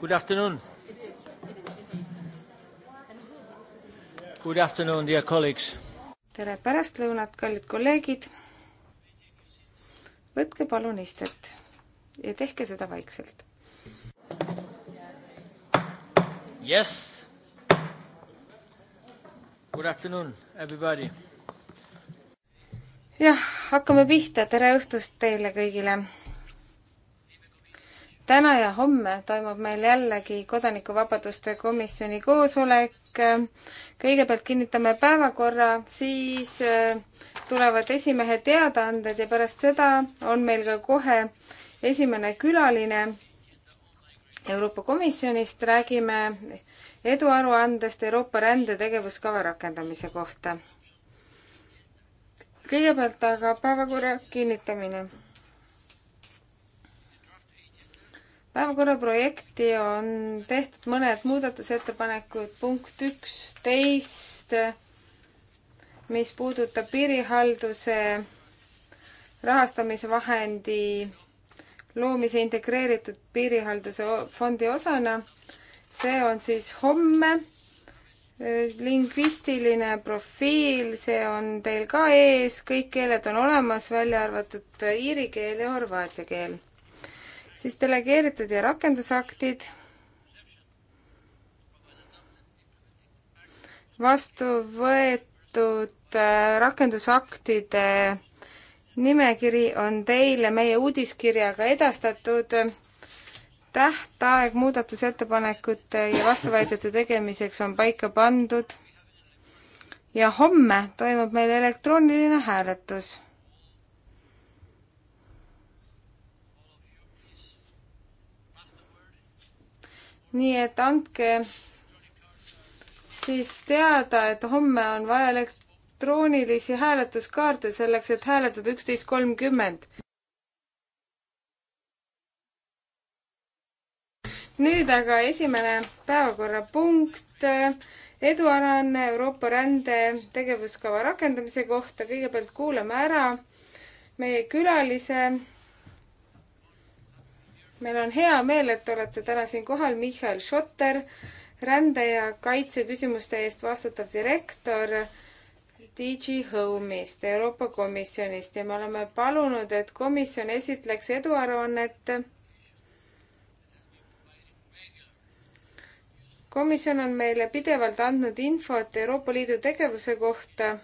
Good afternoon. Good afternoon, dear colleagues. tere pärastlõunat, kallid kolleegid. võtke palun istet ja tehke seda vaikselt. Yes. Good afternoon, everybody. jah, hakkame pihta, tere õhtust teile kõigile täna ja homme toimub meil jällegi Kodanikuvabaduste komisjoni koosolek. kõigepealt kinnitame päevakorra, siis äh, tulevad esimehe teadaanded ja pärast seda on meil ka kohe esimene külaline Euroopa Komisjonist. räägime eduaruandest Euroopa rändetegevuskava rakendamise kohta. kõigepealt aga päevakorra kinnitamine päevakorra projekti on tehtud mõned muudatusettepanekud, punkt üksteist, mis puudutab piirihalduse rahastamisvahendi loomise integreeritud piirihalduse fondi osana. see on siis homme. lingvistiline profiil, see on teil ka ees, kõik keeled on olemas, välja arvatud iiri keel ja horvaatia keel siis delegeeritud ja rakendusaktid, vastu võetud äh, rakendusaktide nimekiri on teile meie uudiskirjaga edastatud. tähtaeg muudatusettepanekute ja vastuväidete tegemiseks on paika pandud ja homme toimub meil elektrooniline hääletus nii et andke siis teada, et homme on vaja elektroonilisi hääletuskaarte selleks, et hääletada üksteist kolmkümmend. nüüd aga esimene päevakorrapunkt, eduaruanne Euroopa rände tegevuskava rakendamise kohta. kõigepealt kuulame ära meie külalise meil on hea meel, et olete täna siin kohal, Michal Schotter, rände ja kaitseküsimuste eest vastutav direktor DG Home'ist, Euroopa Komisjonist ja me oleme palunud, et komisjon esitleks eduaruannet. komisjon on meile pidevalt andnud infot Euroopa Liidu tegevuse kohta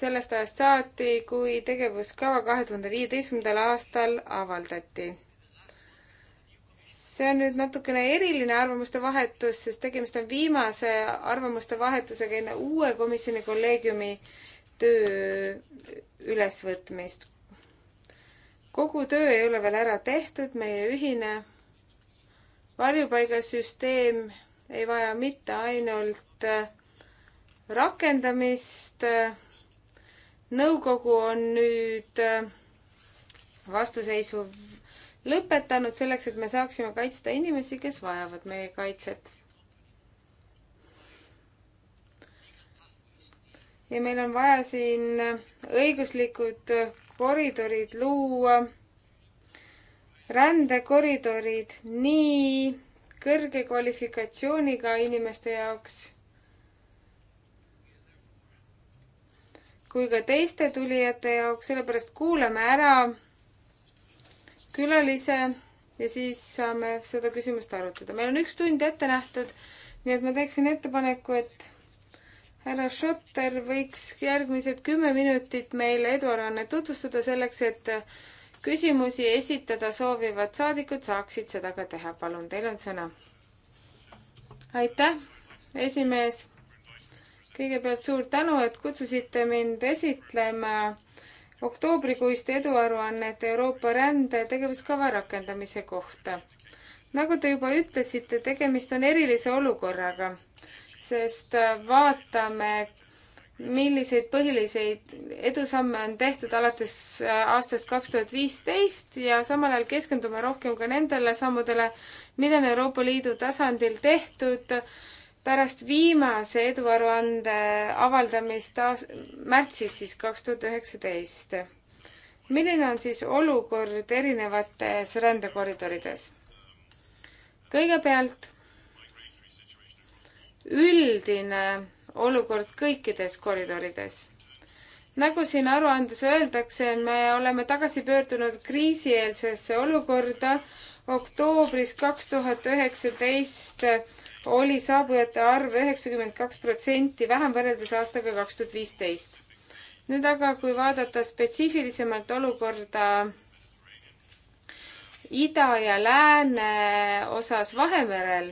sellest ajast saati, kui tegevuskava kahe tuhande viieteistkümnendal aastal avaldati. see on nüüd natukene eriline arvamuste vahetus, sest tegemist on viimase arvamuste vahetusega enne uue komisjoni kolleegiumi töö ülesvõtmist. kogu töö ei ole veel ära tehtud, meie ühine varjupaigasüsteem ei vaja mitte ainult rakendamist nõukogu on nüüd äh, vastuseisu lõpetanud selleks, et me saaksime kaitsta inimesi, kes vajavad meie kaitset. ja meil on vaja siin õiguslikud koridorid luua, rändekoridorid nii kõrge kvalifikatsiooniga inimeste jaoks kui ka teiste tulijate jaoks, sellepärast kuulame ära külalise ja siis saame seda küsimust arutada. meil on üks tund ette nähtud, nii et ma teeksin ettepaneku, et härra Schotter võiks järgmised kümme minutit meile eduarannet tutvustada selleks, et küsimusi esitada soovivad saadikud saaksid seda ka teha. palun, teil on sõna. aitäh, esimees kõigepealt suur tänu, et kutsusite mind esitlema oktoobrikuist eduaruannet Euroopa rände tegevuskava rakendamise kohta. nagu te juba ütlesite, tegemist on erilise olukorraga, sest vaatame, milliseid põhilised edusamme on tehtud alates äh, aastast kaks tuhat viisteist ja samal ajal keskendume rohkem ka nendele sammudele, mida on Euroopa Liidu tasandil tehtud pärast viimase eduaruande avaldamist taas, märtsis siis kaks tuhat üheksateist. milline on siis olukord erinevates rändekoridorides? kõigepealt üldine olukord kõikides koridorides. nagu siin aruandes öeldakse, me oleme tagasi pöördunud kriisieelsesse olukorda, oktoobris kaks tuhat üheksateist oli saabujate arv üheksakümmend kaks protsenti vähem võrreldes aastaga kaks tuhat viisteist. nüüd aga, kui vaadata spetsiifilisemalt olukorda ida ja lääne osas Vahemerel,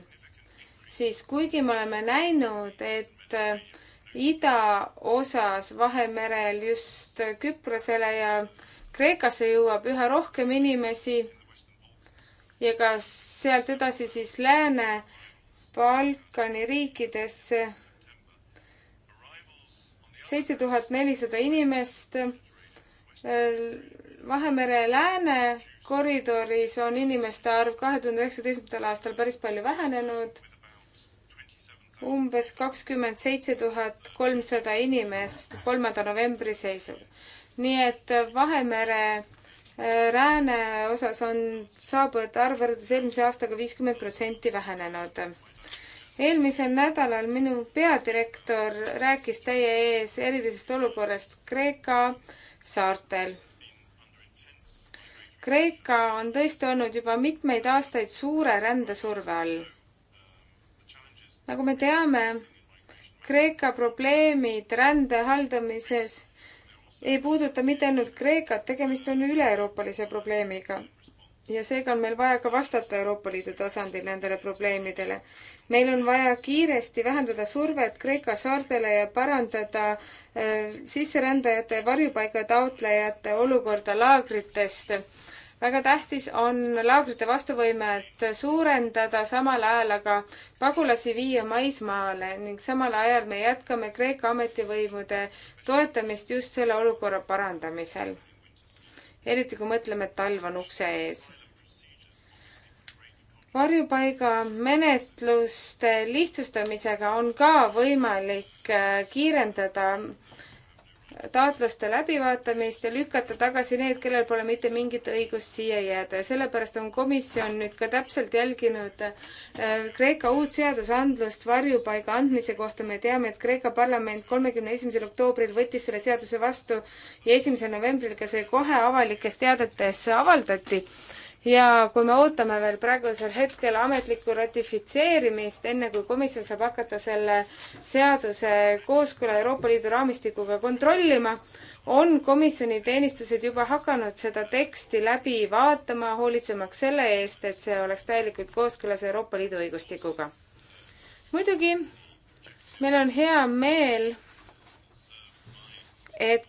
siis kuigi me oleme näinud, et ida osas Vahemerel just Küprosele ja Kreekasse jõuab üha rohkem inimesi ja ka sealt edasi siis Lääne-Balkani riikidesse. seitse tuhat nelisada inimest. Äh, Vahemere lääne koridoris on inimeste arv kahe tuhande üheksateistkümnendal aastal päris palju vähenenud. umbes kakskümmend seitse tuhat kolmsada inimest kolmanda novembri seisul. nii et Vahemere Rääne osas on saabujate arv võrreldes eelmise aastaga viiskümmend protsenti vähenenud. eelmisel nädalal minu peadirektor rääkis teie ees erilisest olukorrast Kreeka saartel. Kreeka on tõesti olnud juba mitmeid aastaid suure rändesurve all. nagu me teame, Kreeka probleemid rände haldamises ei puuduta mitte ainult Kreekat, tegemist on üle-euroopalise probleemiga. ja seega on meil vaja ka vastata Euroopa Liidu tasandil nendele probleemidele. meil on vaja kiiresti vähendada survet Kreeka saartele ja parandada äh, sisserändajate ja varjupaiga taotlejate olukorda laagritest äh, väga tähtis on laagrite vastuvõimet suurendada, samal ajal aga pagulasi viia maismaale ning samal ajal me jätkame Kreeka ametivõimude toetamist just selle olukorra parandamisel. eriti kui mõtleme, et talv on ukse ees. varjupaiga menetluste lihtsustamisega on ka võimalik äh, kiirendada taotluste läbivaatamist ja lükata tagasi need, kellel pole mitte mingit õigust siia jääda ja sellepärast on komisjon nüüd ka täpselt jälginud äh, Kreeka uut seadusandlust varjupaiga andmise kohta. me teame, et Kreeka parlament kolmekümne esimesel oktoobril võttis selle seaduse vastu ja esimesel novembril ka see kohe avalikes teadetes avaldati ja kui me ootame veel praegusel hetkel ametlikku ratifitseerimist, enne kui komisjon saab hakata selle seaduse kooskõla Euroopa Liidu raamistikuga kontrollima, on komisjoni teenistused juba hakanud seda teksti läbi vaatama, hoolitsemaks selle eest, et see oleks täielikult kooskõlas Euroopa Liidu õigustikuga. muidugi meil on hea meel, et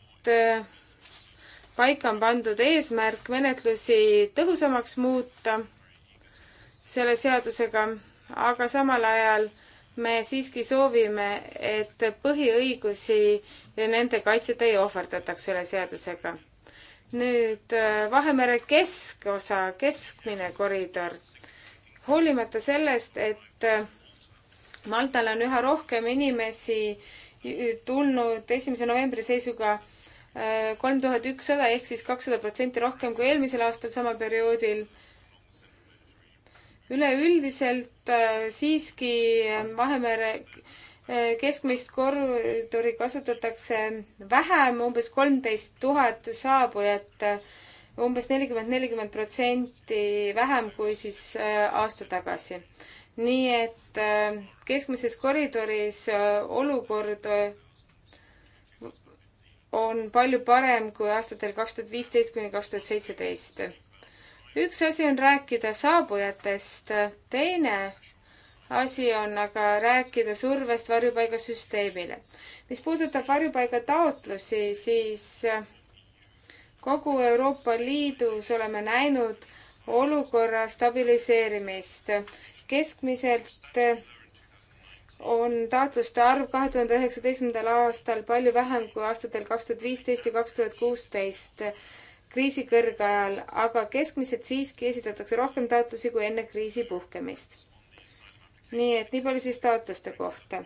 paika on pandud eesmärk menetlusi tõhusamaks muuta selle seadusega, aga samal ajal me siiski soovime, et põhiõigusi ja nende kaitset ei ohverdataks selle seadusega. nüüd äh, Vahemere keskosa, keskmine koridor. hoolimata sellest, et äh, Maltal on üha rohkem inimesi tulnud esimese novembri seisuga kolm tuhat ükssada ehk siis kakssada protsenti rohkem kui eelmisel aastal sama perioodil. üleüldiselt äh, siiski äh, Vahemere äh, keskmist koridori kasutatakse vähem, umbes kolmteist tuhat saabujat, umbes nelikümmend, nelikümmend protsenti vähem kui siis aasta tagasi. nii et keskmises koridoris olukord on palju parem kui aastatel kaks tuhat viisteist kuni kaks tuhat seitseteist. üks asi on rääkida saabujatest, teine asi on aga rääkida survest varjupaigasüsteemile. mis puudutab varjupaigataotlusi, siis kogu Euroopa Liidus oleme näinud olukorra stabiliseerimist. keskmiselt on taotluste arv kahe tuhande üheksateistkümnendal aastal palju vähem kui aastatel kaks tuhat viisteist ja kaks tuhat kuusteist kriisi kõrgajal, aga keskmiselt siiski esitatakse rohkem taotlusi kui enne kriisi puhkemist. nii et nii palju siis taotluste kohta.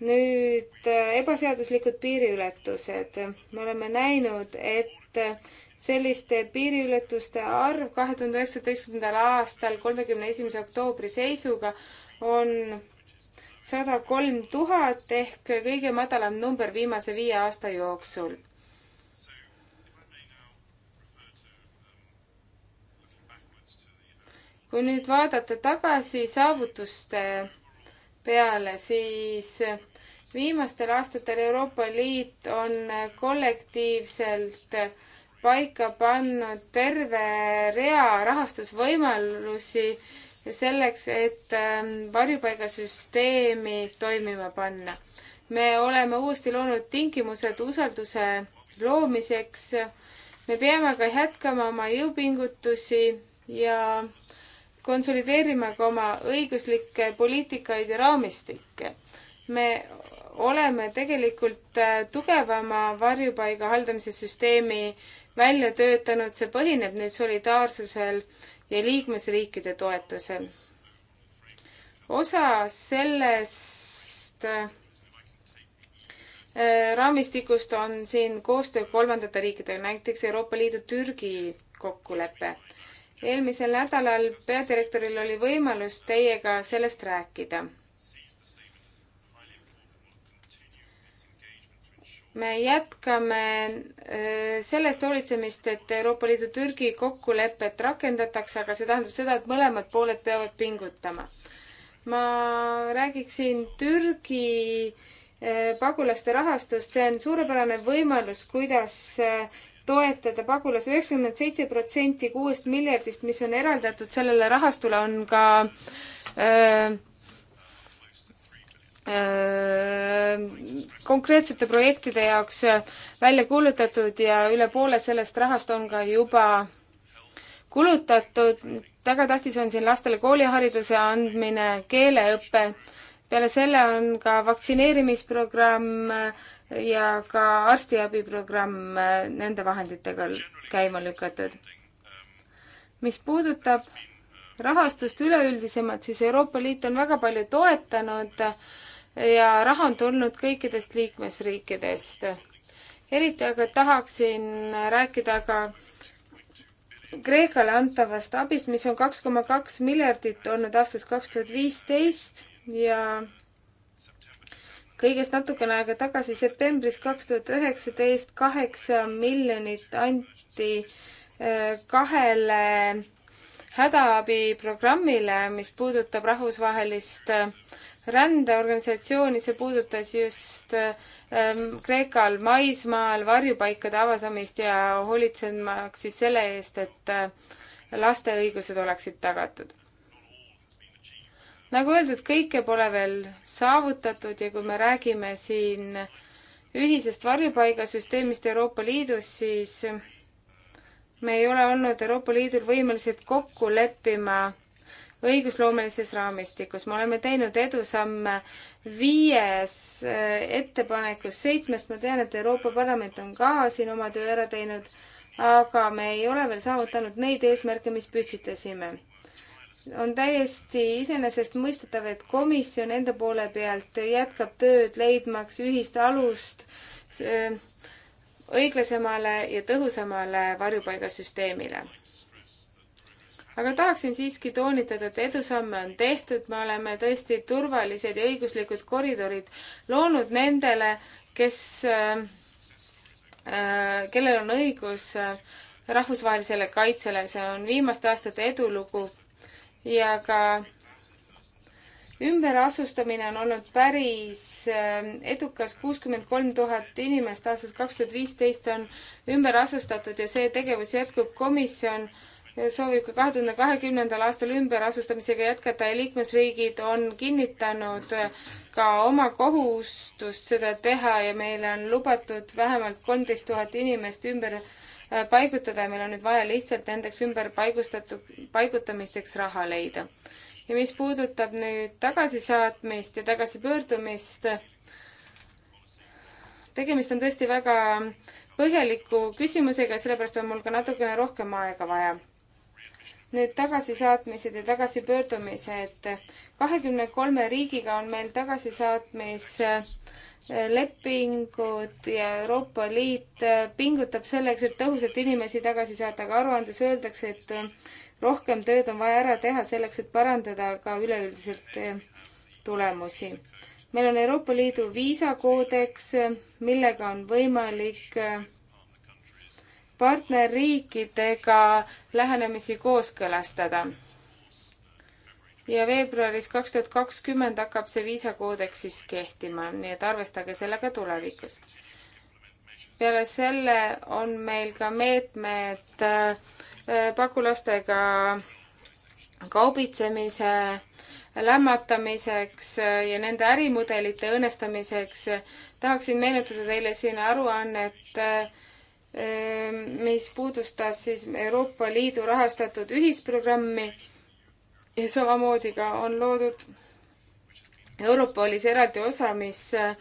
nüüd äh, ebaseaduslikud piiriületused. me oleme näinud, et äh, selliste piiriületuste arv kahe tuhande üheksateistkümnendal aastal kolmekümne esimese oktoobri seisuga on sada kolm tuhat ehk kõige madalam number viimase viie aasta jooksul. kui nüüd vaadata tagasi saavutuste peale, siis viimastel aastatel Euroopa Liit on kollektiivselt paika pannud terve rea rahastusvõimalusi selleks, et ähm, varjupaigasüsteemi toimima panna. me oleme uuesti loonud tingimused usalduse loomiseks. me peame aga jätkama oma jõupingutusi ja konsolideerima ka oma õiguslikke poliitikaid ja raamistikke. me oleme tegelikult äh, tugevama varjupaiga haldamise süsteemi välja töötanud, see põhineb nüüd solidaarsusel ja liikmesriikide toetusel. osa sellest äh, raamistikust on siin koostöö kolmandate riikidega, näiteks Euroopa Liidu Türgi kokkulepe. eelmisel nädalal peadirektoril oli võimalus teiega sellest rääkida me jätkame äh, sellest hoolitsemist, et Euroopa Liidu Türgi kokkulepet rakendatakse, aga see tähendab seda, et mõlemad pooled peavad pingutama. ma räägiksin Türgi äh, pagulaste rahastust, see on suurepärane võimalus, kuidas äh, toetada pagulasi, üheksakümmend seitse protsenti kuuest miljardist, mis on eraldatud sellele rahastule, on ka öö, Äh, konkreetsete projektide jaoks äh, välja kuulutatud ja üle poole sellest rahast on ka juba kulutatud. väga tähtis on siin lastele koolihariduse andmine, keeleõpe. peale selle on ka vaktsineerimisprogramm äh, ja ka arstiabiprogramm nende vahenditega käima lükatud. mis puudutab rahastust üleüldisemalt, siis Euroopa Liit on väga palju toetanud äh, ja raha on tulnud kõikidest liikmesriikidest. eriti aga tahaksin rääkida ka Kreekale antavast abist, mis on kaks koma kaks miljardit olnud aastast kaks tuhat viisteist ja kõigest natukene aega tagasi, septembris kaks tuhat üheksateist, kaheksa miljonit anti äh, kahele hädaabiprogrammile, mis puudutab rahvusvahelist äh, rändeorganisatsiooni, see puudutas just ähm, Kreekal maismaal varjupaikade avamist ja hoolitsemaks siis selle eest, et äh, laste õigused oleksid tagatud. nagu öeldud, kõike pole veel saavutatud ja kui me räägime siin ühisest varjupaigasüsteemist Euroopa Liidus, siis me ei ole olnud Euroopa Liidul võimelised kokku leppima äh, õigusloomelises raamistikus. me oleme teinud edusamme viies äh, ettepanekus seitsmest, ma tean, et Euroopa Parlament on ka siin oma töö ära teinud, aga me ei ole veel saavutanud neid eesmärke, mis püstitasime. on täiesti iseenesestmõistetav, et komisjon enda poole pealt jätkab tööd leidmaks ühist alust äh, õiglasemale ja tõhusamale varjupaigasüsteemile aga tahaksin siiski toonitada, et edusamme on tehtud, me oleme tõesti turvalised ja õiguslikud koridorid loonud nendele, kes äh,, äh kellel on õigus äh, rahvusvahelisele kaitsele, see on viimaste aastate edulugu ja ka ümberasustamine on olnud päris äh, edukas, kuuskümmend kolm tuhat inimest aastast kaks tuhat viisteist on ümber asustatud ja see tegevus jätkub. komisjon soovib ka kahe tuhande kahekümnendal aastal ümberasustamisega jätkata ja liikmesriigid on kinnitanud ka oma kohustust seda teha ja meile on lubatud vähemalt kolmteist tuhat inimest ümber äh, paigutada ja meil on nüüd vaja lihtsalt nendeks ümberpaigustatud, paigutamisteks raha leida. ja mis puudutab nüüd tagasisaatmist ja tagasipöördumist, tegemist on tõesti väga põhjaliku küsimusega, sellepärast on mul ka natukene rohkem aega vaja nüüd tagasisaatmised ja tagasipöördumised. kahekümne kolme riigiga on meil tagasisaatmislepingud ja Euroopa Liit pingutab selleks, et tõhusalt inimesi tagasi saata, aga aruandes öeldakse, et rohkem tööd on vaja ära teha selleks, et parandada ka üleüldiselt eh, tulemusi. meil on Euroopa Liidu viisakoodeks, millega on võimalik eh, partnerriikidega lähenemisi kooskõlastada. ja veebruaris kaks tuhat kakskümmend hakkab see viisakoodeks siis kehtima, nii et arvestage sellega tulevikus. peale selle on meil ka meetmed äh, pagulastega kaubitsemise lämmatamiseks äh, ja nende ärimudelite õõnestamiseks. tahaksin meenutada teile siin aruannet äh, Ehm, mis puudustas siis Euroopa Liidu rahastatud ühisprogrammi ja samamoodi ka on loodud Europolis eraldi osa, mis äh,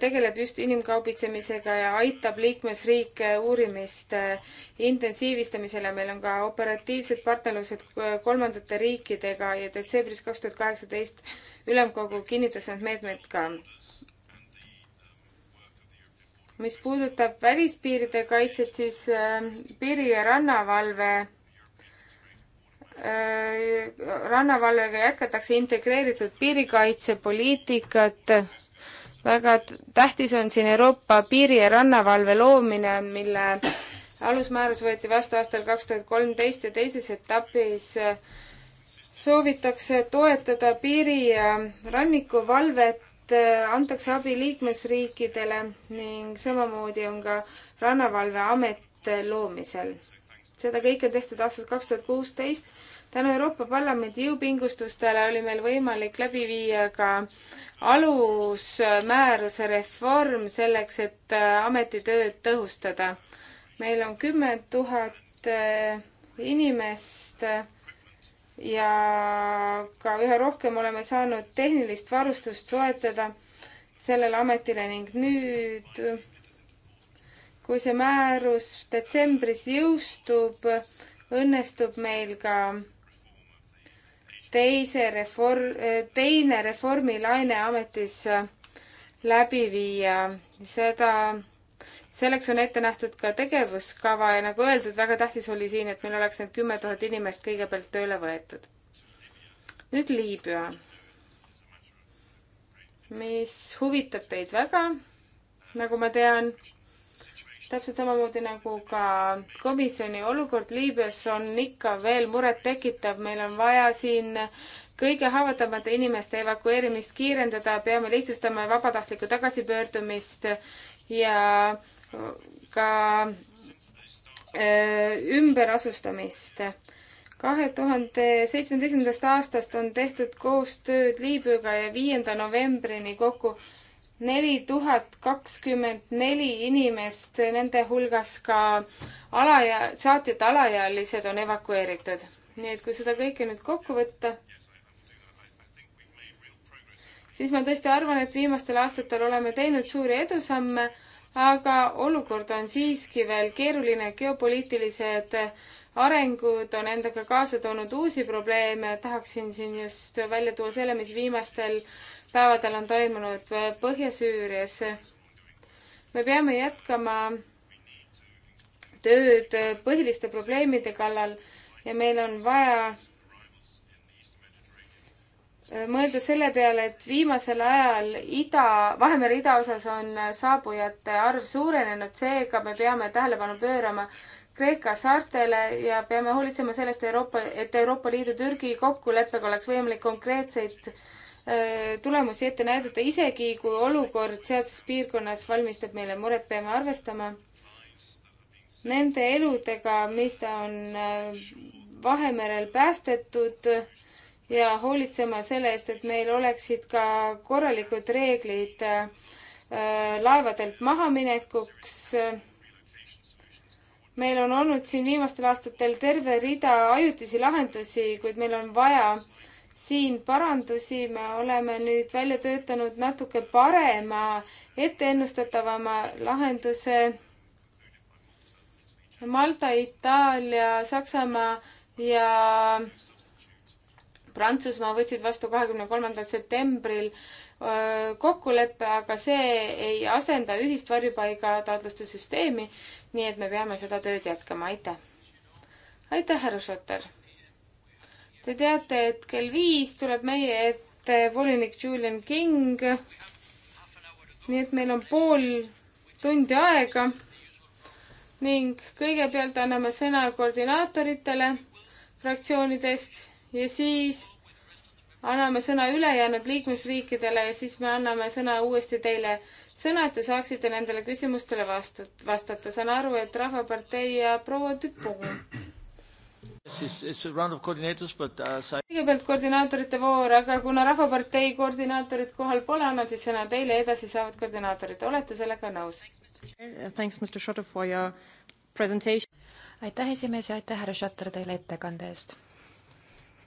tegeleb just inimkaubitsemisega ja aitab liikmesriike uurimist äh, intensiivistamisele. meil on ka operatiivsed partnerlused äh, kolmandate riikidega ja detsembris kaks tuhat kaheksateist ülemkogu kinnitas need meetmed ka mis puudutab välispiiride kaitset, siis äh, piiri- ja rannavalve äh, rannavalvega jätkatakse integreeritud piirikaitsepoliitikat. väga tähtis on siin Euroopa piiri- ja rannavalve loomine, mille alusmäärus võeti vastu aastal kaks tuhat kolmteist ja teises etapis äh, soovitakse toetada piiri- ja rannikuvalvet Äh, antakse abi liikmesriikidele ning samamoodi on ka Rannavalveamet äh, loomisel. seda kõike on tehtud aastast kaks tuhat kuusteist. tänu Euroopa Parlamendi jõupingustustele oli meil võimalik läbi viia ka alusmääruse reform selleks, et äh, ametitööd tõhustada. meil on kümme tuhat inimest ja ka üha rohkem oleme saanud tehnilist varustust soetada sellele ametile ning nüüd, kui see määrus detsembris jõustub, õnnestub meil ka teise reform, teine reformilaine ametis läbi viia. seda selleks on ette nähtud ka tegevuskava ja nagu öeldud, väga tähtis oli siin, et meil oleks need kümme tuhat inimest kõigepealt tööle võetud. nüüd Liibüa, mis huvitab teid väga, nagu ma tean. täpselt samamoodi nagu ka komisjoni olukord Liibüas on ikka veel murettekitav, meil on vaja siin kõige haavatavamate inimeste evakueerimist kiirendada, peame lihtsustama vabatahtlikku tagasipöördumist ja äh, ka äh, ümberasustamist. kahe tuhande seitsmeteistkümnendast aastast on tehtud koostööd Liibüaga ja viienda novembrini kokku neli tuhat kakskümmend neli inimest, nende hulgas ka alaja-, saatjate alaealised on evakueeritud. nii et kui seda kõike nüüd kokku võtta, siis ma tõesti arvan, et viimastel aastatel oleme teinud suuri edusamme aga olukord on siiski veel keeruline, geopoliitilised arengud on endaga kaasa toonud uusi probleeme, tahaksin siin just välja tuua selle, mis viimastel päevadel on toimunud Põhja-Süürias. me peame jätkama tööd põhiliste probleemide kallal ja meil on vaja Äh, mõelda selle peale, et viimasel ajal ida, Vahemere idaosas on äh, saabujate arv suurenenud, seega me peame tähelepanu pöörama Kreeka saartele ja peame hoolitsema sellest Euroopa, et Euroopa Liidu Türgi kokkuleppega oleks võimalik konkreetseid äh, tulemusi ette näidata, isegi kui olukord sealses piirkonnas valmistab meile muret, peame arvestama nende eludega, mis ta on Vahemerel päästetud ja hoolitsema selle eest, et meil oleksid ka korralikud reeglid äh, laevadelt mahaminekuks. meil on olnud siin viimastel aastatel terve rida ajutisi lahendusi, kuid meil on vaja siin parandusi. me oleme nüüd välja töötanud natuke parema, etteennustatavama lahenduse. Malta, Itaalia, Saksamaa ja Prantsusmaa võtsid vastu kahekümne kolmandal septembril kokkuleppe, aga see ei asenda ühist varjupaigataotluste süsteemi, nii et me peame seda tööd jätkama, aitäh! aitäh, härra Schotter! Te teate, et kell viis tuleb meie ette volinik Julian King, nii et meil on pool tundi aega ning kõigepealt anname sõna koordinaatoritele fraktsioonidest ja siis anname sõna ülejäänud liikmesriikidele ja siis me anname sõna uuesti teile sõna, et te saaksite nendele küsimustele vastu, vastata. saan aru, et Rahvapartei ja proua Tüppu. Uh, kõigepealt koordinaatorite voor, aga kuna Rahvapartei koordinaatorit kohal pole, annan siis sõna teile, edasi saavad koordinaatorid. olete sellega nõus? aitäh, esimees ja aitäh, härra Schotter, teile ettekande eest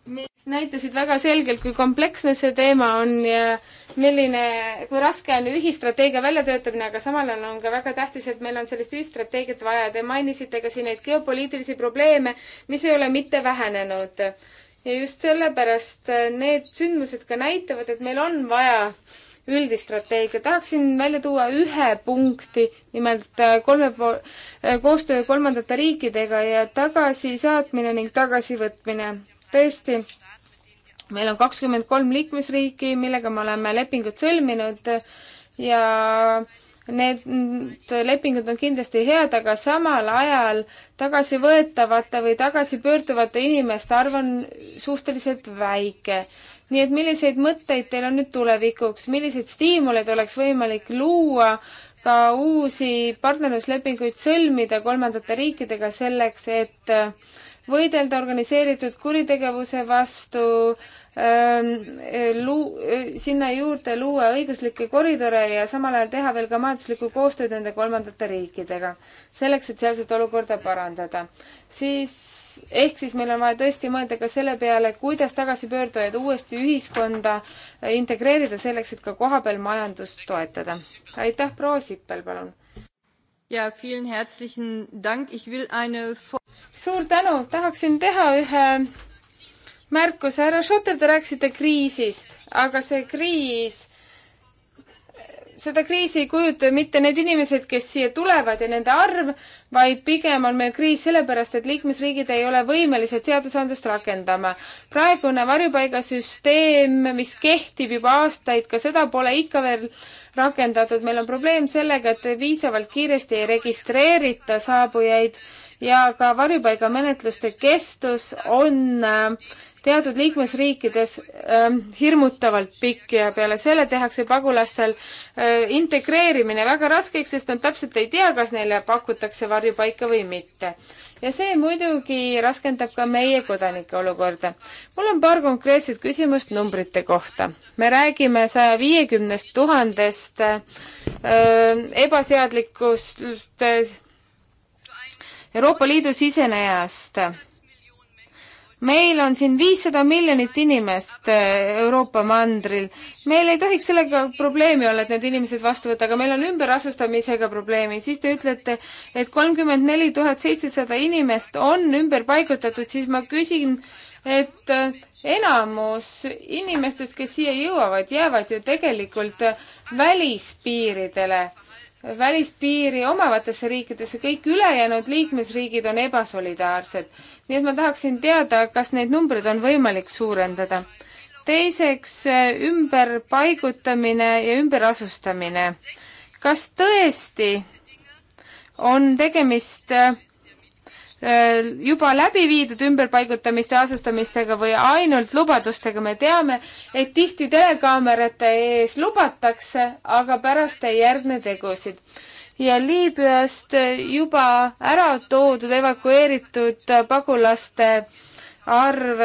mis näitasid väga selgelt, kui kompleksne see teema on ja milline, kui raske on ühistrateegia väljatöötamine, aga samal ajal on ka väga tähtis, et meil on sellist ühistrateegiat vaja. Te mainisite ka siin neid geopoliitilisi probleeme, mis ei ole mitte vähenenud. ja just sellepärast äh, need sündmused ka näitavad, et meil on vaja üldist strateegiat. tahaksin välja tuua ühe punkti, nimelt äh, kolme pool, äh, koostöö kolmandate riikidega ja tagasisaatmine ning tagasivõtmine tõesti, meil on kakskümmend kolm liikmesriiki, millega me oleme lepingud sõlminud ja need lepingud on kindlasti head, aga samal ajal tagasivõetavate või tagasipöörduvate inimeste arv on suhteliselt väike. nii et milliseid mõtteid teil on nüüd tulevikuks, milliseid stiimuleid oleks võimalik luua, ka uusi partnerluslepinguid sõlmida kolmandate riikidega selleks, et võidelda organiseeritud kuritegevuse vastu ähm,, luu-, äh, sinna juurde luua õiguslikke koridore ja samal ajal teha veel ka majanduslikku koostööd nende kolmandate riikidega, selleks, et sealset olukorda parandada. siis, ehk siis meil on vaja tõesti mõelda ka selle peale, kuidas tagasipöördujaid uuesti ühiskonda äh, integreerida selleks, et ka kohapeal majandust toetada. aitäh, proua Sippel, palun! ja vielen herzlichen Dank, ich will eine suur tänu, tahaksin teha ühe märkuse, härra Schotter, te rääkisite kriisist, aga see kriis, seda kriisi ei kujuta mitte need inimesed, kes siia tulevad ja nende arv, vaid pigem on meil kriis sellepärast, et liikmesriigid ei ole võimelised seadusandlust rakendama. praegune varjupaigasüsteem, mis kehtib juba aastaid, ka seda pole ikka veel äh, rakendatud. meil on probleem sellega, et piisavalt kiiresti ei registreerita saabujaid ja ka varjupaigamenetluste kestus on äh, teatud liikmesriikides äh, hirmutavalt pikk ja peale selle tehakse pagulastel äh, integreerimine väga raskeks, sest nad täpselt ei tea, kas neile pakutakse varjupaika või mitte ja see muidugi raskendab ka meie kodanike olukorda. mul on paar konkreetset küsimust numbrite kohta. me räägime saja viiekümnest tuhandest äh, ebaseadlikust äh, Euroopa Liidu sisenejast meil on siin viissada miljonit inimest äh, Euroopa mandril. meil ei tohiks sellega probleemi olla, et need inimesed vastu võtta, aga meil on ümberasustamisega probleemi. siis te ütlete, et kolmkümmend neli tuhat seitsesada inimest on ümber paigutatud, siis ma küsin, et äh, enamus inimestest, kes siia jõuavad, jäävad ju tegelikult äh, välispiiridele välispiiri omavatesse riikidesse, kõik ülejäänud liikmesriigid on ebasolidaarsed nii et ma tahaksin teada, kas neid numbreid on võimalik suurendada. teiseks, eh, ümberpaigutamine ja ümberasustamine. kas tõesti on tegemist eh, juba läbi viidud ümberpaigutamiste ja asustamistega või ainult lubadustega, me teame, et tihti telekaamerate ees lubatakse, aga pärast ei järgne tegusid ja Liibüast juba ära toodud evakueeritud pagulaste arv.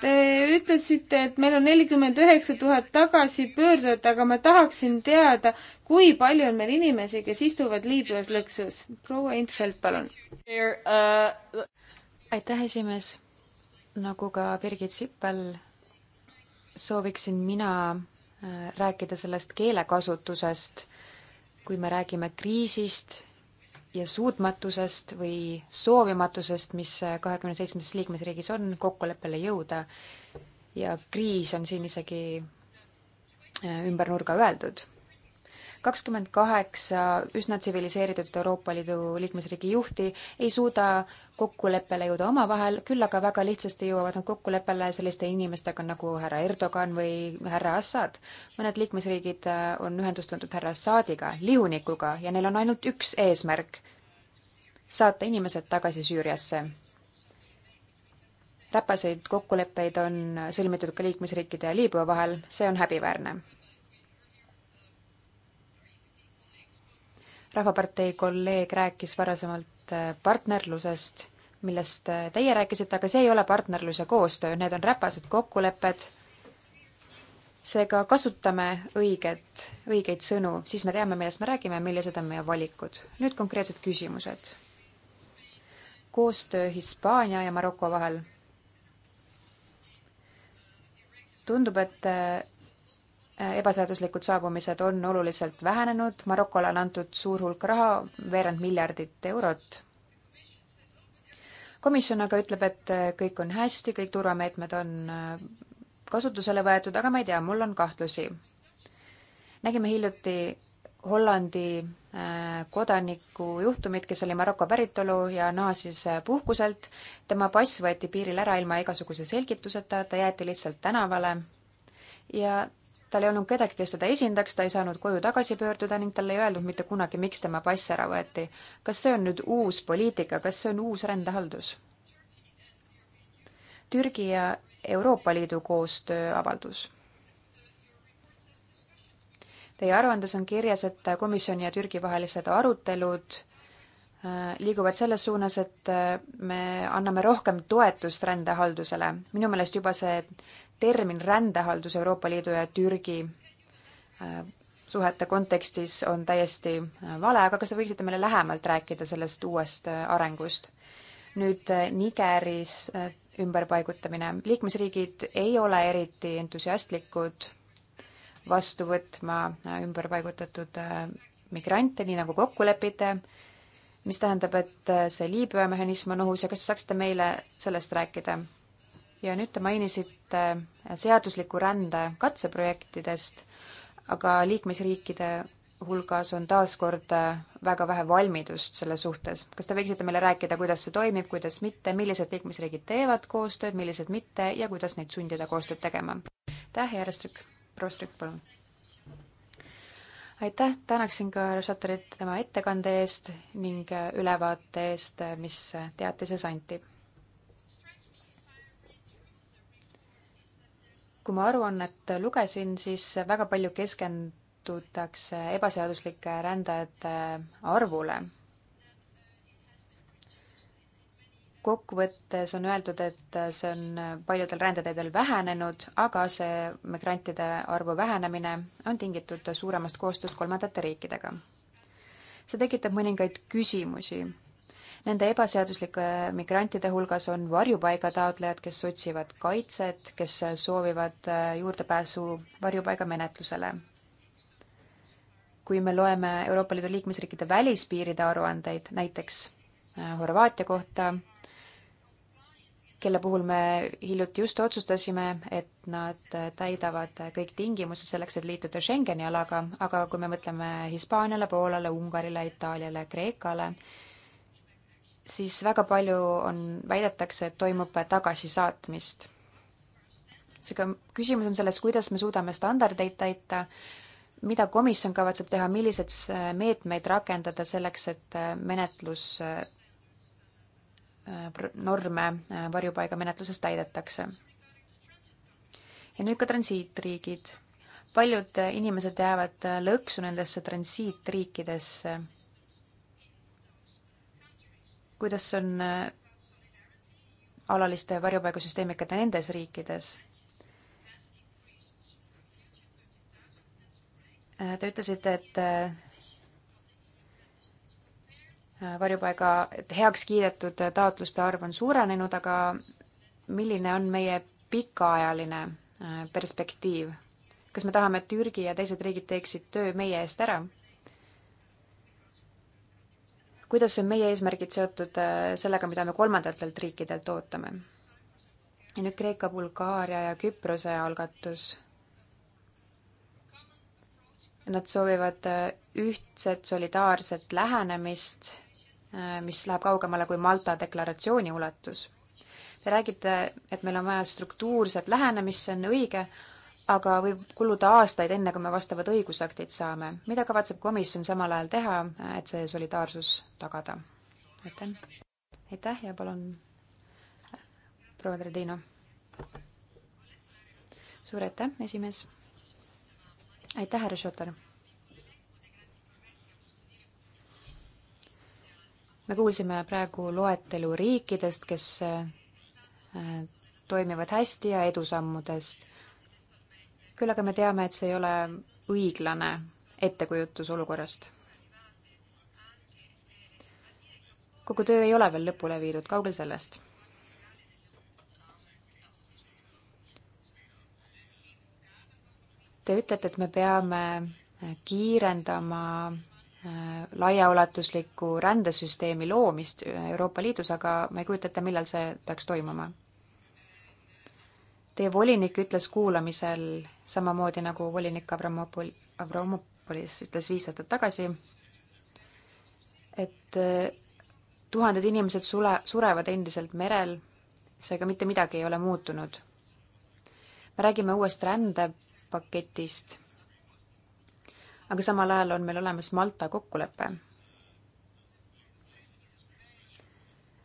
Te ütlesite, et meil on nelikümmend üheksa tuhat tagasipöördujat, aga ma tahaksin teada, kui palju on meil inimesi, kes istuvad Liibüas lõksus? proua Intfeld, palun. aitäh, esimees. nagu ka Birgit Sippel, sooviksin mina äh, rääkida sellest keelekasutusest kui me räägime kriisist ja suutmatusest või soovimatusest, mis kahekümne seitsmes liikmesriigis on, kokkuleppele jõuda, ja kriis on siin isegi äh, ümber nurga öeldud. kakskümmend kaheksa üsna tsiviliseeritud Euroopa Liidu liikmesriigi juhti ei suuda kokkuleppele jõuda omavahel, küll aga väga lihtsasti jõuavad nad kokkuleppele selliste inimestega nagu härra Erdogan või härra Assad. mõned liikmesriigid äh, on ühendust võtnud härra Assadiga, lihunikuga, ja neil on ainult üks eesmärk, saata inimesed tagasi Süüriasse. räpaseid kokkuleppeid on sõlmitud ka liikmesriikide ja Liibüa vahel, see on häbiväärne. rahvapartei kolleeg rääkis varasemalt Äh, partnerlusest, millest äh, teie rääkisite, aga see ei ole partnerlus ja koostöö, need on räpased kokkulepped, seega kasutame õiget, õigeid sõnu, siis me teame, millest me räägime, millised on meie valikud. nüüd konkreetsed küsimused. koostöö Hispaania ja Maroko vahel. tundub, et äh, Äh, ebaseaduslikud saabumised on oluliselt vähenenud, Marokole on antud suur hulk raha, veerand miljardit eurot. komisjon aga ütleb, et äh, kõik on hästi, kõik turvameetmed on äh, kasutusele võetud, aga ma ei tea, mul on kahtlusi. nägime hiljuti Hollandi kodaniku juhtumit, kes oli Maroko päritolu ja naasis puhkuselt. tema pass võeti piiril ära ilma igasuguse selgituseta, ta jäeti lihtsalt tänavale ja tal ei olnud kedagi, kes teda esindaks, ta ei saanud koju tagasi pöörduda ning talle ei öeldud mitte kunagi, miks tema pass ära võeti. kas see on nüüd uus poliitika, kas see on uus rändehaldus? Türgi ja Euroopa Liidu koostööavaldus. Teie aruandes on kirjas, et komisjoni ja Türgi vahelised arutelud äh, liiguvad selles suunas, et äh, me anname rohkem toetust rändehaldusele. minu meelest juba see termin rändehaldus Euroopa Liidu ja Türgi äh, suhete kontekstis on täiesti äh, vale, aga kas te võiksite meile lähemalt rääkida sellest uuest äh, arengust? nüüd Nigeris ümberpaigutamine. liikmesriigid ei ole eriti entusiastlikud vastu võtma ümberpaigutatud migrante, nii nagu kokku lepite, mis tähendab, et see Liibüa mehhanism on ohus ja kas te saaksite meile sellest rääkida? ja nüüd te mainisite äh, seadusliku rände katseprojektidest, aga liikmesriikide hulgas on taaskord äh, väga vähe valmidust selle suhtes. kas te võiksite meile rääkida, kuidas see toimib, kuidas mitte, millised liikmesriigid teevad koostööd, millised mitte ja kuidas neid sundida koostööd tegema? aitäh, järjest rükk, proua Strükk, palun! aitäh, tänaksin ka Rashatarit tema ettekande eest ning äh, ülevaate eest, mis teatises anti kui ma aruannet lugesin, siis väga palju keskendutakse ebaseaduslike rändajate arvule. kokkuvõttes on öeldud, et see on paljudel rändeteedel vähenenud, aga see migrantide arvu vähenemine on tingitud suuremast koostööst kolmandate riikidega. see tekitab mõningaid küsimusi Nende ebaseaduslike migrantide hulgas on varjupaiga taotlejad, kes otsivad kaitset, kes soovivad äh, juurdepääsu varjupaigamenetlusele kui me loeme Euroopa Liidu liikmesriikide välispiiride aruandeid, näiteks äh, Horvaatia kohta, kelle puhul me hiljuti just otsustasime, et nad äh, täidavad kõik tingimused selleks, et liituda Schengeni alaga, aga kui me mõtleme Hispaaniale, Poolale, Ungarile, Itaaliale, Kreekale, siis väga palju on, väidetakse, et toimub tagasisaatmist. seega küsimus on selles, kuidas me suudame standardeid täita, mida komisjon kavatseb teha, millised meetmeid rakendada selleks, et äh, menetlus, äh, norme äh, varjupaigamenetluses täidetakse. ja nüüd ka transiitriigid. paljud inimesed jäävad lõksu nendesse transiitriikidesse kuidas on äh, alaliste varjupaigasüsteemikate nendes riikides? Äh, te ütlesite, et äh, varjupaiga, et heaks kiidetud taotluste arv on suurenenud, aga milline on meie pikaajaline perspektiiv? kas me tahame, et Türgi ja teised riigid teeksid töö meie eest ära? kuidas on meie eesmärgid seotud äh, sellega, mida me kolmandatelt riikidelt ootame? ja nüüd Kreeka, Bulgaaria ja Küprose algatus. Nad soovivad äh, ühtset solidaarset lähenemist, äh, mis läheb kaugemale kui Malta deklaratsiooni ulatus. Te räägite, et meil on vaja struktuurset lähenemist, see on õige, aga võib kuluda aastaid, enne kui me vastavad õigusaktid saame. mida kavatseb komisjon samal ajal teha, et see solidaarsus tagada? aitäh. aitäh ja palun, proua Tredino. suur aitäh, esimees. aitäh, härra Šotar. me kuulsime praegu loetelu riikidest, kes äh, toimivad hästi ja edusammudest küll aga me teame, et see ei ole õiglane ettekujutus olukorrast. kogu töö ei ole veel lõpule viidud, kaugel sellest. Te ütlete, et me peame kiirendama äh, laiaulatuslikku rändesüsteemi loomist Euroopa Liidus, aga ma ei kujuta ette, millal see peaks toimuma Teie volinik ütles kuulamisel samamoodi nagu volinik Avramopol-, Avramopolis ütles viis aastat tagasi, et eh, tuhanded inimesed sule, surevad endiselt merel, seega mitte midagi ei ole muutunud. me räägime uuest rändepaketist, aga samal ajal on meil olemas Malta kokkulepe.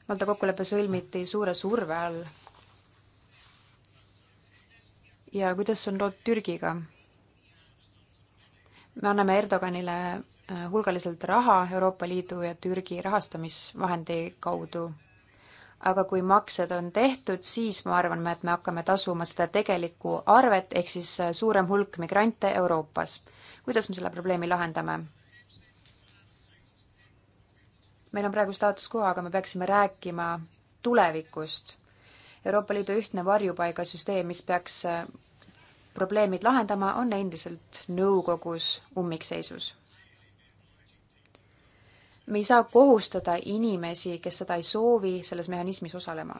Malta kokkulepe sõlmiti suure surve all ja kuidas on lood Türgiga? me anname Erdoganile äh, hulgaliselt raha Euroopa Liidu ja Türgi rahastamisvahendi kaudu. aga kui maksed on tehtud, siis ma arvan, et me hakkame tasuma seda tegelikku arvet, ehk siis äh, suurem hulk migrante Euroopas. kuidas me selle probleemi lahendame? meil on praegu staatus quo, aga me peaksime rääkima tulevikust Euroopa Liidu ühtne varjupaigasüsteem, mis peaks äh, probleemid lahendama, on endiselt nõukogus ummikseisus. me ei saa kohustada inimesi, kes seda ei soovi, selles mehhanismis osalema.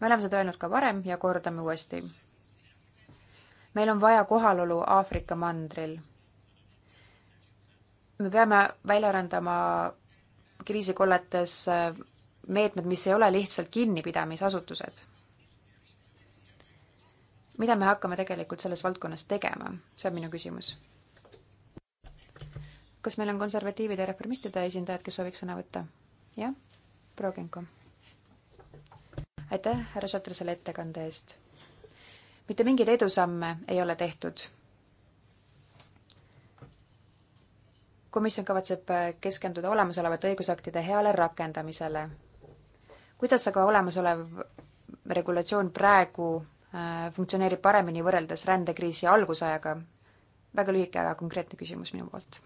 me oleme seda öelnud ka varem ja kordame uuesti. meil on vaja kohalolu Aafrika mandril. me peame välja arendama kriisikolletes äh, meetmed, mis ei ole lihtsalt kinnipidamisasutused. mida me hakkame tegelikult selles valdkonnas tegema, see on minu küsimus. kas meil on konservatiivide ja reformistide esindajad, kes sooviks sõna võtta? jah, proua Genko. aitäh, härra Šotter, selle ettekande eest. mitte mingeid edusamme ei ole tehtud komisjon kavatseb keskenduda olemasolevate õigusaktide heale rakendamisele kuidas aga olemasolev regulatsioon praegu äh, funktsioneerib paremini võrreldes rändekriisi algusajaga? väga lühike, aga konkreetne küsimus minu poolt.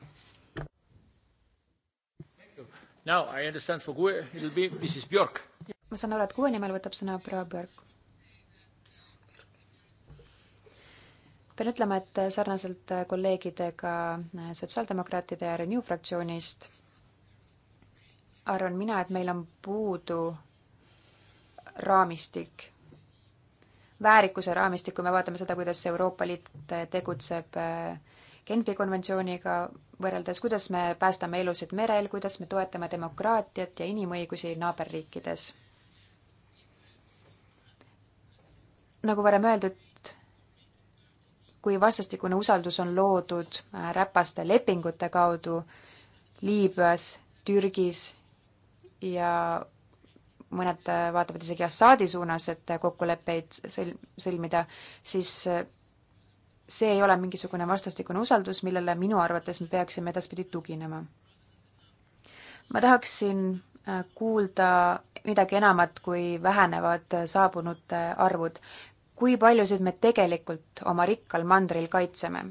ma saan aru, et kuue nimel võtab sõna proua Björk. pean ütlema, et sarnaselt kolleegidega sotsiaaldemokraatide ja Renew fraktsioonist arvan mina, et meil on puudu raamistik, väärikuse raamistik, kui me vaatame seda, kuidas Euroopa Liit tegutseb äh, Genfi konventsiooniga võrreldes, kuidas me päästame elusid merel, kuidas me toetame demokraatiat ja inimõigusi naaberriikides. nagu varem öeldud, kui vastastikune usaldus on loodud äh, räpaste lepingute kaudu Liibüas, Türgis ja mõned äh, vaatavad isegi Assaadi suunas, et äh, kokkuleppeid sõl-, sõlmida, siis äh, see ei ole mingisugune vastastikune usaldus, millele minu arvates me peaksime edaspidi tuginema. ma tahaksin kuulda midagi enamat kui vähenevad saabunute arvud. kui paljusid me tegelikult oma rikkal mandril kaitseme?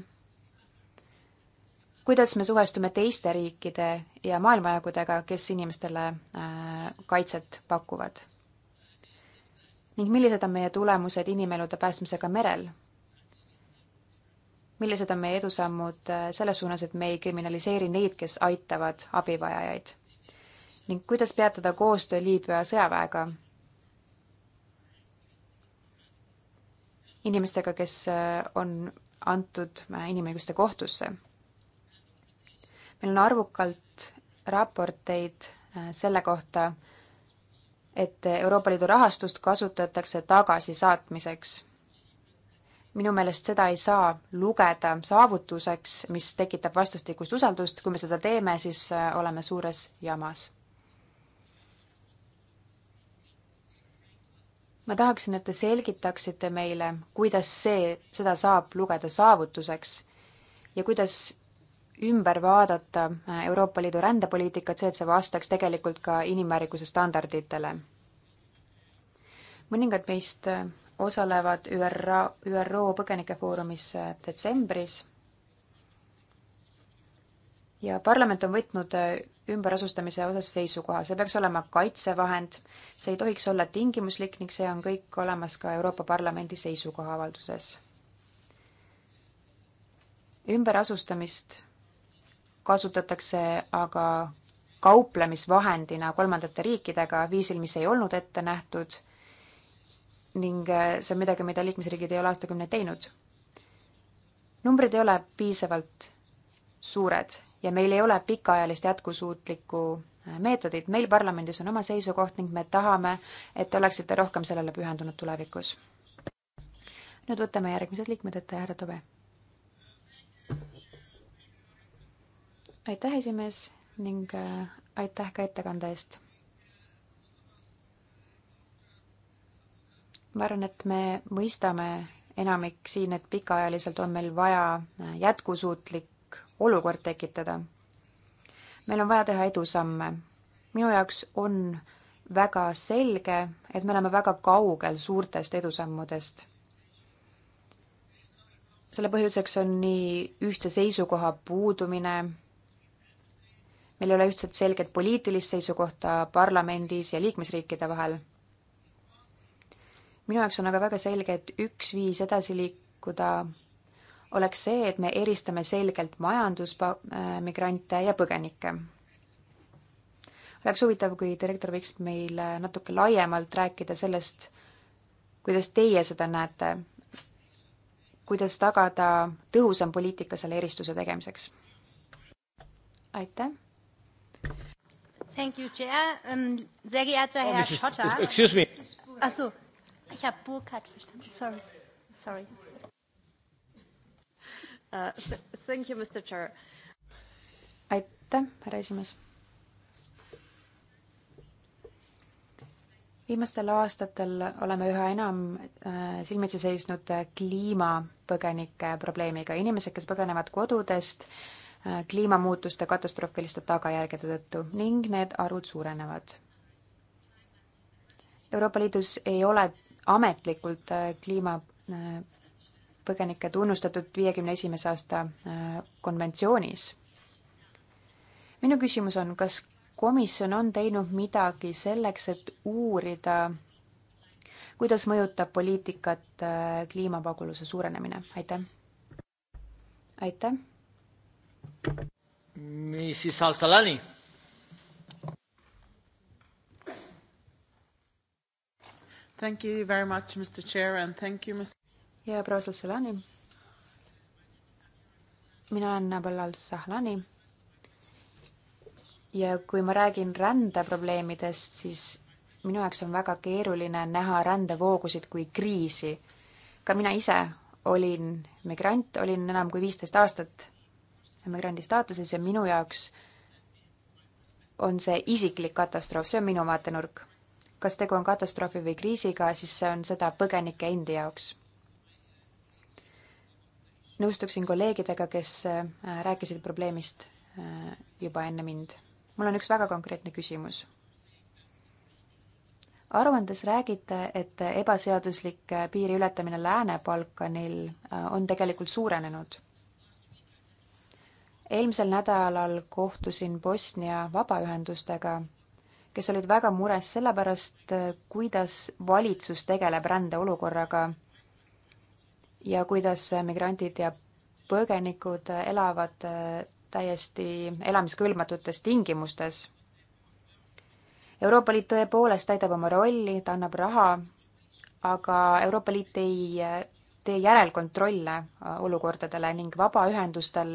kuidas me suhestume teiste riikide ja maailmajagudega, kes inimestele äh, kaitset pakuvad? ning millised on meie tulemused inimelude päästmisega merel? millised on meie edusammud äh, selles suunas, et me ei kriminaliseeri neid, kes aitavad abivajajaid? ning kuidas peatada koostöö Liibüa sõjaväega? inimestega, kes äh, on antud inimõiguste kohtusse meil on arvukalt raporteid äh, selle kohta, et Euroopa Liidu rahastust kasutatakse tagasisaatmiseks. minu meelest seda ei saa lugeda saavutuseks, mis tekitab vastastikust usaldust, kui me seda teeme, siis äh, oleme suures jamas. ma tahaksin, et te selgitaksite meile, kuidas see, seda saab lugeda saavutuseks ja kuidas ümber vaadata äh, Euroopa Liidu rändepoliitikat, see, et see vastaks tegelikult ka inimväärikuse standarditele. mõningad meist äh, osalevad ÜRO, ÜRO põgenikefoorumis äh, detsembris ja parlament on võtnud ümberasustamise osas seisukoha, see peaks olema kaitsevahend, see ei tohiks olla tingimuslik ning see on kõik olemas ka Euroopa Parlamendi seisukoha avalduses ümberasustamist kasutatakse aga kauplemisvahendina kolmandate riikidega viisil, mis ei olnud ette nähtud ning äh, see on midagi, mida liikmesriigid ei ole aastakümneid teinud. numbrid ei ole piisavalt suured ja meil ei ole pikaajalist jätkusuutlikku äh, meetodit, meil parlamendis on oma seisukoht ning me tahame, et te oleksite rohkem sellele pühendunud tulevikus. nüüd võtame järgmised liikmed ette, härra Tobe aitäh, esimees ning äh, aitäh ka ettekande eest. ma arvan, et me mõistame enamik siin, et pikaajaliselt on meil vaja äh, jätkusuutlik olukord tekitada. meil on vaja teha edusamme. minu jaoks on väga selge, et me oleme väga kaugel suurtest edusammudest. selle põhjuseks on nii ühtse seisukoha puudumine meil ei ole ühtset selget poliitilist seisukohta parlamendis ja liikmesriikide vahel. minu jaoks on aga väga selge, et üks viis edasi liikuda oleks see, et me eristame selgelt majandusmigrante äh, ja põgenikke. oleks huvitav, kui direktor võiks meile natuke laiemalt rääkida sellest, kuidas teie seda näete, kuidas tagada tõhusam poliitika selle eristuse tegemiseks? aitäh! Thank you, Chair. Ähm, sehr geehrter oh, Herr oh, Mrs. Schotter. Excuse me. Ach so, ich habe Burkhardt verstanden. Sorry. Sorry. Uh, th thank you, Mr. Chair. aitäh, härra esimees. viimastel aastatel oleme üha enam äh, silmitsi seisnud äh, kliimapõgenike probleemiga. inimesed, kes põgenevad kodudest äh, Äh, kliimamuutuste katastroofiliste tagajärgede tõttu ning need arvud suurenevad. Euroopa Liidus ei ole ametlikult äh, kliimapõgenikke äh, tunnustatud viiekümne esimese aasta konventsioonis. minu küsimus on, kas komisjon on teinud midagi selleks, et uurida, kuidas mõjutab poliitikat kliimapaguluse suurenemine, aitäh! aitäh! Mrs Al-Salani. Thank you very much, Mr Chair and thank you, Mr. ja proua Al-Salani. mina olen Nabal Al-Sahlani. ja kui ma räägin rändeprobleemidest, siis minu jaoks on väga keeruline näha rändevoogusid kui kriisi. ka mina ise olin migrant, olin enam kui viisteist aastat migrandi staatuses ja minu jaoks on see isiklik katastroof, see on minu vaatenurk. kas tegu on katastroofi või kriisiga, siis see on seda põgenike endi jaoks. nõustuksin kolleegidega, kes äh, rääkisid probleemist äh, juba enne mind. mul on üks väga konkreetne küsimus. aruandes räägite, et ebaseaduslik äh, piiri ületamine Lääne-Balkanil on tegelikult suurenenud eelmisel nädalal kohtusin Bosnia vabaühendustega, kes olid väga mures selle pärast, kuidas valitsus tegeleb rändeolukorraga ja kuidas migrandid ja põgenikud elavad äh, täiesti elamiskõlbmatutes tingimustes. Euroopa Liit tõepoolest täidab oma rolli, ta annab raha, aga Euroopa Liit ei äh, tee järelkontrolle äh, olukordadele ning vabaühendustel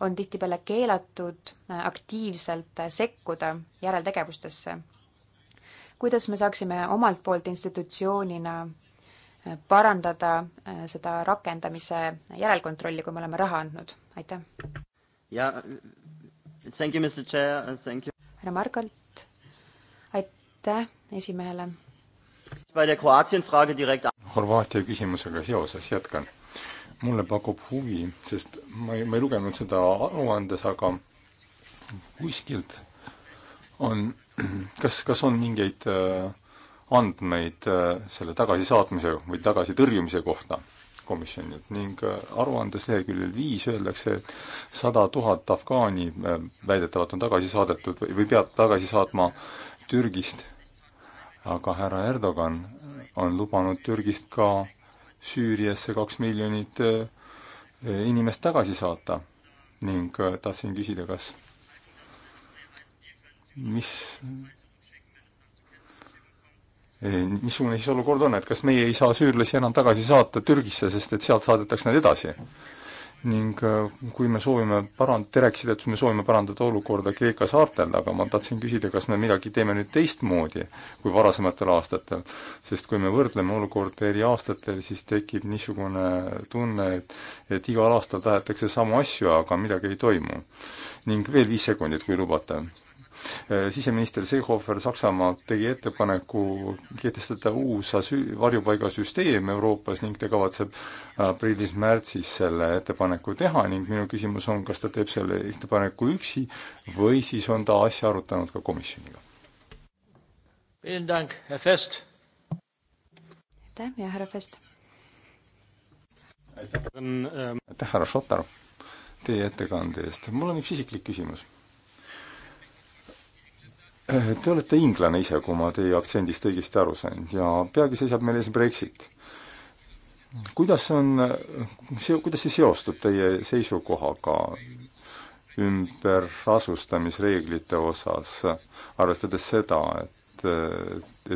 on tihtipeale keelatud äh, aktiivselt äh, sekkuda järeltegevustesse. kuidas me saaksime omalt poolt institutsioonina parandada seda rakendamise järelkontrolli, kui me oleme raha andnud, aitäh! jaa, thank you, Mr Chair, thank you. härra Margalt, aitäh esimehele. Bei der Kroatien-Frage direkt Horvaatia küsimusega seoses jätkan. mulle pakub huvi, sest ma ei, ma ei lugenud seda aruandes, aga kuskilt on, kas, kas on mingeid äh, andmeid äh, selle tagasisaatmise või tagasitõrjumise kohta komisjonilt ning äh, aruandes leheküljel viis öeldakse, et sada tuhat afgaani väidetavalt on tagasi saadetud või, või peab tagasi saatma Türgist. aga härra Erdogan on lubanud Türgist ka Süüriasse kaks miljonit eh, inimest tagasi saata ning eh, tahtsin küsida, kas mis eh, missugune siis olukord on, et kas meie ei saa süürlasi enam tagasi saata Türgisse, sest et sealt saadetakse nad edasi? ning äh, kui me soovime paran-, te rääkisite, et me soovime parandada olukorda Kreeka saartel, aga ma tahtsin küsida, kas me midagi teeme nüüd teistmoodi kui varasematel aastatel. sest kui me võrdleme olukorda eri aastatel, siis tekib niisugune tunne, et et igal aastal tahetakse samu asju, aga midagi ei toimu. ning veel viis sekundit, kui lubate Eh, siseminister Seehofer Saksamaalt tegi ettepaneku kehtestada uus asüü-, varjupaigasüsteem Euroopas ning ta kavatseb aprillis-märtsis selle ettepaneku teha ning minu küsimus on, kas ta teeb selle ettepaneku üksi või siis on ta asja arutanud ka komisjoniga? aitäh ja härra Fest! aitäh, härra Šotar, teie ettekande eest. mul on üks isiklik küsimus Te olete inglane ise, kui ma teie aktsendist õigesti aru sain ja peagi seisab meil ees Brexit. kuidas on, see, kuidas see seostub teie seisukohaga ümberasustamisreeglite osas, arvestades seda, et,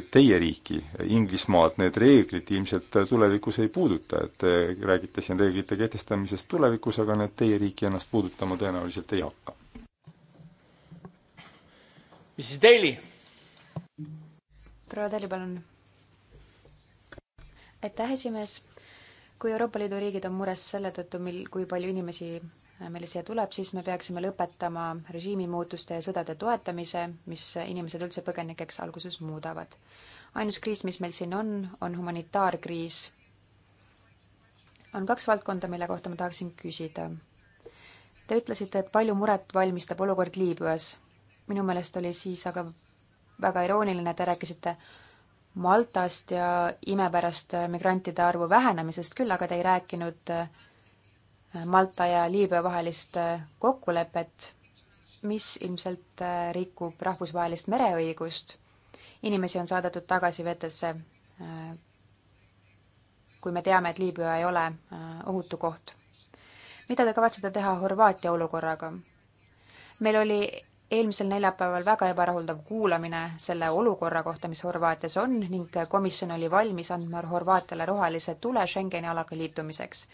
et teie riiki, Inglismaad, need reeglid ilmselt tulevikus ei puuduta, et te räägite siin reeglite kehtestamisest tulevikus, aga need teie riiki ennast puudutama tõenäoliselt ei hakka Mrs Daly. proua Daly, palun. aitäh, esimees. kui Euroopa Liidu riigid on mures selle tõttu, mil, kui palju inimesi meile siia tuleb, siis me peaksime lõpetama režiimimuutuste ja sõdade toetamise, mis inimesed üldse põgenikeks alguses muudavad. ainus kriis, mis meil siin on, on humanitaarkriis. on kaks valdkonda, mille kohta ma tahaksin küsida. Te ütlesite, et palju muret valmistab olukord Liibüas minu meelest oli siis aga väga irooniline, te rääkisite Maltast ja imepärast äh, migrantide arvu vähenemisest küll, aga te ei rääkinud äh, Malta ja Liibüa vahelist äh, kokkulepet, mis ilmselt rikub rahvusvahelist mereõigust. inimesi on saadetud tagasi vetesse, kui me teame, et Liibüa ei ole ohutu koht. mida te kavatsete teha Horvaatia olukorraga? meil oli eelmisel neljapäeval väga ebarahuldav kuulamine selle olukorra kohta, mis Horvaatias on ning komisjon oli valmis andma Horvaatiale rohelise tule Schengeni alaga liitumiseks.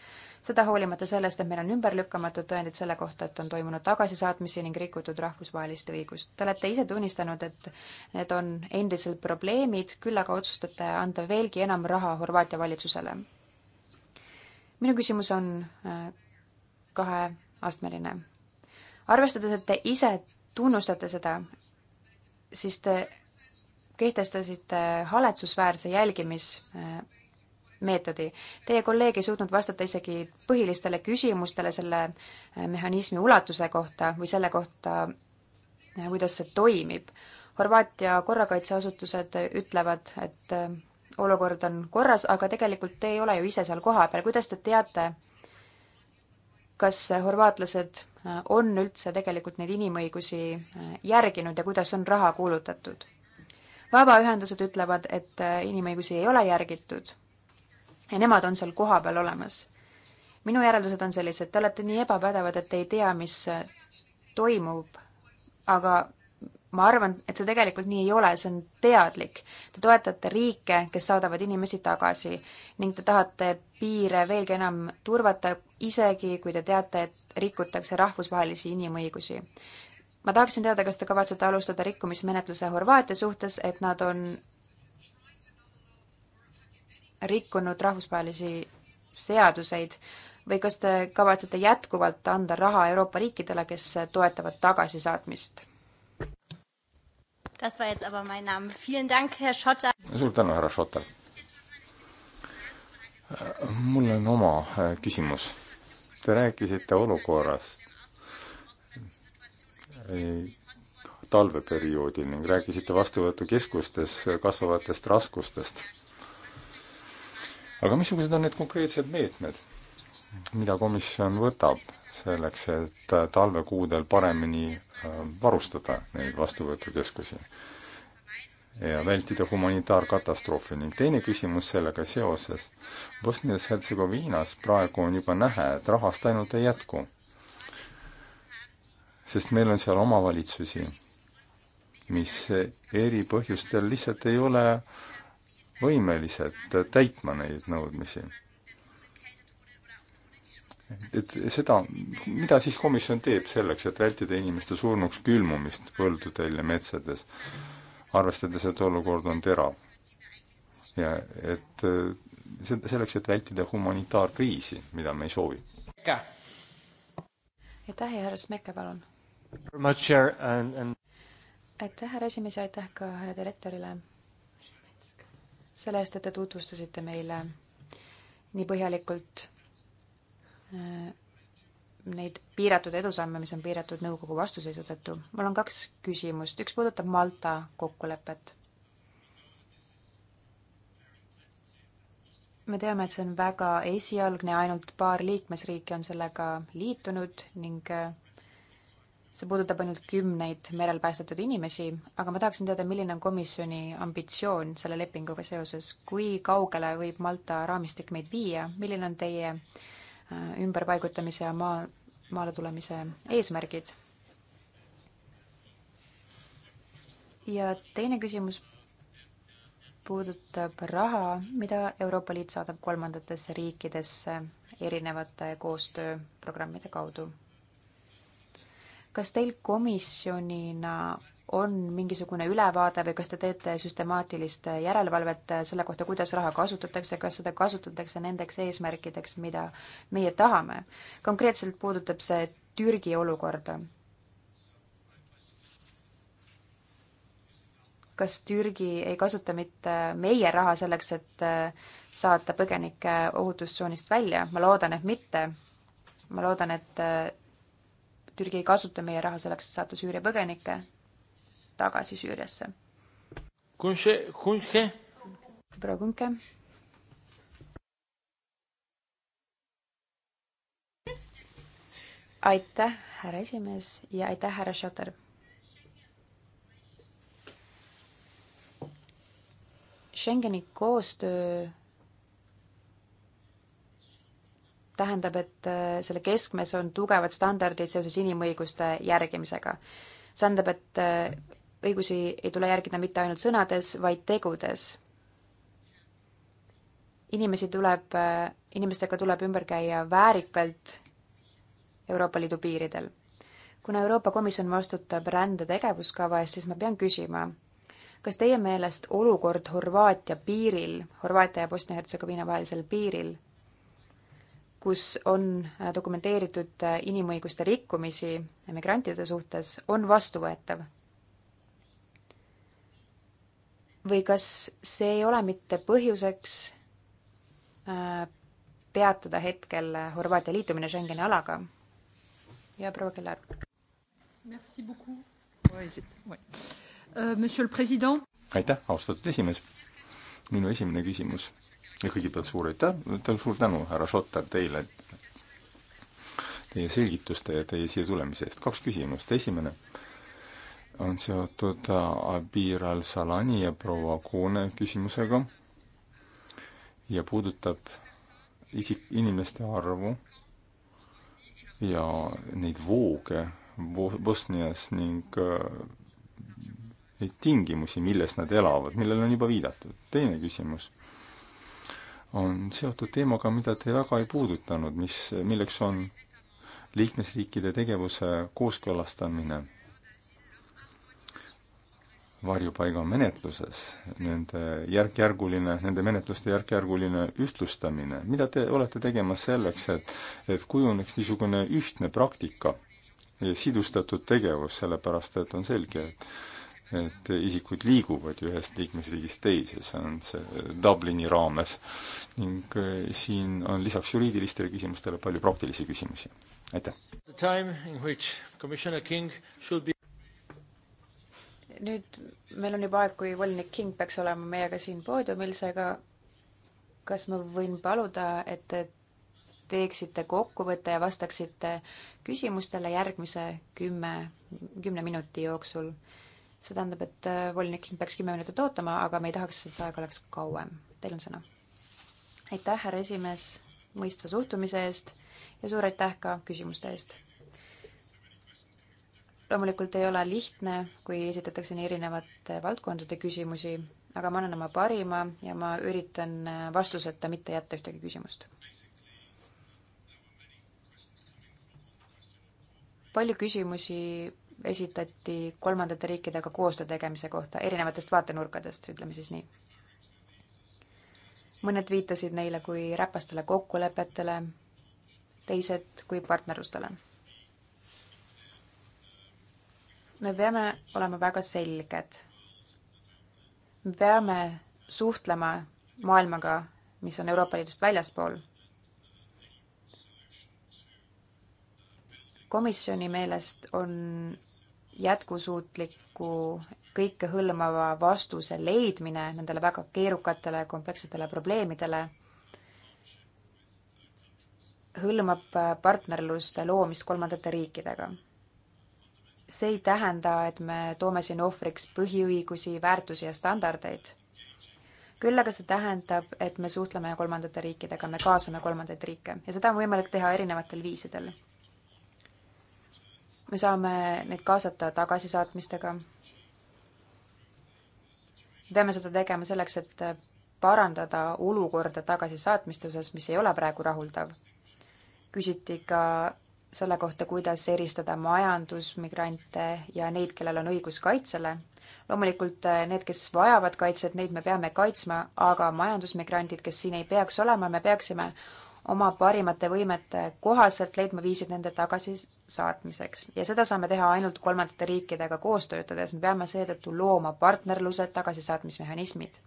seda hoolimata sellest, et meil on ümberlükkamatud tõendid selle kohta, et on toimunud tagasisaatmisi ning rikutud rahvusvahelist õigust. Te olete ise tunnistanud, et need on endiselt probleemid, küll aga otsustate anda veelgi enam raha Horvaatia valitsusele. minu küsimus on äh, kaheastmeline. arvestades, et te ise tunnustate seda, siis te kehtestasite haletsusväärse jälgimismeetodi. Teie kolleeg ei suutnud vastata isegi põhilistele küsimustele selle eh, mehhanismi ulatuse kohta või selle kohta, eh, kuidas see toimib. Horvaatia korrakaitseasutused ütlevad, et eh, olukord on korras, aga tegelikult te ei ole ju ise seal kohapeal, kuidas te teate, kas horvaatlased Äh, on üldse tegelikult neid inimõigusi äh, järginud ja kuidas on raha kuulutatud. vabaühendused ütlevad, et äh, inimõigusi ei ole järgitud ja nemad on seal kohapeal olemas. minu järeldused on sellised, te olete nii ebapädevad, et ei tea, mis toimub, aga ma arvan, et see tegelikult nii ei ole, see on teadlik. Te toetate riike, kes saadavad inimesi tagasi ning te tahate piire veelgi enam turvata, isegi kui te teate, et rikutakse rahvusvahelisi inimõigusi. ma tahaksin teada, kas te kavatsete alustada rikkumismenetluse Horvaatia suhtes, et nad on rikkunud rahvusvahelisi seaduseid või kas te kavatsete jätkuvalt anda raha Euroopa riikidele, kes toetavad tagasisaatmist? suur tänu, härra Schotter! mul on oma äh, küsimus. Te rääkisite olukorrast äh, talveperioodil ning rääkisite vastuvõtukeskustes kasvavatest raskustest. aga missugused on need konkreetsed meetmed, mida komisjon võtab selleks, et äh, talvekuudel paremini varustada neid vastuvõtukeskusi? ja vältida humanitaarkatastroofi ning teine küsimus sellega seoses. Bosnias-Hertsegoviinas praegu on juba nähe, et rahast ainult ei jätku. sest meil on seal omavalitsusi, mis eri põhjustel lihtsalt ei ole võimelised täitma neid nõudmisi. et seda, mida siis komisjon teeb selleks, et vältida inimeste surnuks külmumist põldudel ja metsades? arvestades, et olukord on terav. ja et eh, selleks, et vältida humanitaarkriisi, mida me ei soovi. aitäh ja härra Smeke, palun! aitäh, härra esimees ja aitäh ka härra direktorile selle eest, et te tutvustasite meile nii põhjalikult eh, neid piiratud edusamme, mis on piiratud nõukogu vastuseisu tõttu. mul on kaks küsimust, üks puudutab Malta kokkulepet. me teame, et see on väga esialgne, ainult paar liikmesriiki on sellega liitunud ning äh, see puudutab ainult kümneid merel päästetud inimesi, aga ma tahaksin teada, milline on komisjoni ambitsioon selle lepinguga seoses, kui kaugele võib Malta raamistik meid viia, milline on teie äh, Äh, ümberpaigutamise ja maa, maale tulemise eesmärgid. ja teine küsimus puudutab raha, mida Euroopa Liit saadab kolmandatesse riikidesse erinevate koostööprogrammide kaudu. kas teil komisjonina on mingisugune ülevaade või kas te teete süstemaatilist järelevalvet selle kohta, kuidas raha kasutatakse, kas seda kasutatakse nendeks eesmärkideks, mida meie tahame? konkreetselt puudutab see Türgi olukorda. kas Türgi ei kasuta mitte meie raha selleks, et äh, saata põgenikke ohutustsoonist välja? ma loodan, et mitte. ma loodan, et äh, Türgi ei kasuta meie raha selleks, et saata Süüria põgenikke tagasi Süüriasse. proua Kunke. aitäh, härra esimees ja aitäh, härra Schotter. Schengeni koostöö tähendab, et äh, selle keskmes on tugevad standardid seoses inimõiguste järgimisega. see tähendab, et äh, õigusi ei tule järgida mitte ainult sõnades, vaid tegudes. inimesi tuleb, äh, inimestega tuleb ümber käia väärikalt Euroopa Liidu piiridel. kuna Euroopa Komisjon vastutab rände tegevuskava eest, siis ma pean küsima, kas teie meelest olukord Horvaatia piiril, Horvaatia ja Bosnia-Hertsegoviina vahelisel piiril, kus on äh, dokumenteeritud äh, inimõiguste rikkumisi migrantide suhtes, on vastuvõetav või kas see ei ole mitte põhjuseks äh, peatada hetkel Horvaatia liitumine Schengeni alaga? ja proua Keller. Euh, aitäh, austatud esimees. minu esimene küsimus ja kõigepealt suur aitäh, suur tänu, härra Šotter, teile teie selgituste ja teie siia tulemise eest. kaks küsimust, esimene äh, on seotud äh, Abir al-Salani ja proua Koone küsimusega ja puudutab isik, inimeste arvu ja neid vooge Bosnias ning äh, neid tingimusi, milles nad elavad, millele on juba viidatud. teine küsimus on seotud teemaga, mida te väga ei puudutanud, mis, milleks on liikmesriikide tegevuse kooskõlastamine varjupaigamenetluses, nende järk-järguline, nende menetluste järk-järguline ühtlustamine, mida te olete tegemas selleks, et, et kujuneks niisugune ühtne praktika ja sidustatud tegevus, sellepärast et on selge, et et isikud liiguvad ju ühest liikmesriigist teise, see on see äh, Dublini raames. ning äh, siin on lisaks juriidilistele küsimustele palju praktilisi küsimusi. aitäh! nüüd meil on juba aeg, kui volinik King peaks olema meiega siin poodiumil, seega kas ma võin paluda, et te teeksite kokkuvõtte ja vastaksite küsimustele järgmise kümme, kümne minuti jooksul? see tähendab, et äh, volinik King peaks kümme minutit ootama, aga me ei tahaks, et see aeg oleks kauem. Teil on sõna. aitäh, härra esimees, mõistva suhtumise eest ja suur aitäh ka küsimuste eest loomulikult ei ole lihtne, kui esitatakse nii erinevate valdkondade küsimusi, aga ma annan oma parima ja ma üritan vastuseta mitte jätta ühtegi küsimust. palju küsimusi esitati kolmandate riikidega koostöö tegemise kohta erinevatest vaatenurkadest, ütleme siis nii. mõned viitasid neile kui räpastele kokkulepetele, teised kui partnerlustele me peame olema väga selged. me peame suhtlema maailmaga, mis on Euroopa Liidust väljaspool. komisjoni meelest on jätkusuutliku kõikehõlmava vastuse leidmine nendele väga keerukatele komplekssetele probleemidele hõlmab partnerluste loomist kolmandate riikidega see ei tähenda, et me toome siin ohvriks põhiõigusi, väärtusi ja standardeid. küll aga see tähendab, et me suhtleme kolmandate riikidega, me kaasame kolmandaid riike ja seda on võimalik teha erinevatel viisidel. me saame neid kaasata tagasisaatmistega. me peame seda tegema selleks, et parandada olukorda tagasisaatmiste osas, mis ei ole praegu rahuldav. küsiti ka selle kohta, kuidas eristada majandusmigrante ja neid, kellel on õigus kaitsele. loomulikult eh, need, kes vajavad kaitset, neid me peame kaitsma, aga majandusmigrandid, kes siin ei peaks olema, me peaksime oma parimate võimete kohaselt leidma viisid nende tagasisaatmiseks ja seda saame teha ainult kolmandate riikidega koos töötades, me peame seetõttu looma partnerlused, tagasisaatmismehhanismid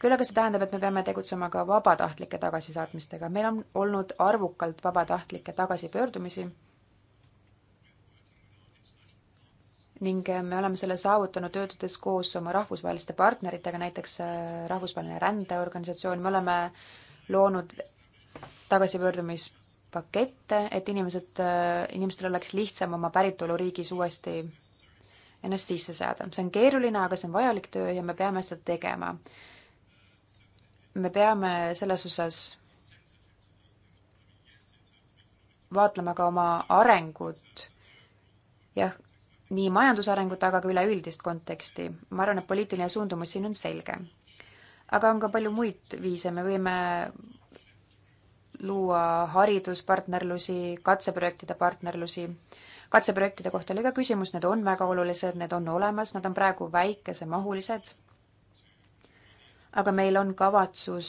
küll aga see tähendab, et me peame tegutsema ka vabatahtlike tagasisaatmistega. meil on olnud arvukalt vabatahtlikke tagasipöördumisi ning me oleme selle saavutanud töötades koos oma rahvusvaheliste partneritega, näiteks äh, Rahvusvaheline Rändeorganisatsioon, me oleme loonud tagasipöördumispakette, et inimesed, äh, inimestel oleks lihtsam oma päritoluriigis uuesti ennast sisse seada. see on keeruline, aga see on vajalik töö ja me peame seda tegema me peame selles osas vaatlema ka oma arengut, jah, nii majandusarengut, aga ka üleüldist konteksti. ma arvan, et poliitiline suundumus siin on selge. aga on ka palju muid viise, me võime luua hariduspartnerlusi, katseprojektide partnerlusi. katseprojektide kohta oli ka küsimus, need on väga olulised, need on olemas, nad on praegu väikesemahulised aga meil on kavatsus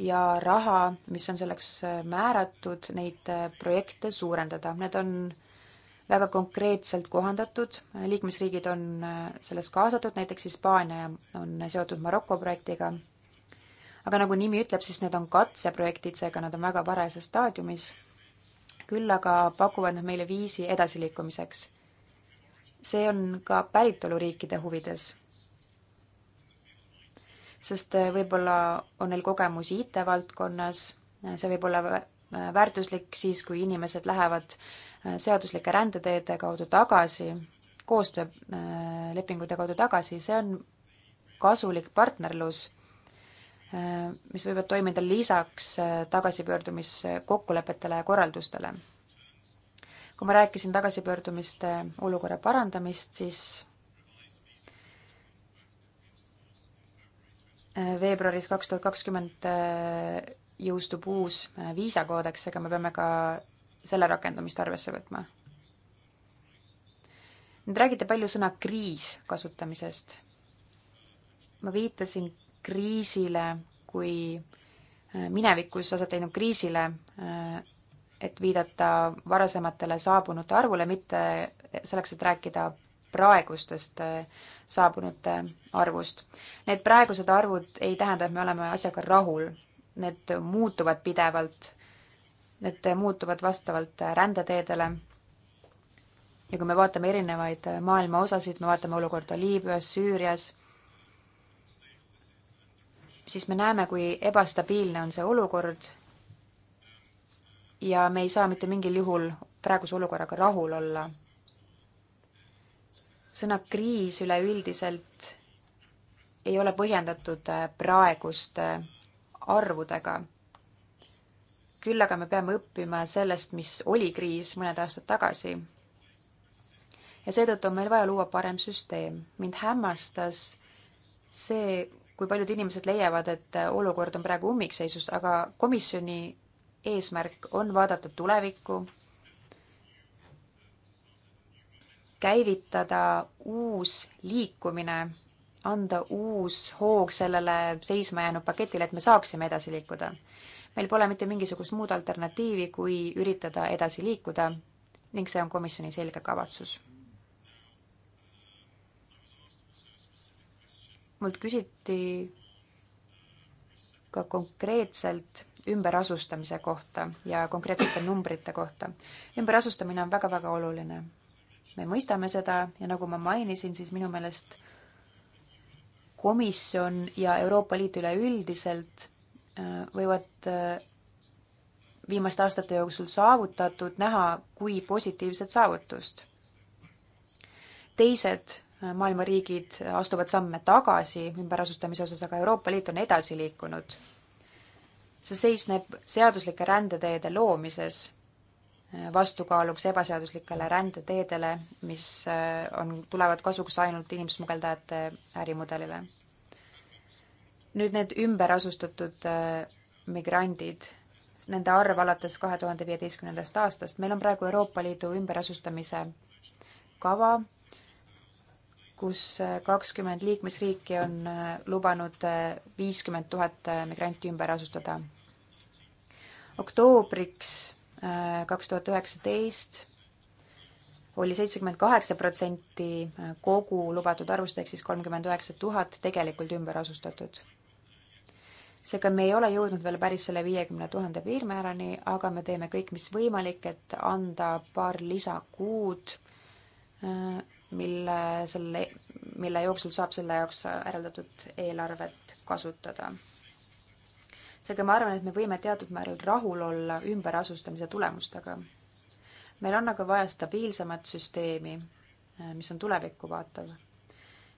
ja raha, mis on selleks äh, määratud, neid äh, projekte suurendada. Need on väga konkreetselt kohandatud, liikmesriigid on äh, selles kaasatud, näiteks Hispaania on seotud Maroko projektiga. aga nagu nimi ütleb, siis need on katseprojektid, seega nad on väga varajases staadiumis. küll aga pakuvad nad meile viisi edasiliikumiseks. see on ka päritoluriikide huvides sest eh, võib-olla on neil kogemusi IT-valdkonnas, eh, see võib olla eh, väärtuslik siis, kui inimesed lähevad seaduslike rändeteede kaudu tagasi, koostöölepingute kaudu tagasi, see on kasulik partnerlus, mis võivad toimida lisaks tagasipöördumiskokkulepetele ja korraldustele. kui ma rääkisin tagasipöördumiste olukorra parandamist, siis veebruaris kaks tuhat kakskümmend äh, jõustub uus äh, viisakoodeks, aga me peame ka selle rakendumist arvesse võtma. nüüd räägite palju sõna kriis kasutamisest. ma viitasin kriisile kui äh, minevikus aset leidnud kriisile, et viidata varasematele saabunute arvule, mitte selleks, et rääkida praegustest äh, saabunute äh, arvust. Need praegused arvud ei tähenda, et me oleme asjaga rahul. Need muutuvad pidevalt. Need muutuvad vastavalt äh, rändeteedele. ja kui me vaatame erinevaid maailma osasid, me vaatame olukorda Liibüas, Süürias, siis me näeme, kui ebastabiilne on see olukord ja me ei saa mitte mingil juhul praeguse olukorraga rahul olla sõna kriis üleüldiselt ei ole põhjendatud äh, praeguste äh, arvudega. küll aga me peame õppima sellest, mis oli kriis mõned aastad tagasi. ja seetõttu on meil vaja luua parem süsteem. mind hämmastas see, kui paljud inimesed leiavad, et äh, olukord on praegu ummikseisus, aga komisjoni eesmärk on vaadata tulevikku käivitada uus liikumine, anda uus hoog sellele seisma jäänud paketile, et me saaksime edasi liikuda. meil pole mitte mingisugust muud alternatiivi, kui üritada edasi liikuda ning see on komisjoni selge kavatsus. mult küsiti ka konkreetselt ümberasustamise kohta ja konkreetsete numbrite kohta. ümberasustamine on väga-väga oluline me mõistame seda ja nagu ma mainisin, siis minu meelest komisjon ja Euroopa Liit üleüldiselt äh, võivad äh, viimaste aastate jooksul saavutatud näha kui positiivset saavutust. teised äh, maailma riigid astuvad samme tagasi ümberasustamise osas, aga Euroopa Liit on edasi liikunud. see seisneb seaduslike rändeteede loomises vastukaaluks ebaseaduslikele rändeteedele, mis äh, on, tulevad kasuks ainult inimsmugeldajate ärimudelile. nüüd need ümberasustatud äh, migrandid, nende arv alates kahe tuhande viieteistkümnendast aastast, meil on praegu Euroopa Liidu ümberasustamise kava, kus äh, kakskümmend liikmesriiki on lubanud viiskümmend tuhat migranti ümber asustada. oktoobriks kaks tuhat üheksateist oli seitsekümmend kaheksa protsenti kogu lubatud arvust ehk siis kolmkümmend üheksa tuhat tegelikult ümber asustatud. seega me ei ole jõudnud veel päris selle viiekümne tuhande piirmäärani, aga me teeme kõik, mis võimalik, et anda paar lisakuud, äh, mille selle, mille jooksul saab selle jaoks eraldatud eelarvet kasutada seega ma arvan, et me võime teatud määral rahul olla ümberasustamise tulemustega. meil on aga vaja stabiilsemat süsteemi, äh, mis on tulevikku vaatav.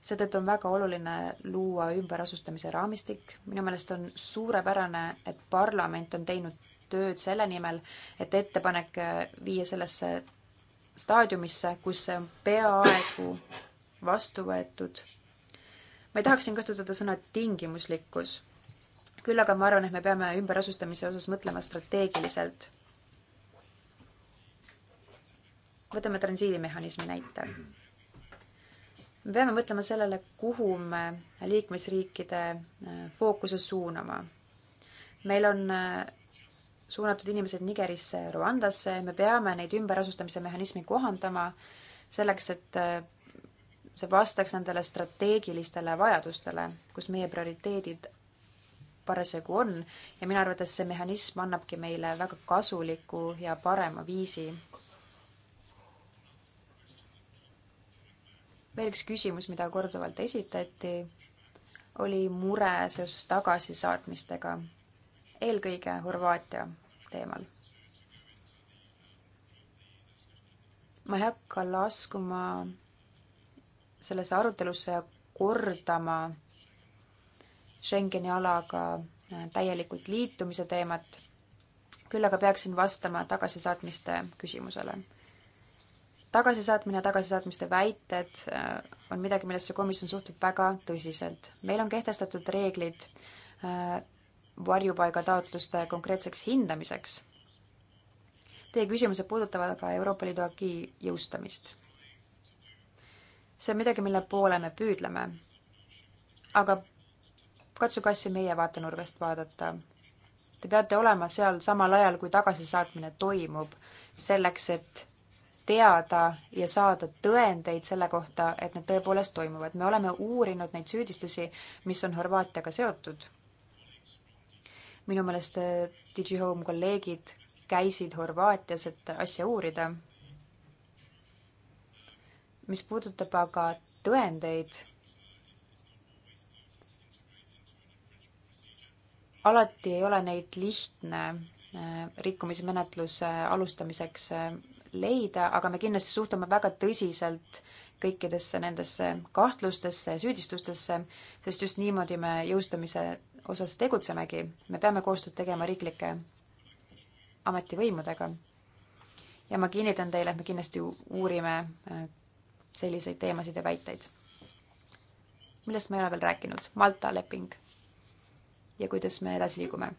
seetõttu on väga oluline luua ümberasustamise raamistik, minu meelest on suurepärane, et parlament on teinud tööd selle nimel, et ettepanek äh, viia sellesse staadiumisse, kus see on peaaegu vastu võetud. ma ei tahaks siin kasutada sõna tingimuslikkus küll aga ma arvan, et me peame ümberasustamise osas mõtlema strateegiliselt. võtame transiidimehhanismi näite. me peame mõtlema sellele, kuhu me liikmesriikide äh, fookuse suunama. meil on äh, suunatud inimesed Nigerisse ja Rwandasse, me peame neid ümberasustamise mehhanismi kohandama selleks, et äh, see vastaks nendele strateegilistele vajadustele, kus meie prioriteedid parasjagu on ja minu arvates see mehhanism annabki meile väga kasuliku ja parema viisi. veel üks küsimus, mida korduvalt esitati, oli mure seoses tagasisaatmistega, eelkõige Horvaatia teemal ma ei hakka laskuma sellesse arutelusse ja kordama Schengeni alaga äh, täielikult liitumise teemat. küll aga peaksin vastama tagasisaatmiste küsimusele. tagasisaatmine ja tagasisaatmiste väited äh, on midagi, millesse komisjon suhtub väga tõsiselt. meil on kehtestatud reeglid äh, varjupaigataotluste konkreetseks hindamiseks. Teie küsimused puudutavad aga Euroopa Liidu agi jõustamist. see on midagi, mille poole me püüdleme. aga katsuge asja meie vaatenurgast vaadata. Te peate olema seal samal ajal, kui tagasisaatmine toimub, selleks et teada ja saada tõendeid selle kohta, et need tõepoolest toimuvad. me oleme uurinud neid süüdistusi, mis on Horvaatiaga seotud. minu meelest äh, DigiHome kolleegid käisid Horvaatias, et asja uurida. mis puudutab aga tõendeid alati ei ole neid lihtne äh, rikkumismenetluse alustamiseks äh, leida, aga me kindlasti suhtume väga tõsiselt kõikidesse nendesse kahtlustesse ja süüdistustesse, sest just niimoodi me jõustamise osas tegutsemegi. me peame koostööd tegema riiklike ametivõimudega. ja ma kinnitan teile, et me kindlasti uurime äh, selliseid teemasid ja väiteid. millest ma ei ole veel rääkinud, Malta leping ja kuidas me edasi liigume.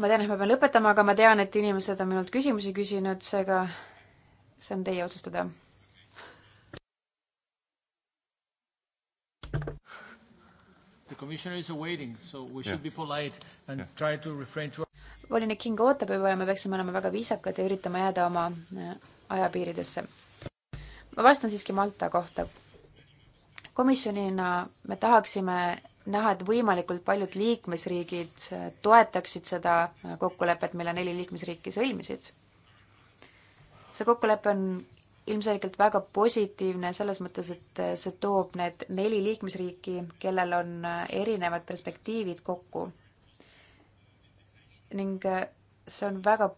ma tean, et ma pean lõpetama, aga ma tean, et inimesed on minult küsimusi küsinud, seega see on teie otsustada. The commissioner is awaiting, so we should yeah. be polite and yeah. try to refrain to volinik King ootab juba ja me peaksime olema väga viisakad ja üritama jääda oma äh, ajapiiridesse. ma vastan siiski Malta kohta komisjonina me tahaksime näha, et võimalikult paljud liikmesriigid toetaksid seda kokkulepet, mille neli liikmesriiki sõlmisid. see kokkulepe on ilmselgelt väga positiivne selles mõttes, et see toob need neli liikmesriiki, kellel on erinevad perspektiivid kokku. ning see on väga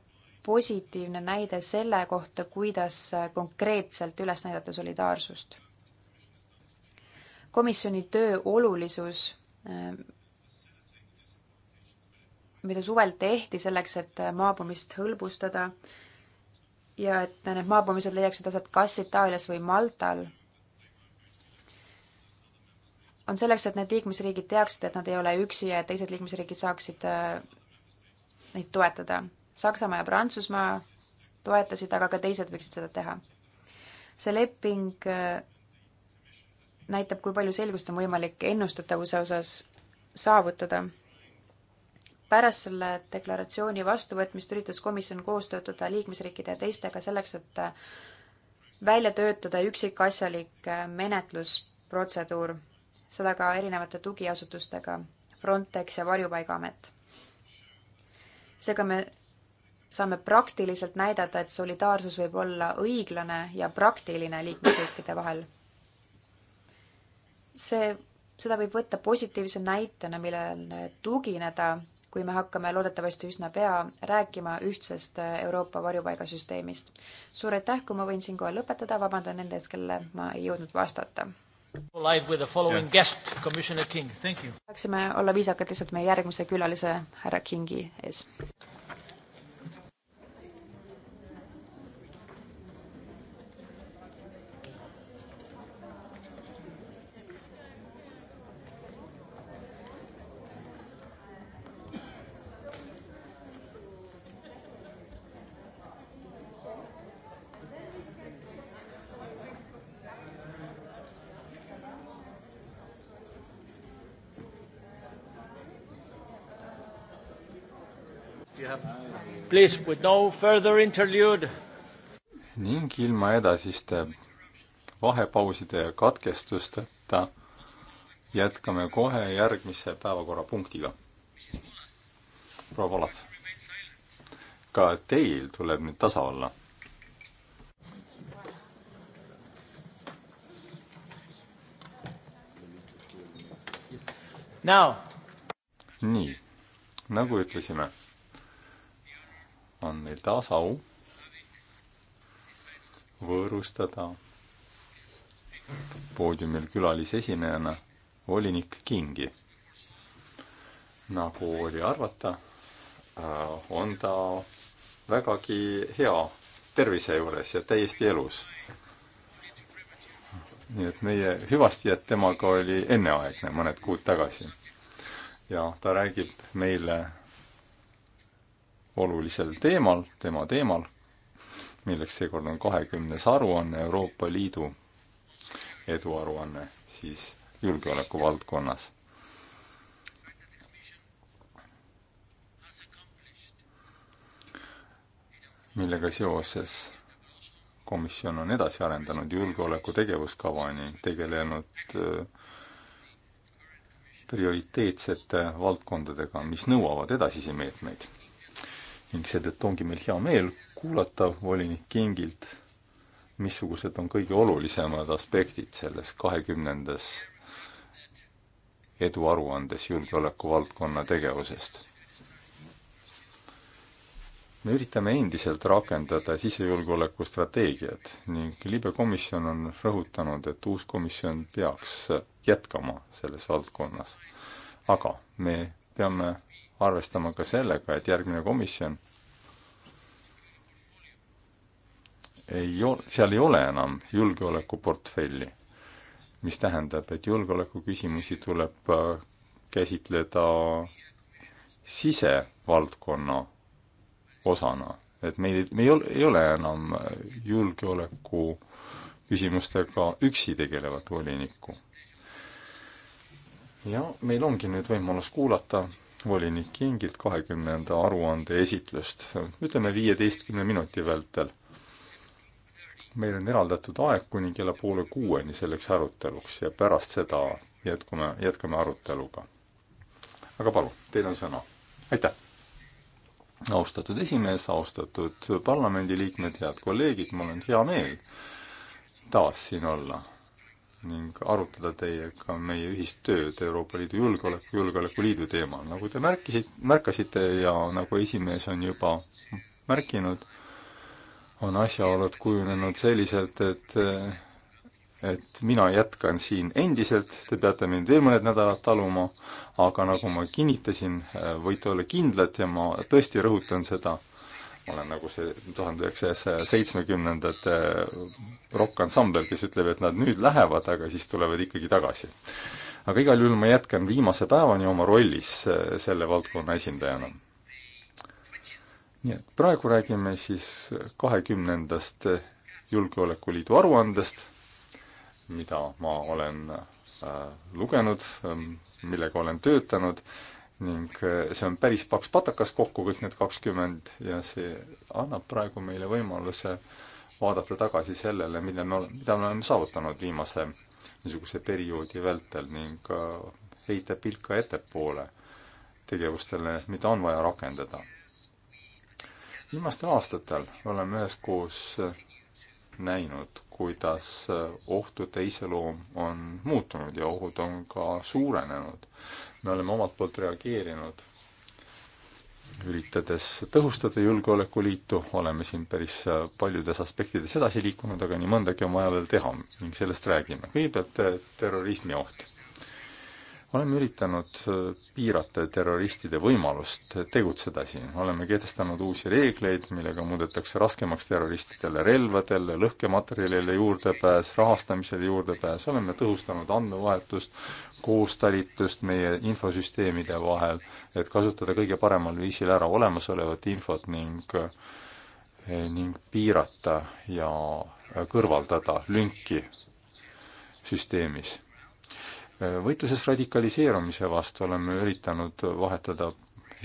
positiivne näide selle kohta, kuidas konkreetselt üles näidata solidaarsust komisjoni töö olulisus, eh, mida suvel tehti selleks, et maabumist hõlbustada ja et need maabumised leiaksid aset kas Itaalias või Maltal, on selleks, et need liikmesriigid teaksid, et nad ei ole üksi ja et teised liikmesriigid saaksid eh, neid toetada. Saksamaa ja Prantsusmaa toetasid, aga ka teised võiksid seda teha. see leping eh, näitab, kui palju selgust on võimalik ennustatavuse osas saavutada. pärast selle deklaratsiooni vastuvõtmist üritas komisjon koos töötada liikmesriikide ja teistega selleks, et välja töötada üksikasjalik menetlusprotseduur, seda ka erinevate tugiasutustega, Frontex ja Varjupaigaamet. seega me saame praktiliselt näidata, et solidaarsus võib olla õiglane ja praktiline liikmesriikide vahel see, seda võib võtta positiivse näitena, millele tugineda, kui me hakkame loodetavasti üsna pea rääkima ühtsest Euroopa varjupaigasüsteemist. suur aitäh, kui ma võin siinkohal lõpetada, vabandan nende ees, kellele ma ei jõudnud vastata. tahaksime olla viisakad lihtsalt meie järgmise külalise härra Kingi ees. please, with no further interlude. ning ilma edasiste vahepauside ja katkestusteta jätkame kohe järgmise päevakorrapunktiga. proua Palav, ka teil tuleb nüüd tasa olla Now. nii, nagu ütlesime on meil taas au võõrustada poodiumil külalisesinejana volinik Kingi. nagu oli arvata, äh, on ta vägagi hea tervise juures ja täiesti elus. nii et meie hüvastijad temaga oli enneaegne mõned kuud tagasi. ja ta räägib meile olulisel teemal, tema teemal, milleks seekord on kahekümnes aruanne, Euroopa Liidu eduaruanne siis julgeoleku valdkonnas. millega seoses komisjon on edasi arendanud julgeoleku tegevuskava ning tegelenud äh, prioriteetsete valdkondadega, mis nõuavad edasisi meetmeid ning seetõttu ongi meil hea meel kuulata volinik Kingilt, missugused on kõige olulisemad aspektid selles kahekümnendas eduaruandes julgeoleku valdkonna tegevusest. me üritame endiselt rakendada sisejulgeoleku strateegiat ning libekomisjon on rõhutanud, et uus komisjon peaks jätkama selles valdkonnas. aga me peame arvestama ka sellega, et järgmine komisjon ei ol-, seal ei ole enam julgeolekuportfelli, mis tähendab, et julgeolekuküsimusi tuleb äh, käsitleda sisevaldkonna osana, et meil, me ei ole, ei ole enam julgeoleku küsimustega üksi tegelevat volinikku. ja meil ongi nüüd võimalus kuulata volinik Kingilt kahekümnenda aruande esitlust, ütleme viieteistkümne minuti vältel. meil on eraldatud aeg kuni kella poole kuueni selleks aruteluks ja pärast seda jätkume, jätkame aruteluga. aga palun, teil on sõna. aitäh! austatud esimees, austatud parlamendiliikmed, head kolleegid, mul on hea meel taas siin olla ning arutada teiega meie ühist tööd Euroopa Liidu julgeoleku, julgeolekuliidu teemal. nagu te märkisid, märkasite ja nagu esimees on juba märkinud, on asjaolud kujunenud selliselt, et et mina jätkan siin endiselt, te peate mind veel mõned nädalad taluma, aga nagu ma kinnitasin, võite olla kindlad ja ma tõesti rõhutan seda, olen nagu see tuhande üheksasaja seitsmekümnendate eh, rokkansambel, kes ütleb, et nad nüüd lähevad, aga siis tulevad ikkagi tagasi. aga igal juhul ma jätkan viimase päevani oma rollis eh, selle valdkonna esindajana. nii et praegu räägime siis kahekümnendast eh, Julgeolekuliidu aruandest, mida ma olen lugenud, millega olen töötanud ning eh, see on päris paks patakas kokku, kõik need kakskümmend, ja see annab praegu meile võimaluse vaadata tagasi sellele, mida me oleme, mida me oleme saavutanud viimase niisuguse perioodi vältel ning eh, heita pilk ka ettepoole tegevustele, mida on vaja rakendada. viimastel aastatel oleme üheskoos eh, näinud, kuidas ohtude iseloom on muutunud ja ohud on ka suurenenud me oleme omalt poolt reageerinud, üritades tõhustada Julgeolekuliitu, oleme siin päris äh, paljudes aspektides edasi liikunud, aga nii mõndagi on vaja veel teha ning sellest räägime. kõigepealt äh, terrorismioht. oleme üritanud äh, piirata terroristide võimalust tegutseda siin, oleme kehtestanud uusi reegleid, millega muudetakse raskemaks terroristidele relvadele, lõhkematerjalile juurdepääs, rahastamisele juurdepääs, oleme tõhustanud andmevahetust, koostalitust meie infosüsteemide vahel, et kasutada kõige paremal viisil ära olemasolevat infot ning, ning piirata ja kõrvaldada lünki süsteemis. võitluses radikaliseerumise vastu oleme üritanud vahetada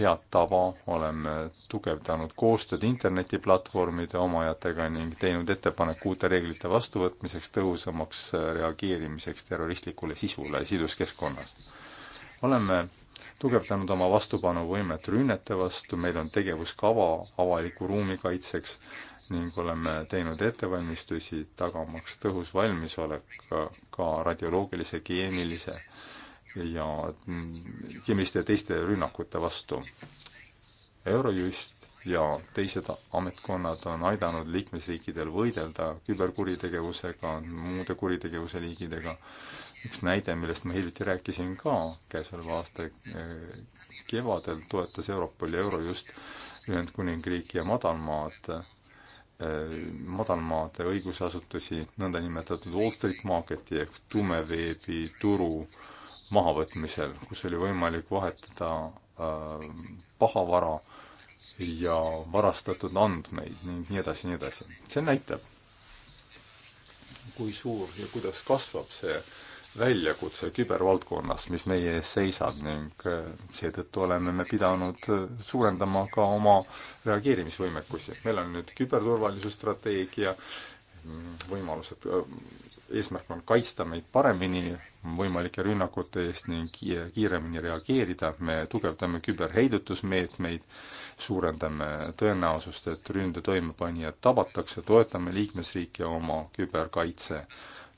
head tava, oleme tugevdanud koostööd internetiplatvormide omajatega ning teinud ettepaneku uute reeglite vastuvõtmiseks tõhusamaks äh, reageerimiseks terroristlikule sisule siduskeskkonnas. oleme tugevdanud oma vastupanuvõimet rünnete vastu, meil on tegevuskava avaliku ruumi kaitseks ning oleme teinud ettevalmistusi tagamaks tõhus valmisolek ka, ka radioloogilise, keemilise ja kemiste teiste rünnakute vastu. Eurojust ja teised ametkonnad on aidanud liikmesriikidel võidelda küberkuritegevusega, muude kuritegevuse liigidega. üks näide, millest ma hiljuti rääkisin ka käesoleva aasta eh, kevadel, toetas Europol ja Eurojust Ühendkuningriiki ja madalmaad, eh, madalmaade õigusasutusi, nõndanimetatud Wall Street Marketi ehk tumeveebi turu äh, mahavõtmisel, kus oli võimalik vahetada äh, pahavara ja varastatud andmeid ning nii edasi, nii edasi. see näitab, kui suur ja kuidas kasvab see väljakutse kübervaldkonnas, mis meie ees seisab ning äh, seetõttu oleme me pidanud äh, suurendama ka oma reageerimisvõimekusi. meil on nüüd küberturvalisusstrateegia, võimalused, äh, eesmärk on kaitsta meid paremini võimalike rünnakute eest ning kiiremini reageerida, me tugevdame küberheidutusmeetmeid, suurendame tõenäosust, et ründe toimepanijad tabatakse, toetame liikmesriike oma küberkaitse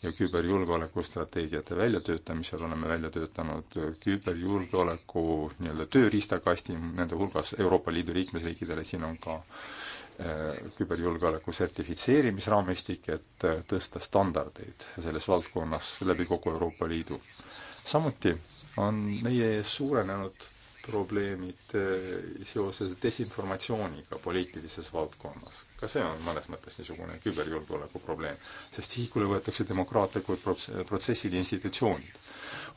ja küberjulgeoleku strateegiate väljatöötamisel oleme välja töötanud küberjulgeoleku nii-öelda tööriistakasti, nende hulgas Euroopa Liidu liikmesriikidele, siin on ka äh, Äh, küberjulgeoleku sertifitseerimisraamistik, et äh, tõsta standardeid selles valdkonnas läbi kogu Euroopa Liidu. samuti on meie ees suurenenud probleemid äh, seoses desinformatsiooniga poliitilises valdkonnas ka see on mõnes mõttes niisugune küberjulgeoleku probleem, sest sihikule võetakse demokraatlikud prots-, protsessid ja institutsioonid.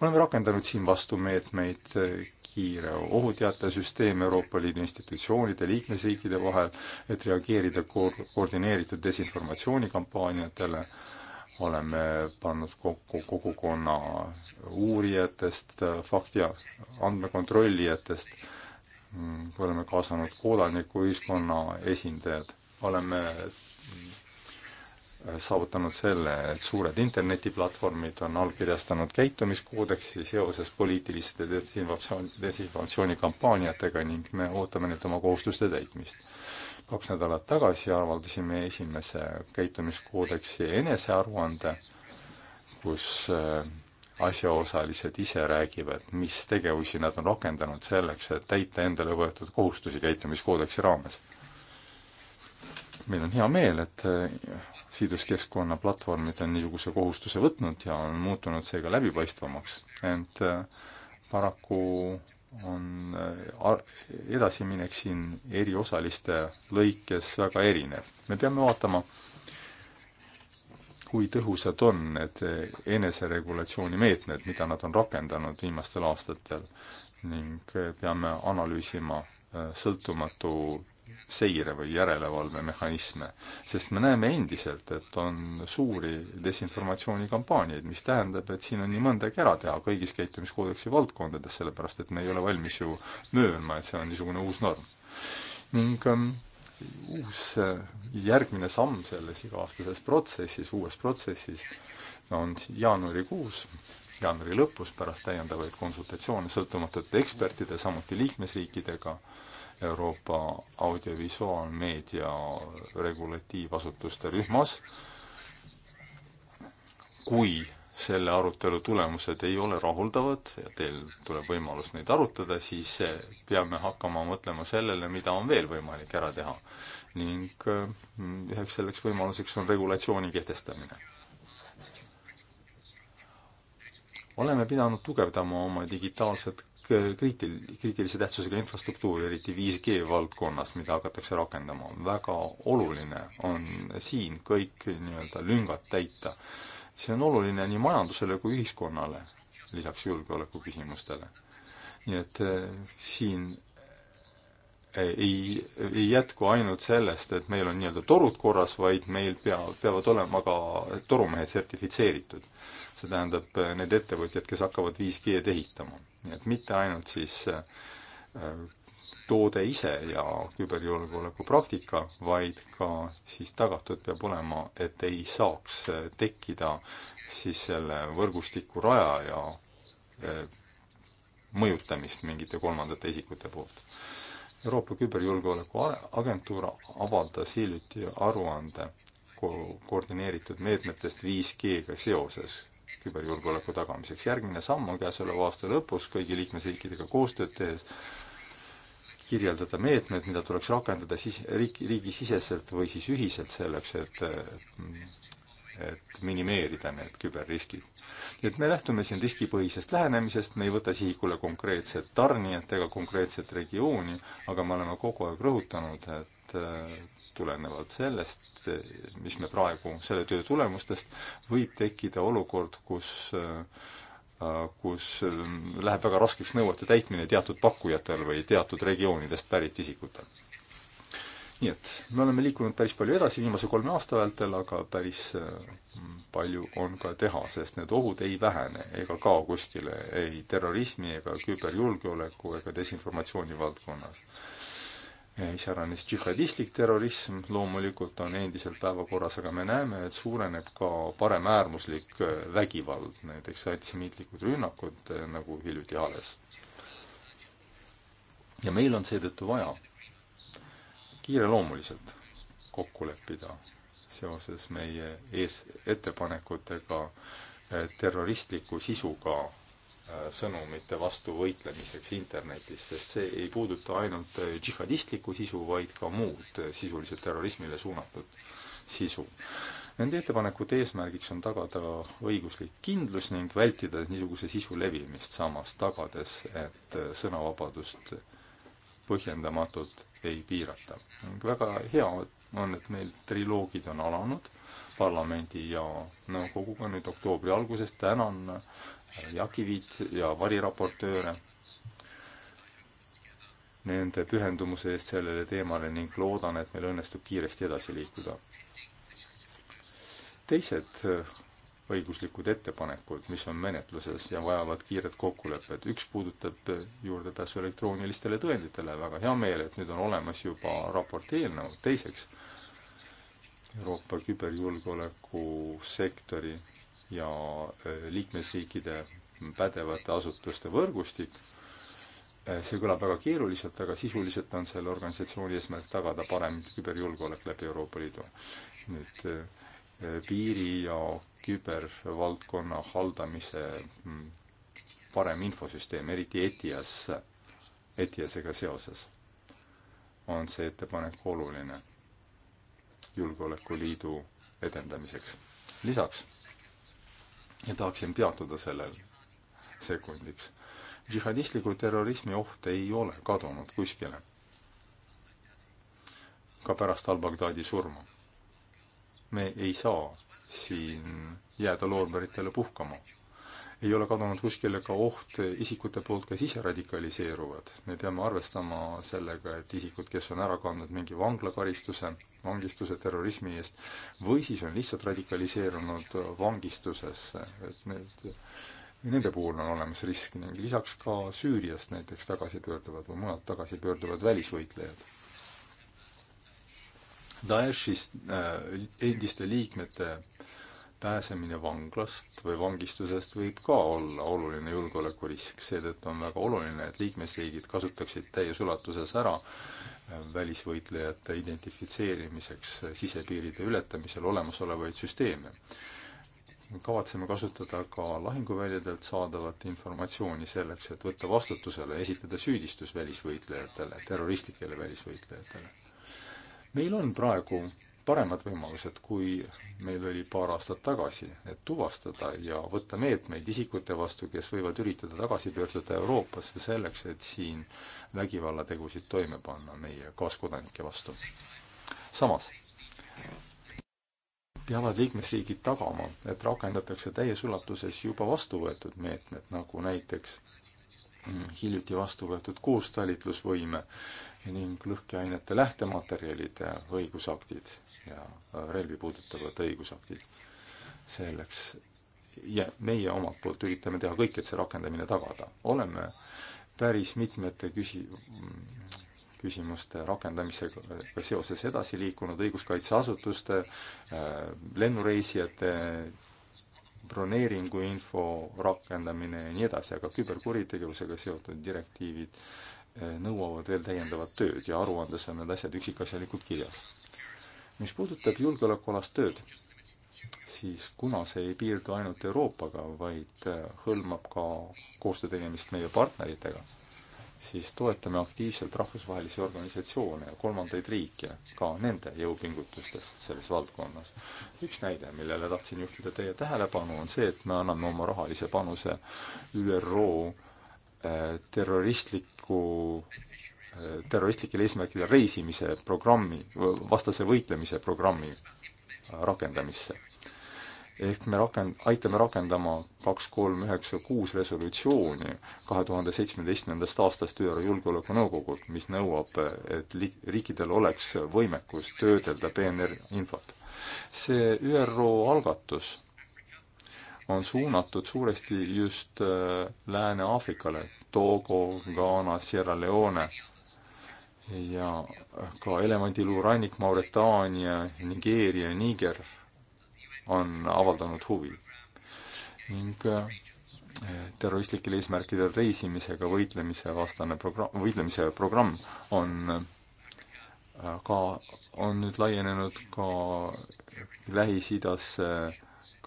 oleme rakendanud siin vastumeetmeid, eh, kiire ohuteatesüsteem Euroopa Liidu institutsioonide, liikmesriikide vahel, et reageerida koor-, koordineeritud desinformatsioonikampaaniatele, oleme pannud kokku kogukonna uurijatest, fakti- ja andmekontrollijatest, mm, oleme kaasanud kodanikuühiskonna esindajad oleme saavutanud selle, et suured internetiplatvormid on allkirjastanud käitumiskoodeksi seoses poliitiliste desinformatsioon, desinformatsioonikampaaniatega ning me ootame nüüd oma kohustuste täitmist. kaks nädalat tagasi avaldasime esimese käitumiskoodeksi enesearuande, kus äh, asjaosalised ise räägivad, mis tegevusi nad on rakendanud selleks, et täita endale võetud kohustusi käitumiskoodeksi raames meil on hea meel, et äh, siduskeskkonna platvormid on niisuguse kohustuse võtnud ja on muutunud seega läbipaistvamaks, ent äh, paraku on äh, edasiminek siin eri osaliste lõikes väga erinev. me peame vaatama, kui tõhusad on need eneseregulatsiooni meetmed, mida nad on rakendanud viimastel aastatel ning peame analüüsima sõltumatu seire- või järelevalvemehhanisme, sest me näeme endiselt, et on suuri desinformatsioonikampaaniaid, mis tähendab, et siin on nii mõndagi ära teha kõigis käitumiskoodeksi valdkondades, sellepärast et me ei ole valmis ju möönma, et see on niisugune uus norm. ning ähm, uus äh, järgmine samm selles iga-aastases protsessis, uues protsessis, on jaanuarikuus, jaanuari lõpus pärast täiendavaid konsultatsioone sõltumatute ekspertide, samuti liikmesriikidega Euroopa audiovisuaalmeedia regulatiivasutuste rühmas, kui selle arutelu tulemused ei ole rahuldavad ja teil tuleb võimalus neid arutada, siis peame hakkama mõtlema sellele, mida on veel võimalik ära teha. ning mm, üheks selleks võimaluseks on regulatsiooni kehtestamine. oleme pidanud tugevdama oma digitaalset Äh, kriitil-, kriitilise tähtsusega infrastruktuur, eriti 5G valdkonnas, mida hakatakse rakendama, on väga oluline, on siin kõik nii-öelda lüngad täita. see on oluline nii majandusele kui ühiskonnale, lisaks julgeoleku küsimustele. nii et äh, siin äh, ei, ei jätku ainult sellest, et meil on nii-öelda torud korras, vaid meil pea, peavad olema ka torumehed sertifitseeritud see tähendab äh, need ettevõtjad, kes hakkavad 5G-d ehitama. nii et mitte ainult siis äh, toode ise ja küberjulgeoleku praktika, vaid ka siis tagatud peab olema, et ei saaks äh, tekkida siis selle võrgustiku rajaja mõjutamist mingite kolmandate isikute poolt. Euroopa Küberjulgeoleku Agentuur avaldas hiljuti aruande ko-, koordineeritud meetmetest 5G-ga seoses küberjulgeoleku tagamiseks. järgmine samm on käesoleva aasta lõpus kõigi liikmesriikidega koostööd tehes kirjeldada meetmed, mida tuleks rakendada siis riik, riigisiseselt või siis ühiselt selleks, et et minimeerida need küberriskid. nii et me lähtume siin riskipõhisest lähenemisest, me ei võta sihikule konkreetset tarnijat ega konkreetset regiooni, aga me oleme kogu aeg rõhutanud, et Äh, tulenevalt sellest, mis me praegu, selle töö tulemustest, võib tekkida olukord, kus äh, kus äh, läheb väga raskeks nõuete täitmine teatud pakkujatel või teatud regioonidest pärit isikutel. nii et me oleme liikunud päris palju edasi viimase kolme aasta vältel, aga päris palju on ka teha, sest need ohud ei vähene ega kao kuskile ei terrorismi ega küberjulgeoleku ega desinformatsiooni valdkonnas iseäranis džihadistlik terrorism loomulikult on endiselt päevakorras, aga me näeme, et suureneb ka paremäärmuslik äh, vägivald, näiteks antisemiitlikud rünnakud, äh, nagu hiljuti Ales. ja meil on seetõttu vaja kiireloomuliselt kokku leppida seoses meie ees, ettepanekutega äh, terroristliku sisuga Äh, sõnumite vastu võitlemiseks internetis, sest see ei puuduta ainult äh, džihadistlikku sisu, vaid ka muud äh, sisuliselt terrorismile suunatud sisu. Nende ettepanekute eesmärgiks on tagada õiguslik kindlus ning vältida niisuguse sisu levimist, samas tagades, et sõnavabadust põhjendamatult ei piirata. ning väga hea on, et meil triloogid on alanud parlamendi ja nõukoguga no, nüüd oktoobri alguses, tänan härra Jakivit ja variraportööre nende pühendumuse eest sellele teemale ning loodan, et meil õnnestub kiiresti edasi liikuda. teised äh, õiguslikud ettepanekud, mis on menetluses ja vajavad kiiret kokkulepet. üks puudutab äh, juurdepääsu elektroonilistele tõenditele, väga hea meel, et nüüd on olemas juba raporti eelnõu. teiseks, Euroopa küberjulgeoleku sektori ja äh, liikmesriikide pädevate asutuste võrgustik. Äh, see kõlab väga keeruliselt, aga sisuliselt on selle organisatsiooni eesmärk tagada parem küberjulgeolek läbi Euroopa Liidu. nüüd äh, piiri ja kübervaldkonna haldamise mm, parem infosüsteem, eriti ETIAS, ETIASega seoses on see ettepanek oluline Julgeolekuliidu edendamiseks. lisaks ja tahaksin peatuda sellel sekundiks. džihadistliku terrorismi oht ei ole kadunud kuskile. ka pärast al-Baghdadi surma. me ei saa siin jääda loorberitele puhkama ei ole kadunud kuskile ka oht isikute poolt, kes ise radikaliseeruvad. me peame arvestama sellega, et isikud, kes on ära kandnud mingi vanglakaristuse, vangistuse terrorismi eest, või siis on lihtsalt radikaliseerunud vangistusesse, et need, nende puhul on olemas risk ning lisaks ka Süüriast näiteks tagasi pöörduvad või mujalt tagasi pöörduvad välisvõitlejad. Daeshist äh, endiste liikmete pääsemine vanglast või vangistusest võib ka olla oluline julgeolekurisk, seetõttu on väga oluline, et liikmesriigid kasutaksid täies ulatuses ära äh, välisvõitlejate identifitseerimiseks äh, sisepiiride ületamisel olemasolevaid süsteeme. kavatseme kasutada ka lahinguväljadelt saadavat informatsiooni selleks, et võtta vastutusele, esitada süüdistus välisvõitlejatele, terroristlikele välisvõitlejatele. meil on praegu paremad võimalused, kui meil oli paar aastat tagasi, et tuvastada ja võtta meetmeid isikute vastu, kes võivad üritada tagasi pöörduda Euroopasse selleks, et siin vägivallategusid toime panna meie kaaskodanike vastu. samas peavad liikmesriigid tagama, et rakendatakse täies ulatuses juba vastu võetud meetmed, nagu näiteks hiljuti vastu võetud koostalitlusvõime ning lõhkeainete lähtematerjalide õigusaktid ja äh, relvi puudutavad õigusaktid. selleks ja meie omalt poolt üritame teha kõik, et see rakendamine tagada. oleme päris mitmete küsi-, küsimuste rakendamisega seoses edasi liikunud õiguskaitseasutuste, äh, lennureisijate broneeringu info rakendamine ja nii edasi, aga küberkuritegevusega seotud direktiivid eh, nõuavad veel täiendavat tööd ja aruandes on need asjad üksikasjalikult kirjas. mis puudutab julgeolekualast tööd, siis kuna see ei piirdu ainult Euroopaga, vaid eh, hõlmab ka koostöö tegemist meie partneritega siis toetame aktiivselt rahvusvahelisi organisatsioone ja kolmandaid riike ka nende jõupingutustes selles valdkonnas. üks näide, millele tahtsin juhtida teie tähelepanu, on see, et me anname oma rahalise panuse ÜRO äh, terroristliku, äh, terroristlikel eesmärkidel reisimise programmi, vastase võitlemise programmi rakendamisse ehk me rakend-, aitame rakendama kaks, kolm, üheksa, kuus resolutsiooni kahe tuhande seitsmeteistkümnendast aastast ÜRO Julgeolekunõukogult, mis nõuab, et li-, riikidel oleks võimekus töödelda PNR infot. see ÜRO algatus on suunatud suuresti just äh, Lääne-Aafrikale, Togo, Ghana, Sierra Leone ja ka elevandiluurannik Mauritaania, Nigeeria, Niger on avaldanud huvi ning eh, terroristlikel eesmärkidel reisimisega võitlemise vastane programm, võitlemise programm on eh, ka, on nüüd laienenud ka Lähis-Idasse,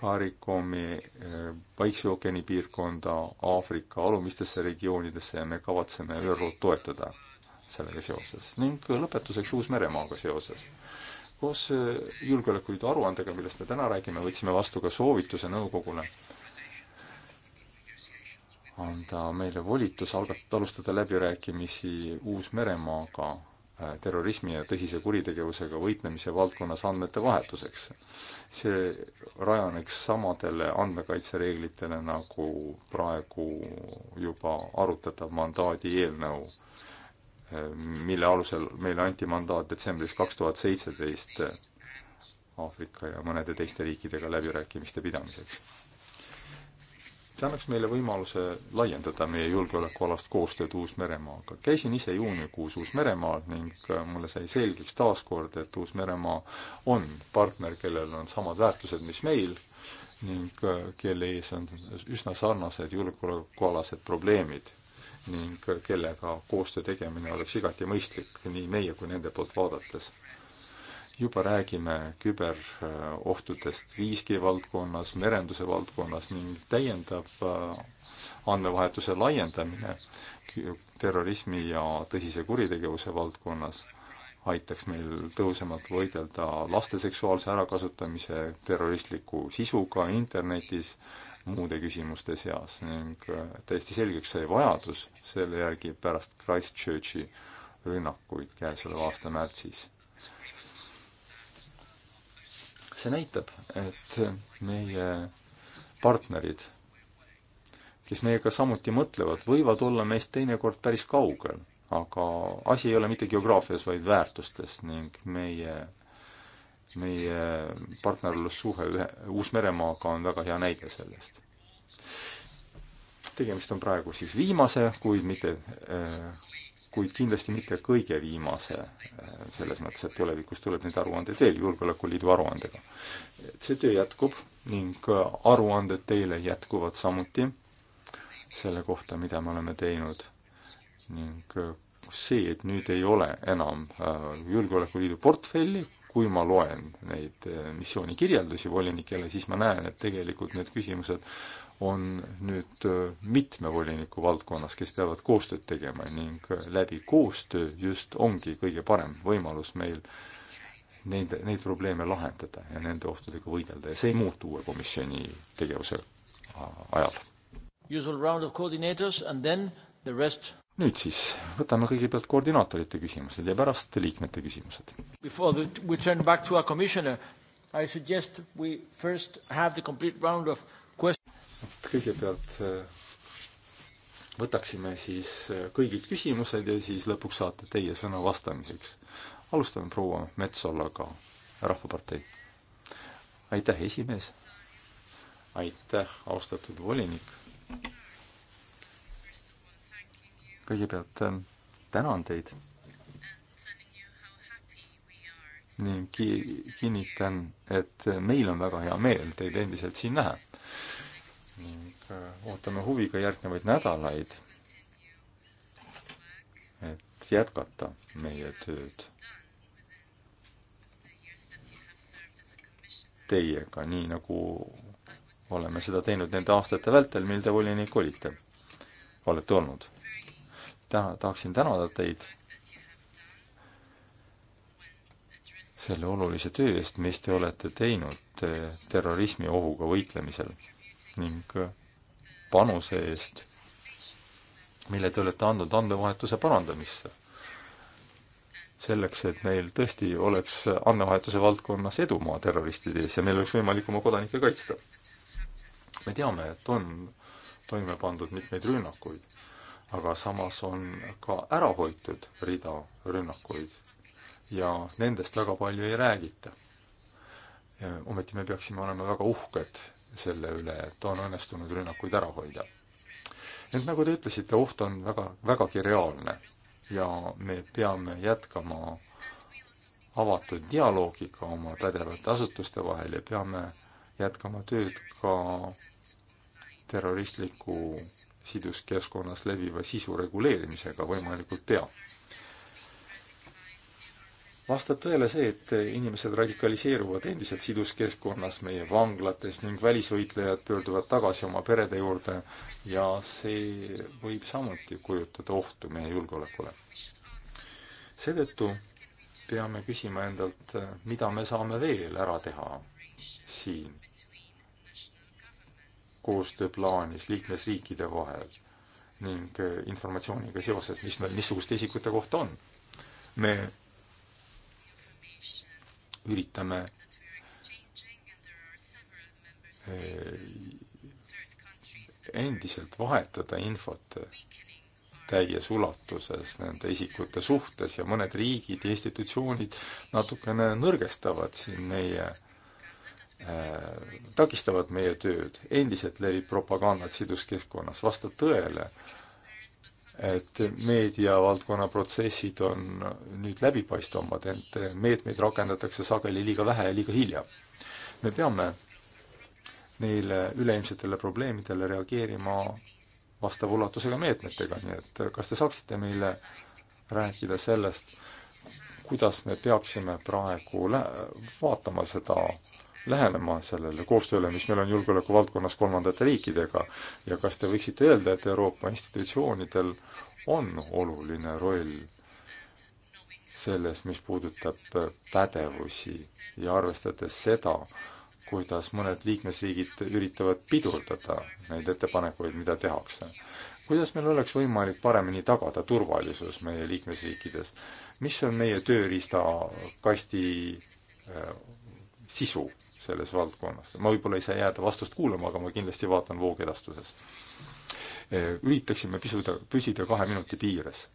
Karikomi, eh, Vaikse ookeani piirkonda, Aafrika alumistesse regioonidesse ja me kavatseme ÜRO-d toetada sellega seoses ning lõpetuseks Uus-Meremaaga seoses koos äh, Julgeolekuliidu aruandega, millest me täna räägime, võtsime vastu ka soovituse nõukogule anda meile volitus algat-, alustada läbirääkimisi Uus-Meremaaga äh, terrorismi ja tõsise kuritegevusega võitlemise valdkonnas andmete vahetuseks. see rajaneks samadele andmekaitsereeglitele, nagu praegu juba arutatav mandaadi eelnõu mille alusel meile anti mandaat detsembris kaks tuhat seitseteist Aafrika ja mõnede teiste riikidega läbirääkimiste pidamiseks. see annaks meile võimaluse laiendada meie julgeolekualast koostööd Uus-Meremaaga. käisin ise juunikuus Uus-Meremaal ning mulle sai selgeks taaskord, et Uus-Meremaa on partner, kellel on samad väärtused, mis meil, ning kelle ees on üsna sarnased julgeolekualased probleemid ning kellega koostöö tegemine oleks igati mõistlik nii meie kui nende poolt vaadates. juba räägime küberohtudest 5G valdkonnas, merenduse valdkonnas ning täiendav äh, andmevahetuse laiendamine terrorismi ja tõsise kuritegevuse valdkonnas aitaks meil tõhusamalt võidelda laste seksuaalse ärakasutamise terroristliku sisuga internetis äh,, muude küsimuste seas ning äh, täiesti selgeks sai vajadus selle järgi pärast Christchurchi rünnakuid käesoleva aasta märtsis. see näitab, et meie partnerid, kes meiega samuti mõtlevad, võivad olla meist teinekord päris kaugel, aga asi ei ole mitte geograafias, vaid väärtustes ning meie meie partnerlussuhe ühe, Uus-Meremaaga on väga hea näide sellest. tegemist on praegu siis viimase, kuid mitte, kuid kindlasti mitte kõige viimase, selles mõttes, et tulevikus tuleb neid aruandeid veel Julgeolekuliidu aruandega. et see töö jätkub ning aruanded teile jätkuvad samuti selle kohta, mida me oleme teinud ning see, et nüüd ei ole enam Julgeolekuliidu portfelli, kui ma loen neid eh, missioonikirjeldusi volinikele, siis ma näen, et tegelikult need küsimused on nüüd eh, mitme voliniku valdkonnas, kes peavad koostööd tegema ning eh, läbi koostöö just ongi kõige parem võimalus meil neid, neid probleeme lahendada ja nende ohtudega võidelda ja see ei muutu uue komisjoni tegevuse ajal. Usual round of coordinators and then the rest nüüd siis võtame kõigepealt koordinaatorite küsimused ja pärast liikmete küsimused. Before we turn back to our commissioner, I suggest we first have the complete round of questions. kõigepealt eh, võtaksime siis eh, kõigilt küsimused ja siis lõpuks saate teie sõna vastamiseks. alustame proua Metsolaga, Rahvapartei. aitäh, esimees! aitäh, austatud volinik! kõigepealt ähm, tänan teid ning ki-, kinnitan, et äh, meil on väga hea meel teid endiselt siin näha. ning äh, ootame huviga järgnevaid nädalaid, et jätkata meie tööd teiega, nii nagu oleme seda teinud nende aastate vältel, mil te volinik olite, olete olnud ta-, tahaksin tänada teid selle olulise töö eest, mis te olete teinud eh, terrorismi ohuga võitlemisel ning eh, panuse eest, mille te olete andnud andmevahetuse parandamisse. selleks, et meil tõesti oleks andmevahetuse valdkonnas edumaa terroristide ees ja meil oleks võimalik oma kodanikke kaitsta. me teame, et on toime pandud mitmeid rünnakuid aga samas on ka ära hoitud rida rünnakuid ja nendest väga palju ei räägita. ometi me peaksime olema väga uhked selle üle, et on õnnestunud rünnakuid ära hoida. ent nagu te ütlesite, oht on väga, vägagi reaalne ja me peame jätkama avatud dialoogiga oma pädevate asutuste vahel ja peame jätkama tööd ka terroristliku siduskeskkonnas leviva sisu reguleerimisega võimalikult pea. vastab tõele see, et inimesed radikaliseeruvad endiselt siduskeskkonnas, meie vanglates ning välisvõitlejad pöörduvad tagasi oma perede juurde ja see võib samuti kujutada ohtu meie julgeolekule. seetõttu peame küsima endalt, mida me saame veel ära teha siin koostööplaanis liikmesriikide vahel ning äh, informatsiooniga seoses, mis meil niisuguste isikute kohta on. me üritame äh, endiselt vahetada infot täies ulatuses nende isikute suhtes ja mõned riigid ja institutsioonid natukene nõrgestavad siin meie äh, takistavad meie tööd, endiselt levib propagandat siduskeskkonnas, vastab tõele, et meediavaldkonna protsessid on nüüd läbipaistvamad, ent meetmeid rakendatakse sageli liiga vähe ja liiga hilja. me peame neile üleilmsetele probleemidele reageerima vastava ulatusega meetmetega, nii et kas te saaksite meile rääkida sellest, kuidas me peaksime praegu vaatama seda äh, lähenema sellele koostööle, mis meil on julgeoleku valdkonnas kolmandate riikidega ja kas te võiksite öelda, et Euroopa institutsioonidel on oluline roll selles, mis puudutab pädevusi ja arvestades seda, kuidas mõned liikmesriigid üritavad pidurdada neid ettepanekuid, mida tehakse. kuidas meil oleks võimalik paremini tagada turvalisus meie liikmesriikides? mis on meie tööriistakasti äh, sisu selles valdkonnas. ma võib-olla ei saa jääda vastust kuulama, aga ma kindlasti vaatan voogedastuses. Üritaksime pisuda, püsida kahe minuti piires,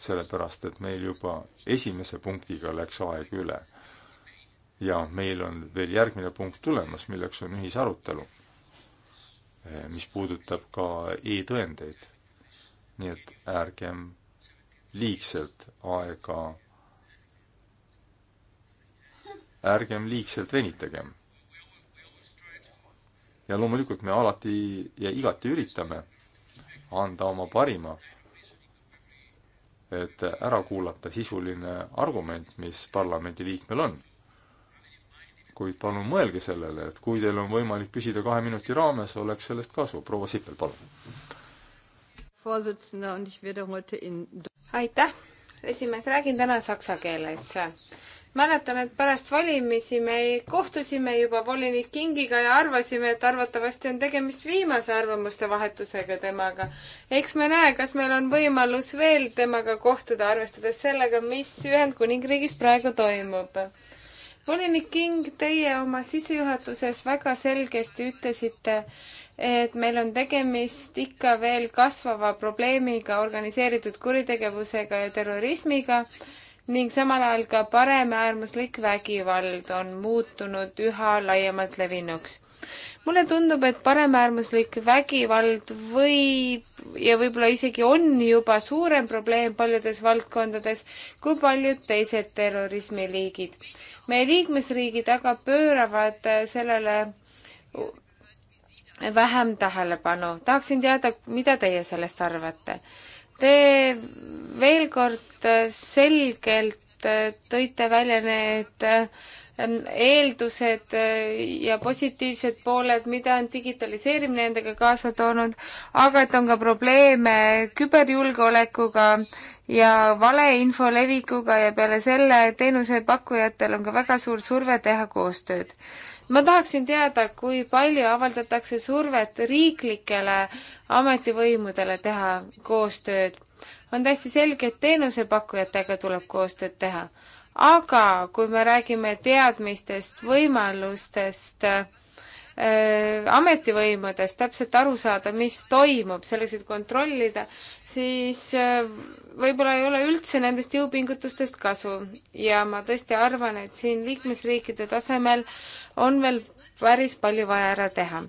sellepärast et meil juba esimese punktiga läks aeg üle. ja meil on veel järgmine punkt tulemas, milleks on ühisarutelu, mis puudutab ka e-tõendeid. nii et ärgem liigselt aega ärgem liigselt venitagem ja loomulikult me alati ja igati üritame anda oma parima, et ära kuulata sisuline argument, mis parlamendiliikmel on. kuid palun mõelge sellele, et kui teil on võimalik püsida kahe minuti raames, oleks sellest kasu. proua Sippel, palun. aitäh, esimees, räägin täna saksa keeles mäletan, et pärast valimisi me kohtusime juba volinik Kingiga ja arvasime, et arvatavasti on tegemist viimase arvamuste vahetusega temaga. eks me näe, kas meil on võimalus veel temaga kohtuda, arvestades sellega, mis Ühendkuningriigis praegu toimub. volinik King, teie oma sissejuhatuses väga selgesti ütlesite, et meil on tegemist ikka veel kasvava probleemiga, organiseeritud kuritegevusega ja terrorismiga ning samal ajal ka paremäärmuslik vägivald on muutunud üha laiemalt levinuks. mulle tundub, et paremäärmuslik vägivald võib ja võib-olla isegi on juba suurem probleem paljudes valdkondades kui paljud teised terrorismiliigid. meie liikmesriigid aga pööravad sellele vähem tähelepanu. tahaksin teada, mida teie sellest arvate Te veel kord äh, selgelt äh, tõite välja need äh, eeldused ja positiivsed pooled, mida on digitaliseerimine endaga kaasa toonud, aga et on ka probleeme küberjulgeolekuga ja valeinfo levikuga ja peale selle teenusepakkujatele on ka väga suur surve teha koostööd ma tahaksin teada, kui palju avaldatakse survet riiklikele ametivõimudele teha koostööd. on täiesti selge, et teenusepakkujatega tuleb koostööd teha. aga kui me räägime teadmistest, võimalustest äh,, ametivõimudest, täpselt aru saada, mis toimub, selleks, et kontrollida, siis äh, võib-olla ei ole üldse nendest jõupingutustest kasu ja ma tõesti arvan, et siin liikmesriikide tasemel on veel päris palju vaja ära teha.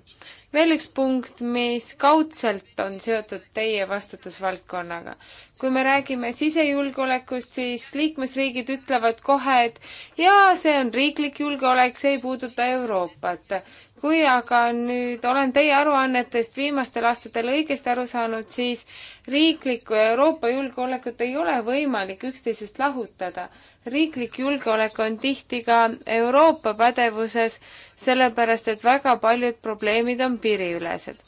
veel üks punkt, mis kaudselt on seotud teie vastutusvaldkonnaga. kui me räägime sisejulgeolekust, siis liikmesriigid ütlevad kohe, et jaa, see on riiklik julgeolek, see ei puuduta Euroopat kui aga nüüd olen teie aruannetest viimastel aastatel õigesti aru saanud, siis riiklikku ja Euroopa julgeolekut ei ole võimalik üksteisest lahutada. riiklik julgeolek on tihti ka Euroopa pädevuses, sellepärast et väga paljud probleemid on piiriülesed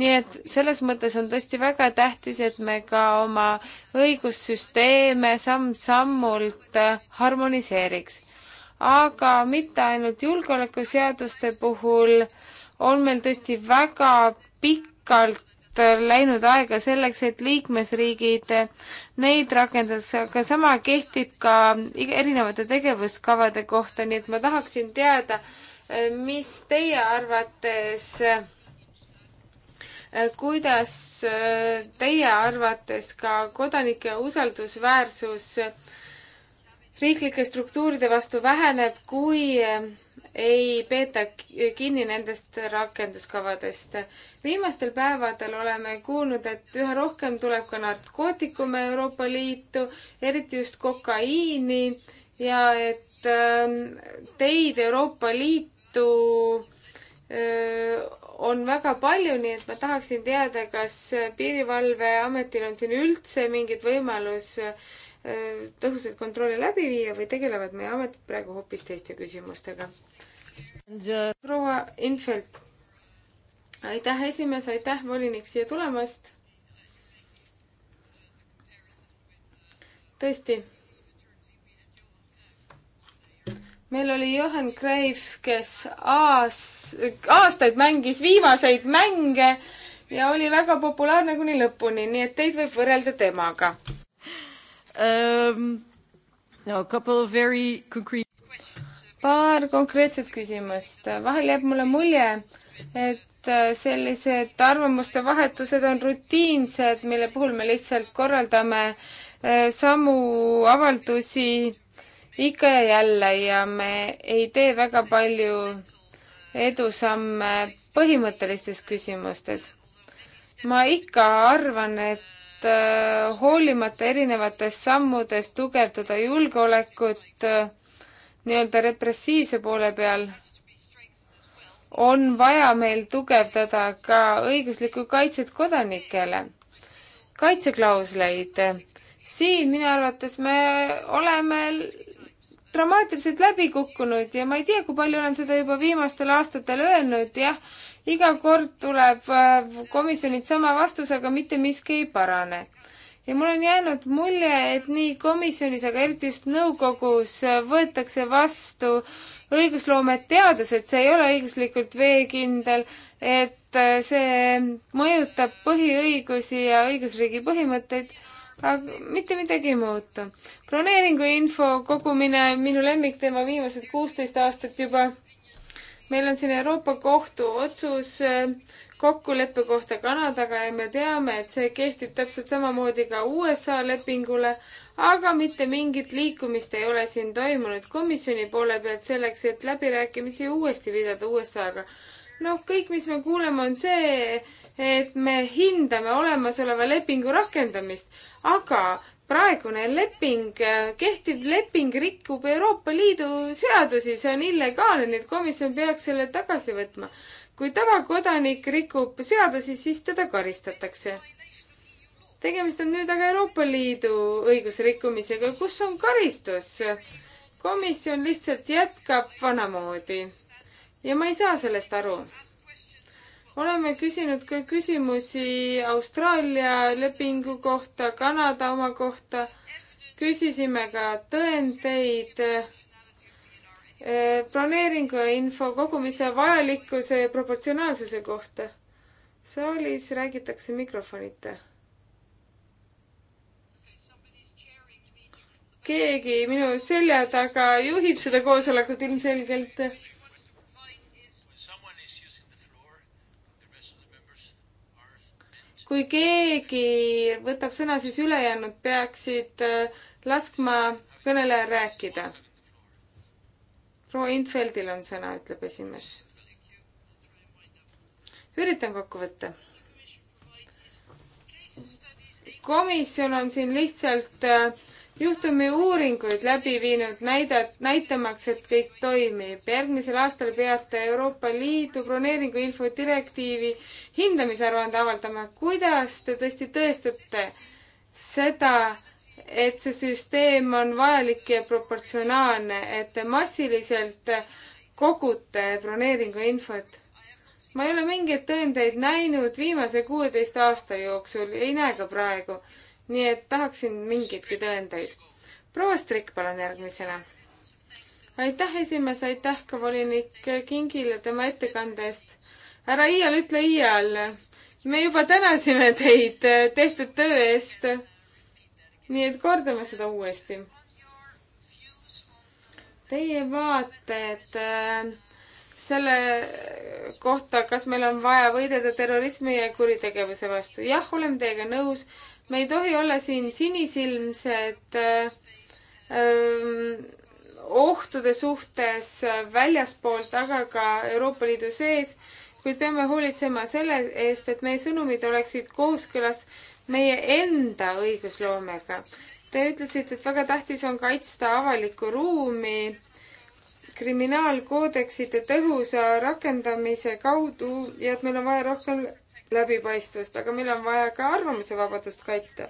nii et selles mõttes on tõesti väga tähtis, et me ka oma õigussüsteeme samm-sammult harmoniseeriks aga mitte ainult julgeolekuseaduste puhul on meil tõesti väga pikalt läinud aega selleks, et liikmesriigid neid rakendaks, aga sama kehtib ka erinevate tegevuskavade kohta, nii et ma tahaksin teada, mis teie arvates, kuidas teie arvates ka kodanike usaldusväärsus riiklike struktuuride vastu väheneb, kui äh, ei peeta kinni nendest rakenduskavadest. viimastel päevadel oleme kuulnud, et üha rohkem tuleb ka narkootikume Euroopa Liitu, eriti just kokaiini ja et ähm, teid Euroopa Liitu äh, on väga palju, nii et ma tahaksin teada, kas Piirivalveametil on siin üldse mingit võimalus tõhusat kontrolli läbi viia või tegelevad meie ametid praegu hoopis teiste küsimustega? proua Infeld, aitäh esimees, aitäh volinik siia tulemast. tõesti. meil oli Johan Kreif, kes aas-, aastaid mängis viimaseid mänge ja oli väga populaarne kuni lõpuni, nii et teid võib võrrelda temaga. Um, no, a couple of very concrete paar konkreetset küsimust. vahel jääb mulle mulje, et äh, sellised arvamuste vahetused on rutiinsed, mille puhul me lihtsalt korraldame äh, samu avaldusi ikka ja jälle ja me ei tee väga palju edusamme põhimõttelistes küsimustes. ma ikka arvan, et Äh, hoolimata erinevatest sammudest tugevdada julgeolekut äh, nii-öelda repressiivse poole peal, on vaja meil tugevdada ka õiguslikku kaitset kodanikele, kaitseklausleid. siin minu arvates me oleme dramaatiliselt läbi kukkunud ja ma ei tea, kui palju olen seda juba viimastel aastatel öelnud, jah, iga kord tuleb äh, komisjonilt sama vastus, aga mitte miski ei parane. ja mul on jäänud mulje, et nii komisjonis, aga eriti just nõukogus võetakse vastu õigusloomet teades, et see ei ole õiguslikult veekindel, et äh, see mõjutab põhiõigusi ja õigusriigi põhimõtteid aga mitte midagi ei muutu. broneeringu info kogumine, minu lemmikteema viimased kuusteist aastat juba meil on siin Euroopa Kohtu otsus äh, kokkuleppe kohta Kanadaga ja me teame, et see kehtib täpselt samamoodi ka USA lepingule, aga mitte mingit liikumist ei ole siin toimunud komisjoni poole pealt selleks, et läbirääkimisi uuesti pidada USA-ga. noh, kõik, mis me kuuleme, on see, et me hindame olemasoleva lepingu rakendamist, aga praegune leping, kehtiv leping rikub Euroopa Liidu seadusi, see on illegaalne, nii et komisjon peaks selle tagasi võtma. kui tavakodanik rikub seadusi, siis teda karistatakse. tegemist on nüüd aga Euroopa Liidu õigusrikkumisega, kus on karistus? komisjon lihtsalt jätkab vanamoodi. ja ma ei saa sellest aru oleme küsinud ka küsimusi Austraalia lepingu kohta, Kanada oma kohta. küsisime ka tõendeid eh, broneeringu ja info kogumise vajalikkuse ja proportsionaalsuse kohta. saalis räägitakse mikrofonita. keegi minu selja taga juhib seda koosolekut ilmselgelt kui keegi võtab sõna, siis ülejäänud peaksid äh, laskma kõnelejal rääkida. proua Infeldil on sõna, ütleb esimees. üritan kokku võtta. komisjon on siin lihtsalt äh, juhtumiuuringuid läbi viinud, näidat-, näitamaks, et kõik toimib. järgmisel aastal peate Euroopa Liidu broneeringu infodirektiivi hindamisaruande avaldama. kuidas te tõesti tõestate seda, et see süsteem on vajalik ja proportsionaalne, et te massiliselt kogute broneeringu infot? ma ei ole mingeid tõendeid näinud viimase kuueteist aasta jooksul, ei näe ka praegu nii et tahaksin mingeidki tõendeid. proua Strik, palun järgmisena. aitäh, esimees, aitäh ka volinik Kingile tema ettekande eest. ära iial ütle iial. me juba tänasime teid tehtud töö eest. nii et kordame seda uuesti. Teie vaated äh, selle kohta, kas meil on vaja võidelda terrorismi ja kuritegevuse vastu. jah, olen teiega nõus, me ei tohi olla siin sinisilmsed öö, ähm, ohtude suhtes väljaspoolt, aga ka Euroopa Liidu sees, kuid peame hoolitsema selle eest, et meie sõnumid oleksid kooskõlas meie enda õigusloomega. Te ütlesite, et väga tähtis on kaitsta avalikku ruumi kriminaalkoodeksite tõhusa rakendamise kaudu ja et meil on vaja rohkem läbipaistvust, aga meil on vaja ka arvamuse vabadust kaitsta.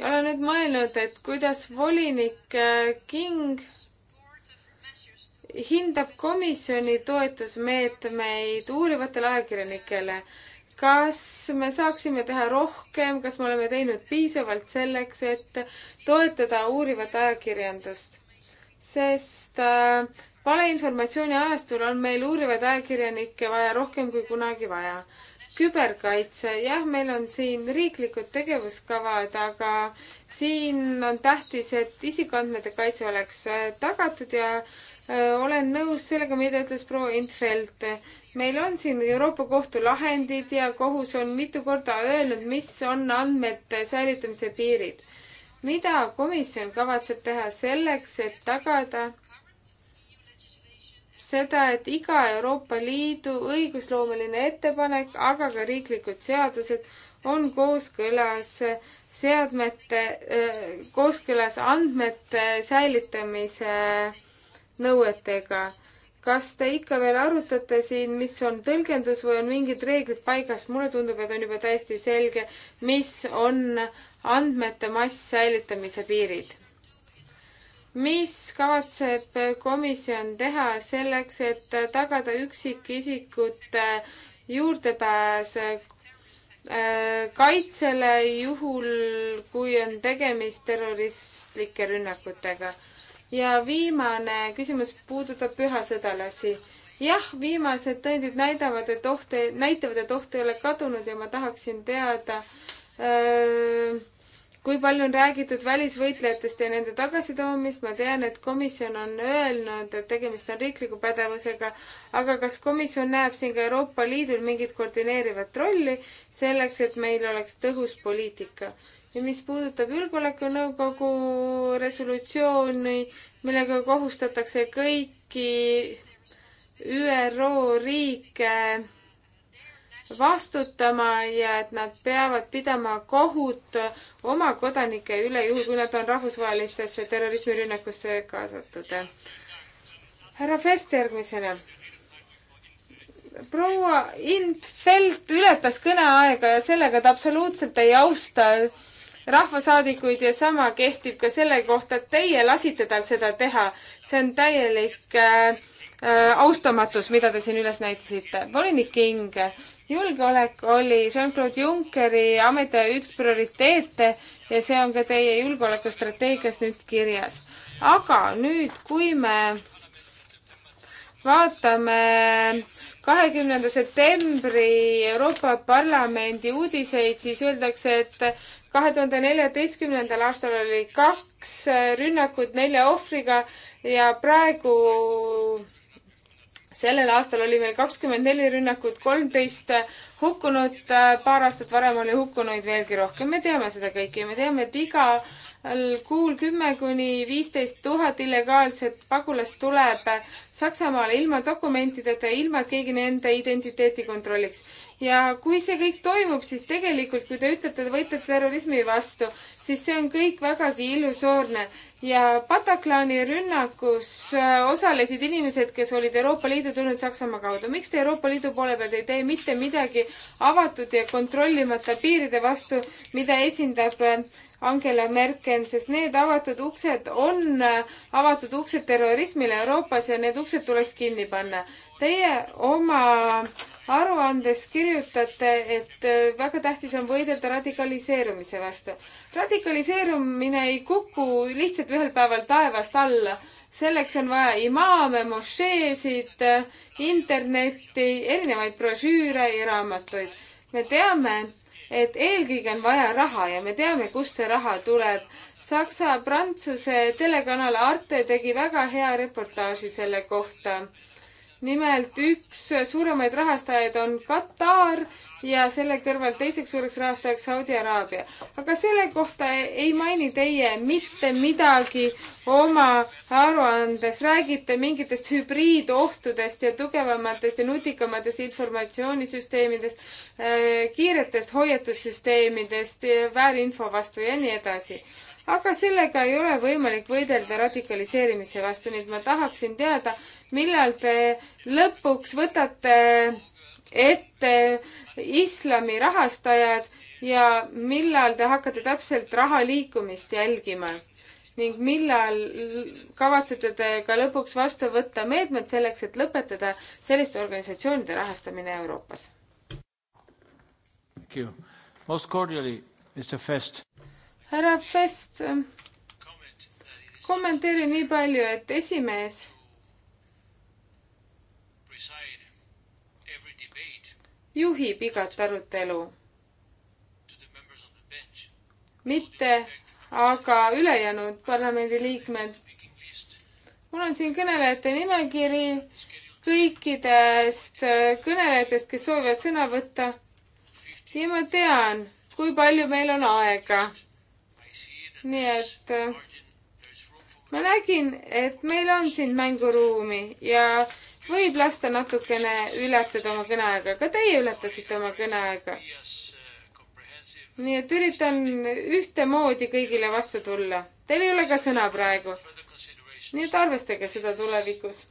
ja olen nüüd mõelnud, et kuidas volinik äh, King hindab komisjoni toetusmeetmeid uurivatele ajakirjanikele. kas me saaksime teha rohkem, kas me oleme teinud piisavalt selleks, et toetada uurivat ajakirjandust? sest äh, valeinformatsiooni ajastul on meil uurivaid ajakirjanikke vaja rohkem kui kunagi vaja. küberkaitse, jah, meil on siin riiklikud tegevuskavad, aga siin on tähtis, et isikuandmete kaitse oleks äh, tagatud ja äh, olen nõus sellega, mida ütles proua Intfeld. meil on siin Euroopa Kohtu lahendid ja kohus on mitu korda öelnud, mis on andmete säilitamise piirid. mida komisjon kavatseb teha selleks, et tagada, seda, et iga Euroopa Liidu õigusloomeline ettepanek, aga ka riiklikud seadused on kooskõlas seadmete, äh, kooskõlas andmete säilitamise nõuetega. kas te ikka veel arutate siin, mis on tõlgendus või on mingid reeglid paigas? mulle tundub, et on juba täiesti selge, mis on andmete mass säilitamise piirid mis kavatseb komisjon teha selleks, et tagada üksikisikute juurdepääs äh, kaitsele juhul, kui on tegemist terroristlike rünnakutega? ja viimane küsimus puudutab pühasõdalasi. jah, viimased tõendid näidavad, et oht, näitavad, et oht ei ole kadunud ja ma tahaksin teada öö, äh, kui palju on räägitud välisvõitlejatest ja nende tagasitoomist, ma tean, et komisjon on öelnud, et tegemist on riikliku pädevusega, aga kas komisjon näeb siin ka Euroopa Liidul mingit koordineerivat rolli selleks, et meil oleks tõhus poliitika? ja mis puudutab Julgeolekunõukogu resolutsiooni, millega kohustatakse kõiki ÜRO riike vastutama ja et nad peavad pidama kohut oma kodanike üle, juhul kui nad on rahvusvahelistesse terrorismirünnakusse kaasatud. härra Fest järgmisena. proua Intfeld ületas kõneaega ja sellega ta absoluutselt ei austa rahvasaadikuid ja sama kehtib ka selle kohta, et teie lasite tal seda teha. see on täielik äh, äh, austamatus, mida te siin üles näitasite. volinik King, julgeolek oli Jean-Claude Junckeri ametiaja üks prioriteete ja see on ka teie julgeolekustrateegias nüüd kirjas. aga nüüd, kui me vaatame kahekümnenda septembri Euroopa Parlamendi uudiseid, siis öeldakse, et kahe tuhande neljateistkümnendal aastal oli kaks rünnakut nelja ohvriga ja praegu sellel aastal oli meil kakskümmend neli rünnakut, kolmteist hukkunut, äh, paar aastat varem oli hukkunuid veelgi rohkem. me teame seda kõike ja me teame, et iga kuul kümme kuni viisteist tuhat illegaalset pagulast tuleb Saksamaale ilma dokumentideta ja ilma, et keegi nende identiteeti kontrolliks. ja kui see kõik toimub, siis tegelikult, kui te ütlete, te võitlete terrorismi vastu, siis see on kõik vägagi illusoorne. ja Bataclani rünnakus äh, osalesid inimesed, kes olid Euroopa Liidu tulnud Saksamaa kaudu. miks te Euroopa Liidu poole pealt ei tee mitte midagi avatud ja kontrollimata piiride vastu, mida esindab äh, Angela Merkel, sest need avatud uksed on äh, avatud uksed terrorismile Euroopas ja need uksed tuleks kinni panna. Teie oma aruandes kirjutate, et äh, väga tähtis on võidelda radikaliseerumise vastu. radikaliseerumine ei kuku lihtsalt ühel päeval taevast alla selleks on vaja imaame, mošeesid, äh, internetti, erinevaid brošüüre ja raamatuid. me teame, et eelkõige on vaja raha ja me teame, kust see raha tuleb. Saksa-Prantsuse telekanal Arte tegi väga hea reportaaži selle kohta. nimelt üks suuremaid rahastajaid on Katar ja selle kõrval teiseks suureks rahastajaks Saudi Araabia. aga selle kohta ei maini teie mitte midagi oma aruandes, räägite mingitest hübriidohtudest ja tugevamatest ja nutikamatest informatsioonisüsteemidest, äh, kiiretest hoiatussüsteemidest, väärinfo vastu ja nii edasi aga sellega ei ole võimalik võidelda radikaliseerimise vastu, nii et ma tahaksin teada, millal te lõpuks võtate ette islami rahastajad ja millal te hakkate täpselt raha liikumist jälgima? ning millal kavatsete te ka lõpuks vastu võtta meetmed selleks, et lõpetada selliste organisatsioonide rahastamine Euroopas? härra Fest, kommenteerin nii palju, et esimees juhib igat arutelu. mitte aga ülejäänud parlamendiliikmed. mul on siin kõnelejate nimekiri kõikidest äh, kõnelejatest, kes soovivad sõna võtta. ja ma tean, kui palju meil on aega. nii et äh, ma nägin, et meil on siin mänguruumi ja võib lasta natukene ületada oma kõneaega, ka teie ületasite oma kõneaega. nii et üritan ühtemoodi kõigile vastu tulla. Teil ei ole ka sõna praegu. nii et arvestage seda tulevikus.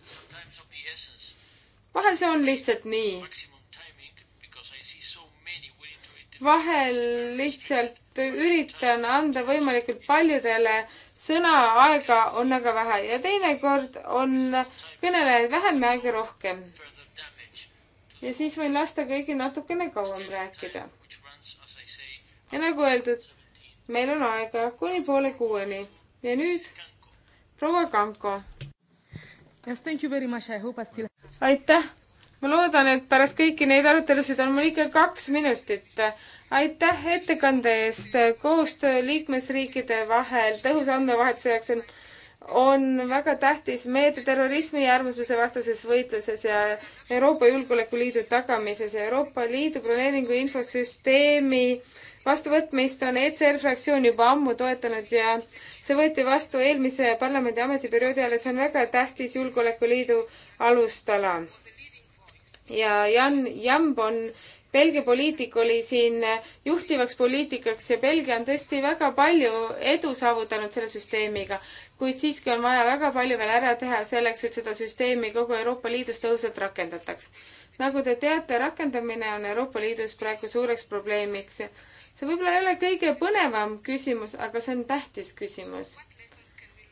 vahel see on lihtsalt nii. vahel lihtsalt üritan anda võimalikult paljudele sõnaaega on aga vähe ja teinekord on kõnelejaid vähem ja aega rohkem. ja siis võin lasta kõigil natukene kauem rääkida. ja nagu öeldud, meil on aega kuni poole kuueni ja nüüd proua Kanko. Yes, thank you very much, I hope I still. aitäh ma loodan, et pärast kõiki neid arutelusid on mul ikka kaks minutit. aitäh ettekande eest, koostöö liikmesriikide vahel tõhusa andmevahetuse jaoks on on väga tähtis meede terrorismi ja äärmusluse vastases võitluses ja Euroopa Julgeolekuliidu tagamises ja Euroopa Liidu planeeringu infosüsteemi vastuvõtmist on ECR fraktsioon juba ammu toetanud ja see võeti vastu eelmise parlamendi ametiperioodi ajal ja see on väga tähtis Julgeolekuliidu alustala ja Jan Jambon, Belgia poliitik oli siin juhtivaks poliitikaks ja Belgia on tõesti väga palju edu saavutanud selle süsteemiga, kuid siiski on vaja väga palju veel ära teha selleks, et seda süsteemi kogu Euroopa Liidus tõhusalt rakendataks. nagu te teate, rakendamine on Euroopa Liidus praegu suureks probleemiks. see võib-olla ei ole kõige põnevam küsimus, aga see on tähtis küsimus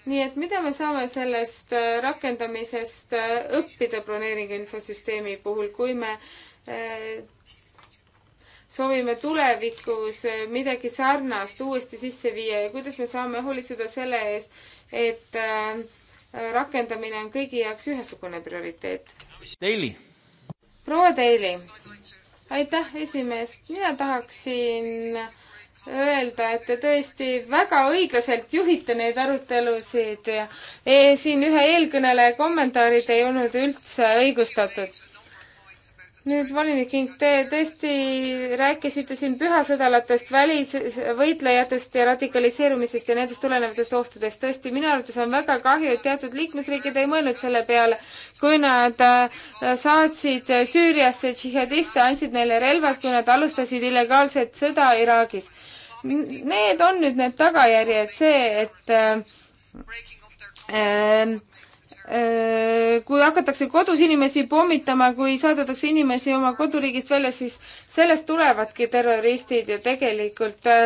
nii et mida me saame sellest äh, rakendamisest äh, õppida broneeringu infosüsteemi puhul, kui me äh, soovime tulevikus midagi sarnast uuesti sisse viia ja kuidas me saame hoolitseda selle eest, et rakendamine on kõigi jaoks ühesugune prioriteet. Daily. proua Daily, aitäh esimest, mina tahaksin äh, öelda, et te tõesti väga õiglaselt juhite neid arutelusid ja e, siin ühe eelkõneleja kommentaarid ei olnud üldse õigustatud. nüüd volinik King, te tõesti rääkisite siin pühasõdalatest, välisvõitlejatest ja radikaliseerumisest ja nendest tulenevatest ohtudest. tõesti, minu arvates on väga kahju, et teatud liikmesriigid ei mõelnud selle peale, kui nad äh, saatsid Süüriasse džihadiste, andsid neile relvad, kui nad alustasid illegaalset sõda Iraagis Need on nüüd need tagajärjed, see, et äh, äh, kui hakatakse kodus inimesi pommitama, kui saadetakse inimesi oma koduriigist välja, siis sellest tulevadki terroristid ja tegelikult äh,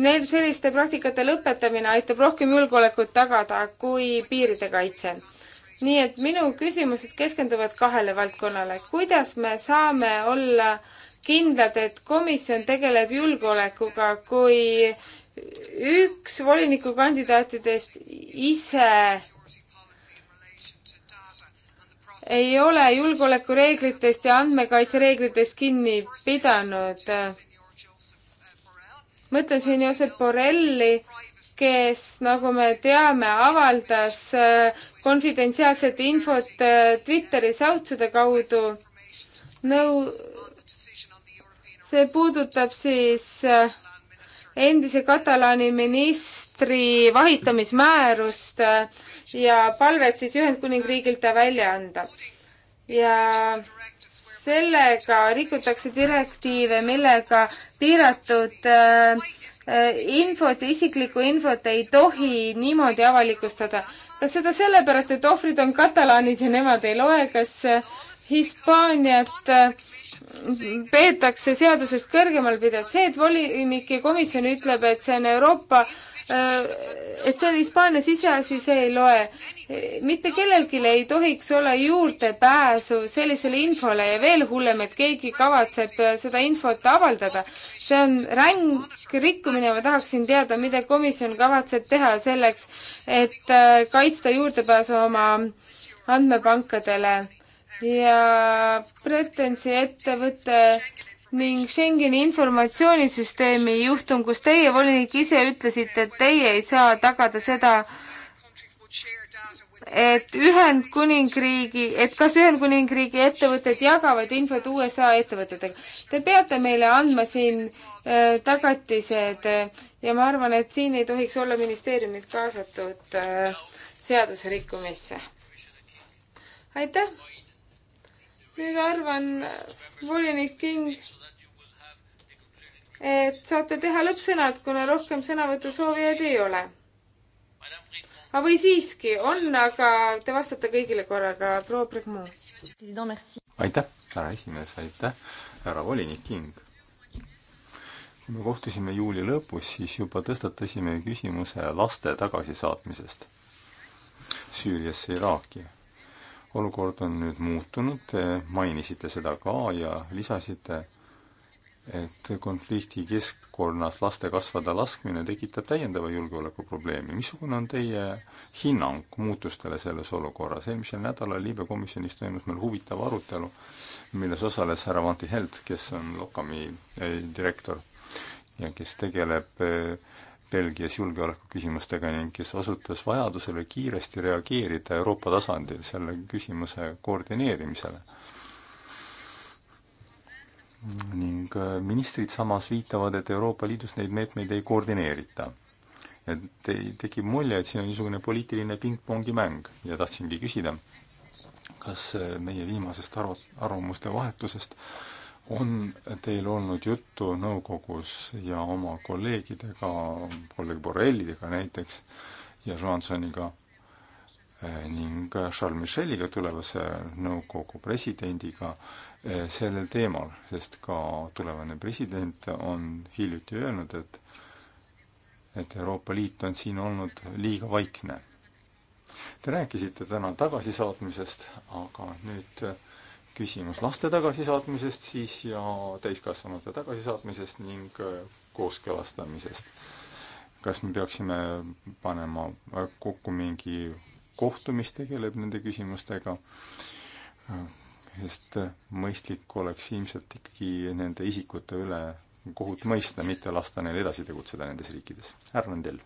need, selliste praktikate lõpetamine aitab rohkem julgeolekut tagada kui piiride kaitse nii et minu küsimused keskenduvad kahele valdkonnale. kuidas me saame olla äh, kindlad, et komisjon tegeleb julgeolekuga, kui üks volinikukandidaatidest ise ei ole julgeolekureeglitest ja andmekaitsereeglitest kinni pidanud. mõtlen siin Josep Borrelli, kes, nagu me teame, avaldas äh, konfidentsiaalset infot äh, Twitteris autsude kaudu. nõu-, see puudutab siis äh, endise Katalaani ministri vahistamismäärust äh, ja palvet siis Ühendkuningriigilt ta välja anda. ja sellega rikutakse direktiive, millega piiratud äh, äh, infot ja isiklikku infot ei tohi niimoodi avalikustada. kas seda sellepärast, et ohvrid on katalaanid ja nemad ei loe, kas Hispaaniat äh, peetakse seadusest kõrgemal pidanud. see, et volinike komisjon ütleb, et see on Euroopa, äh, et see on Hispaania siseasi, see ei loe. mitte kellelgi ei tohiks olla juurdepääsu sellisele infole ja veel hullem, et keegi kavatseb seda infot avaldada. see on ränk rikkumine, ma tahaksin teada, mida komisjon kavatseb teha selleks, et äh, kaitsta juurdepääsu oma andmepankadele ja Bretensi ettevõte ning Schengeni informatsioonisüsteemi juhtum, kus teie volinik ise ütlesite, et teie ei saa tagada seda, et Ühendkuningriigi, et kas Ühendkuningriigi ettevõtted jagavad infot USA ettevõtetega. Te peate meile andma siin äh, tagatised äh, ja ma arvan, et siin ei tohiks olla ministeeriumid kaasatud äh, seaduserikkumisse. aitäh! nüüd arvan, volinik King, et saate teha lõppsõnad, kuna rohkem sõnavõtusoovijaid ei ole. aga ah, või siiski on, aga te vastate kõigile korraga. proua Bregmo. aitäh, härra esimees, aitäh, härra volinik King. kui me kohtusime juuli lõpus, siis juba tõstatasime küsimuse laste tagasisaatmisest Süüriasse, Iraaki olukord on nüüd muutunud, te mainisite seda ka ja lisasite, et konflikti keskkonnas laste kasvada laskmine tekitab täiendava julgeolekuprobleemi. missugune on teie hinnang muutustele selles olukorras? eelmisel nädalal Liibe komisjonis toimus meil huvitav arutelu, milles osales härra Vanti Helt, kes on Lokami eh, direktor ja kes tegeleb äh, Belgias julgeolekuküsimustega ning kes osutas vajadusele kiiresti reageerida Euroopa tasandil selle küsimuse koordineerimisele. ning äh, ministrid samas viitavad, et Euroopa Liidus neid meetmeid ei koordineerita. et ei, tekib mulje, et siin on niisugune poliitiline pingpongi mäng ja tahtsingi küsida, kas äh, meie viimasest arv-, arvamuste vahetusest äh, on teil olnud juttu nõukogus ja oma kolleegidega, kolleeg Borrellidega näiteks ja Johnsoniga eh, ning Charles Micheliga, tulevase nõukogu presidendiga, eh, sellel teemal, sest ka tulevane president on hiljuti öelnud, et et Euroopa Liit on siin olnud liiga vaikne. Te rääkisite täna tagasisaatmisest, aga nüüd äh, küsimus laste tagasisaatmisest siis ja täiskasvanute tagasisaatmisest ning äh, kooskõlastamisest. kas me peaksime panema äh, kokku mingi kohtu, mis tegeleb nende küsimustega, äh, sest mõistlik oleks ilmselt ikkagi nende isikute üle kohut mõista, mitte lasta neil edasi tegutseda nendes riikides. härra Nendel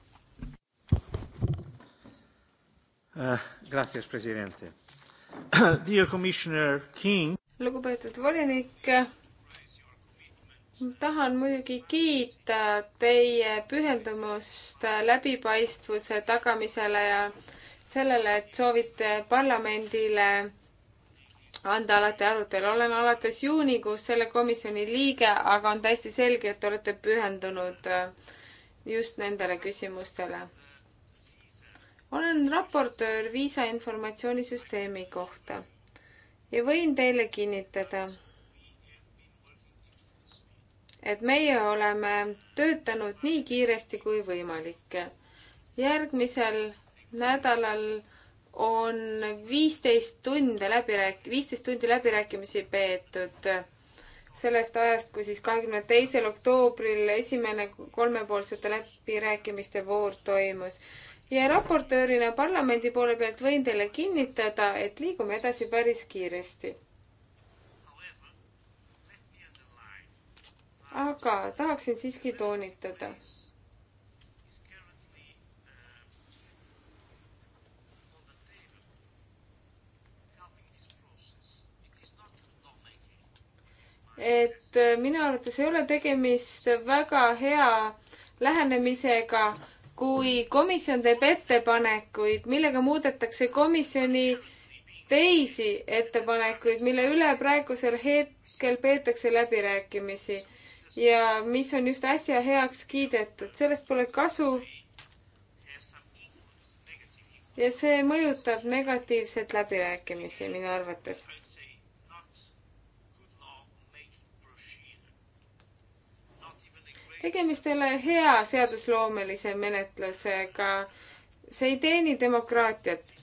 uh,. Gracias, presidente lugupeetud volinik, tahan muidugi kiita teie pühendumust läbipaistvuse tagamisele ja sellele, et soovite parlamendile anda alati arutelu. olen alates juunikuust selle komisjoni liige, aga on täiesti selge, et olete pühendunud just nendele küsimustele olen raportöör viisa informatsioonisüsteemi kohta ja võin teile kinnitada, et meie oleme töötanud nii kiiresti kui võimalik. järgmisel nädalal on viisteist tunde läbirääk-, viisteist tundi läbirääkimisi peetud sellest ajast, kui siis kahekümne teisel oktoobril esimene kolmepoolsete läbirääkimiste voor toimus ja raportöörina parlamendi poole pealt võin teile kinnitada, et liigume edasi päris kiiresti. aga tahaksin siiski toonitada et minu arvates ei ole tegemist väga hea lähenemisega kui komisjon teeb ettepanekuid, millega muudetakse komisjoni teisi ettepanekuid, mille üle praegusel hetkel peetakse läbirääkimisi ja mis on just äsja heaks kiidetud, sellest pole kasu. ja see mõjutab negatiivselt läbirääkimisi minu arvates tegemist ei ole hea seadusloomelise menetlusega. see ei teeni demokraatiat.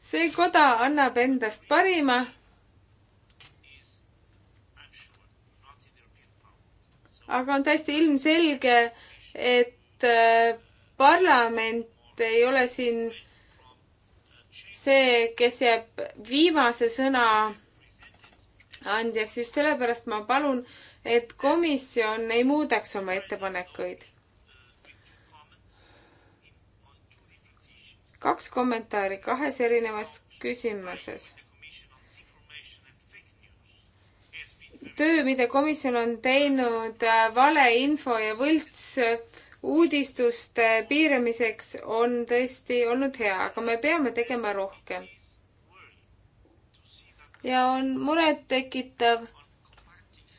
see koda annab endast parima. aga on täiesti ilmselge, et äh, parlament ei ole siin see, kes jääb viimase sõna andjaks, just sellepärast ma palun, et komisjon ei muudaks oma ettepanekuid. kaks kommentaari kahes erinevas küsimuses. töö, mida komisjon on teinud äh, valeinfo ja võlts äh, uudistuste piiramiseks on tõesti olnud hea, aga me peame tegema rohkem. ja on murettekitav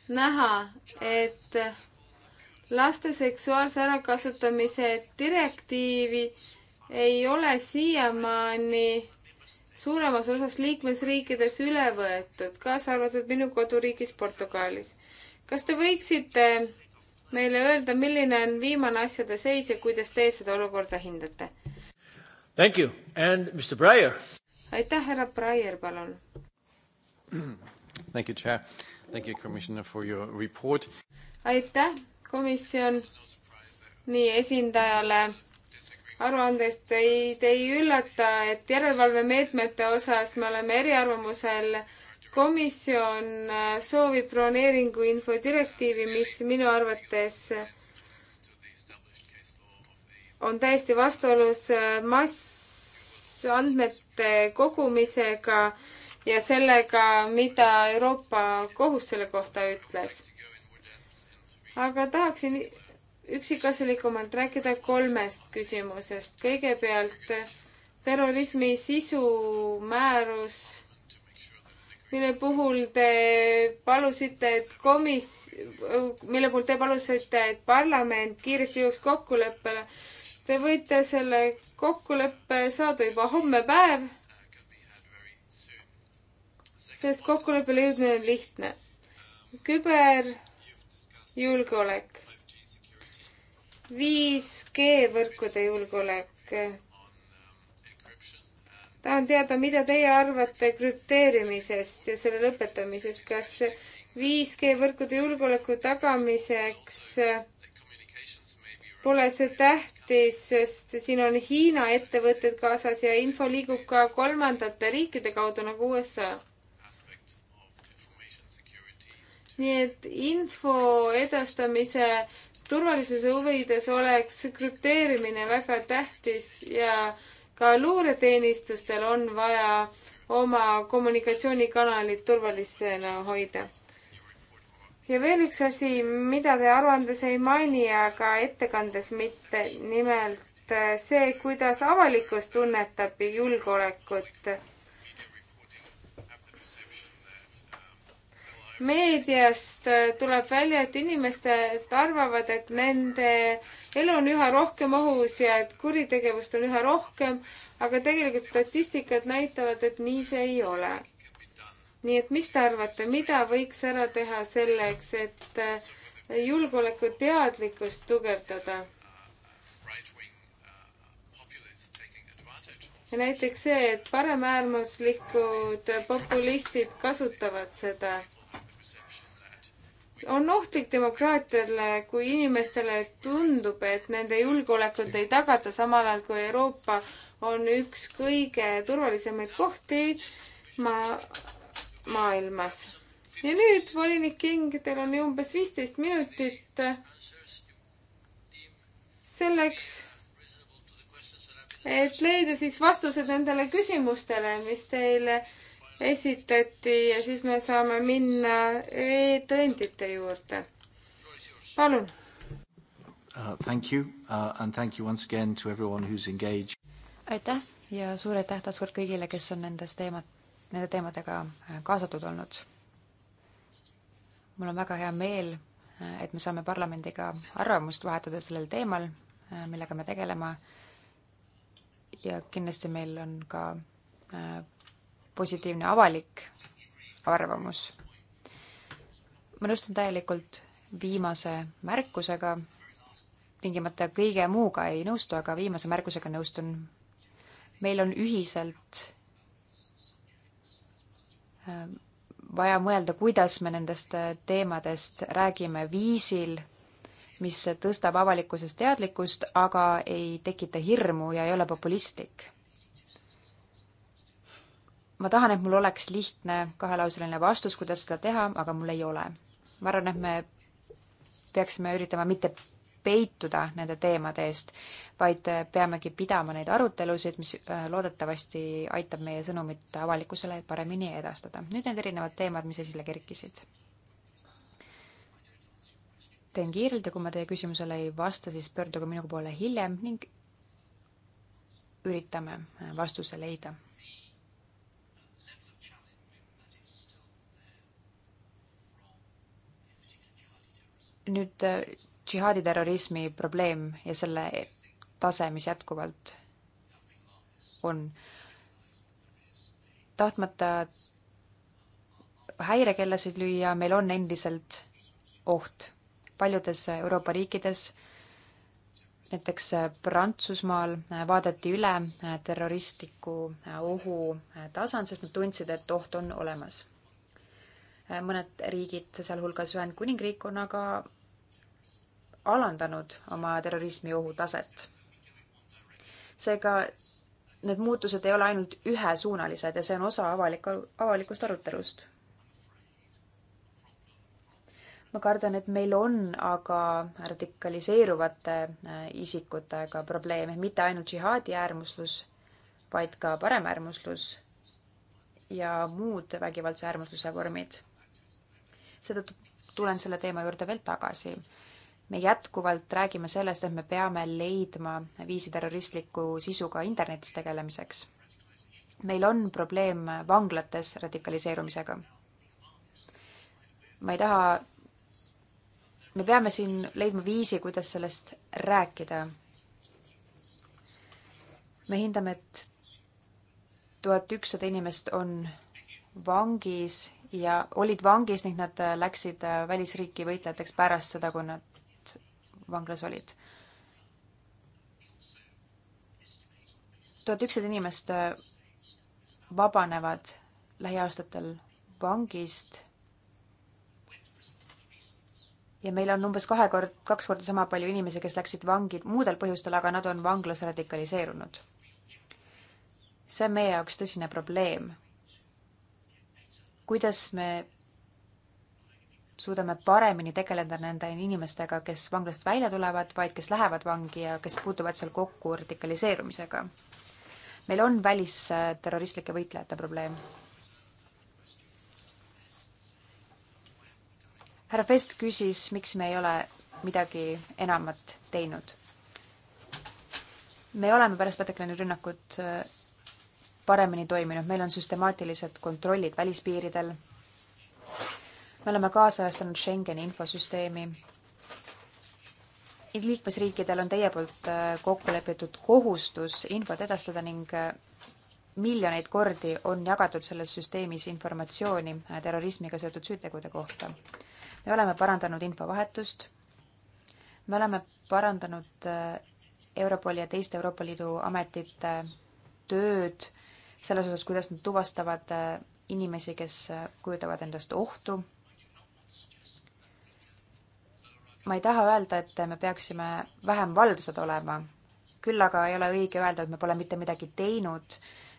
näha, et laste seksuaalse ärakasutamise direktiivi ei ole siiamaani suuremas osas liikmesriikides üle võetud, kaasa arvatud minu koduriigis Portugalis. kas te võiksite meile öelda, milline on viimane asjade seis ja kuidas teie seda olukorda hindate? Thank you and Mr Breyer. aitäh, härra Breyer, palun. Thank you, chair Thank you, Commissioner, for your report. aitäh, komisjon, nii esindajale aruandest ei, te ei üllata, et järelevalvemeetmete osas me oleme eriarvamusel. komisjon äh, soovib broneeringu infodirektiivi, mis minu arvates on täiesti vastuolus äh, massandmete kogumisega ja sellega, mida Euroopa Kohus selle kohta ütles. aga tahaksin üksikasjalikumalt rääkida kolmest küsimusest. kõigepealt terrorismi sisu määrus, mille puhul te palusite, et komis-, mille puhul te palusite, et parlament kiiresti jõuaks kokkuleppele. Te võite selle kokkuleppe saada juba homme päev sest kokkuleppele jõudmine on lihtne. küberjulgeolek, 5G võrkude julgeolek. tahan teada, mida teie arvate krüpteerimisest ja selle lõpetamisest, kas 5G võrkude julgeoleku tagamiseks pole see tähtis, sest siin on Hiina ettevõtted kaasas ja info liigub ka kolmandate riikide kaudu nagu USA nii et info edastamise turvalisuse huvides oleks krüpteerimine väga tähtis ja ka luureteenistustel on vaja oma kommunikatsioonikanalid turvalisena hoida. ja veel üks asi, mida te aruandes ei maini, aga ettekandes mitte, nimelt eh, see, kuidas avalikkus tunnetab julgeolekut meediast tuleb välja, et inimesed arvavad, et nende elu on üha rohkem ohus ja et kuritegevust on üha rohkem, aga tegelikult statistikad näitavad, et nii see ei ole. nii et mis te arvate, mida võiks ära teha selleks, et äh, julgeolekuteadlikkust tugevdada? ja näiteks see, et paremäärmuslikud populistid kasutavad seda on ohtlik demokraatiale, kui inimestele tundub, et nende julgeolekut ei tagata, samal ajal kui Euroopa on üks kõige turvalisemaid kohti ma-, maailmas. ja nüüd, volinik King, teil on umbes viisteist minutit selleks, et leida siis vastused nendele küsimustele, mis teile äh, esitati ja siis me saame minna e-tõendite juurde. palun uh,. Thank you uh, and thank you once again to everyone who is engaged. aitäh ja suur aitäh taaskord kõigile, kes on nendes teemad, nende teemadega äh, kaasatud olnud. mul on väga hea meel, äh, et me saame parlamendiga arvamust vahetada sellel teemal, äh, millega me tegeleme. ja kindlasti meil on ka positiivne avalik arvamus. ma nõustun täielikult viimase märkusega, tingimata kõige muuga ei nõustu, aga viimase märkusega nõustun. meil on ühiselt ähm, vaja mõelda, kuidas me nendest äh, teemadest räägime viisil, mis tõstab avalikkuses teadlikkust, aga ei tekita hirmu ja ei ole populistlik ma tahan, et mul oleks lihtne kahelauseline vastus, kuidas seda teha, aga mul ei ole. ma arvan, et me peaksime üritama mitte peituda nende teemade eest, vaid peamegi pidama neid arutelusid, mis äh, loodetavasti aitab meie sõnumit avalikkusele paremini edastada. nüüd need erinevad teemad, mis esile kerkisid. teen kiirelt ja kui ma teie küsimusele ei vasta, siis pöörduge minu poole hiljem ning üritame äh, vastuse leida nüüd äh, džihaaditerrorismi probleem ja selle tase, mis jätkuvalt on. tahtmata häirekellasid lüüa, meil on endiselt oht paljudes Euroopa riikides, näiteks äh, Prantsusmaal äh, vaadati üle terroristliku ohu tasand, sest nad tundsid, et oht on olemas. mõned riigid, sealhulgas Ühendkuningriik, on aga alandanud oma terrorismiohu taset. seega need muutused ei ole ainult ühesuunalised ja see on osa avaliku, avalikust arutelust. ma kardan, et meil on aga radikaliseeruvate äh, isikutega probleeme, mitte ainult džihaadi äärmuslus, vaid ka paremäärmuslus ja muud vägivaldse äärmusluse vormid. seetõttu tulen selle teema juurde veel tagasi, me jätkuvalt räägime sellest, et me peame leidma viisi terroristliku sisuga internetis tegelemiseks. meil on probleem vanglates radikaliseerumisega. ma ei taha, me peame siin leidma viisi, kuidas sellest rääkida. me hindame, et tuhat ükssada inimest on vangis ja olid vangis ning nad läksid välisriiki võitlejateks pärast seda, kui nad vanglas olid. tuhat ükssada inimest äh, vabanevad lähiaastatel vangist. ja meil on umbes kahe kord, kaks korda sama palju inimesi, kes läksid vangi muudel põhjustel, aga nad on vanglas radikaliseerunud. see on meie jaoks tõsine probleem. kuidas me suudame paremini tegeleda nende inimestega, kes vanglast välja tulevad, vaid kes lähevad vangi ja kes puutuvad seal kokku radikaliseerumisega. meil on välisterroristlike võitlejate probleem. härra Fest küsis, miks me ei ole midagi enamat teinud. me oleme pärast Bataclani rünnakut äh, paremini toiminud, meil on süstemaatilised kontrollid välispiiridel me oleme kaasajastanud Schengeni infosüsteemi. liikmesriikidel on teie poolt äh, kokku lepitud kohustus infot edastada ning äh, miljoneid kordi on jagatud selles süsteemis informatsiooni äh, terrorismiga seotud süütegude kohta. me oleme parandanud infovahetust, me oleme parandanud Europoli ja teiste Euroopa Liidu ametite tööd selles osas, kuidas nad tuvastavad inimesi, kes kujutavad endast ohtu ma ei taha öelda, et me peaksime vähem valvsad olema, küll aga ei ole õige öelda, et me pole mitte midagi teinud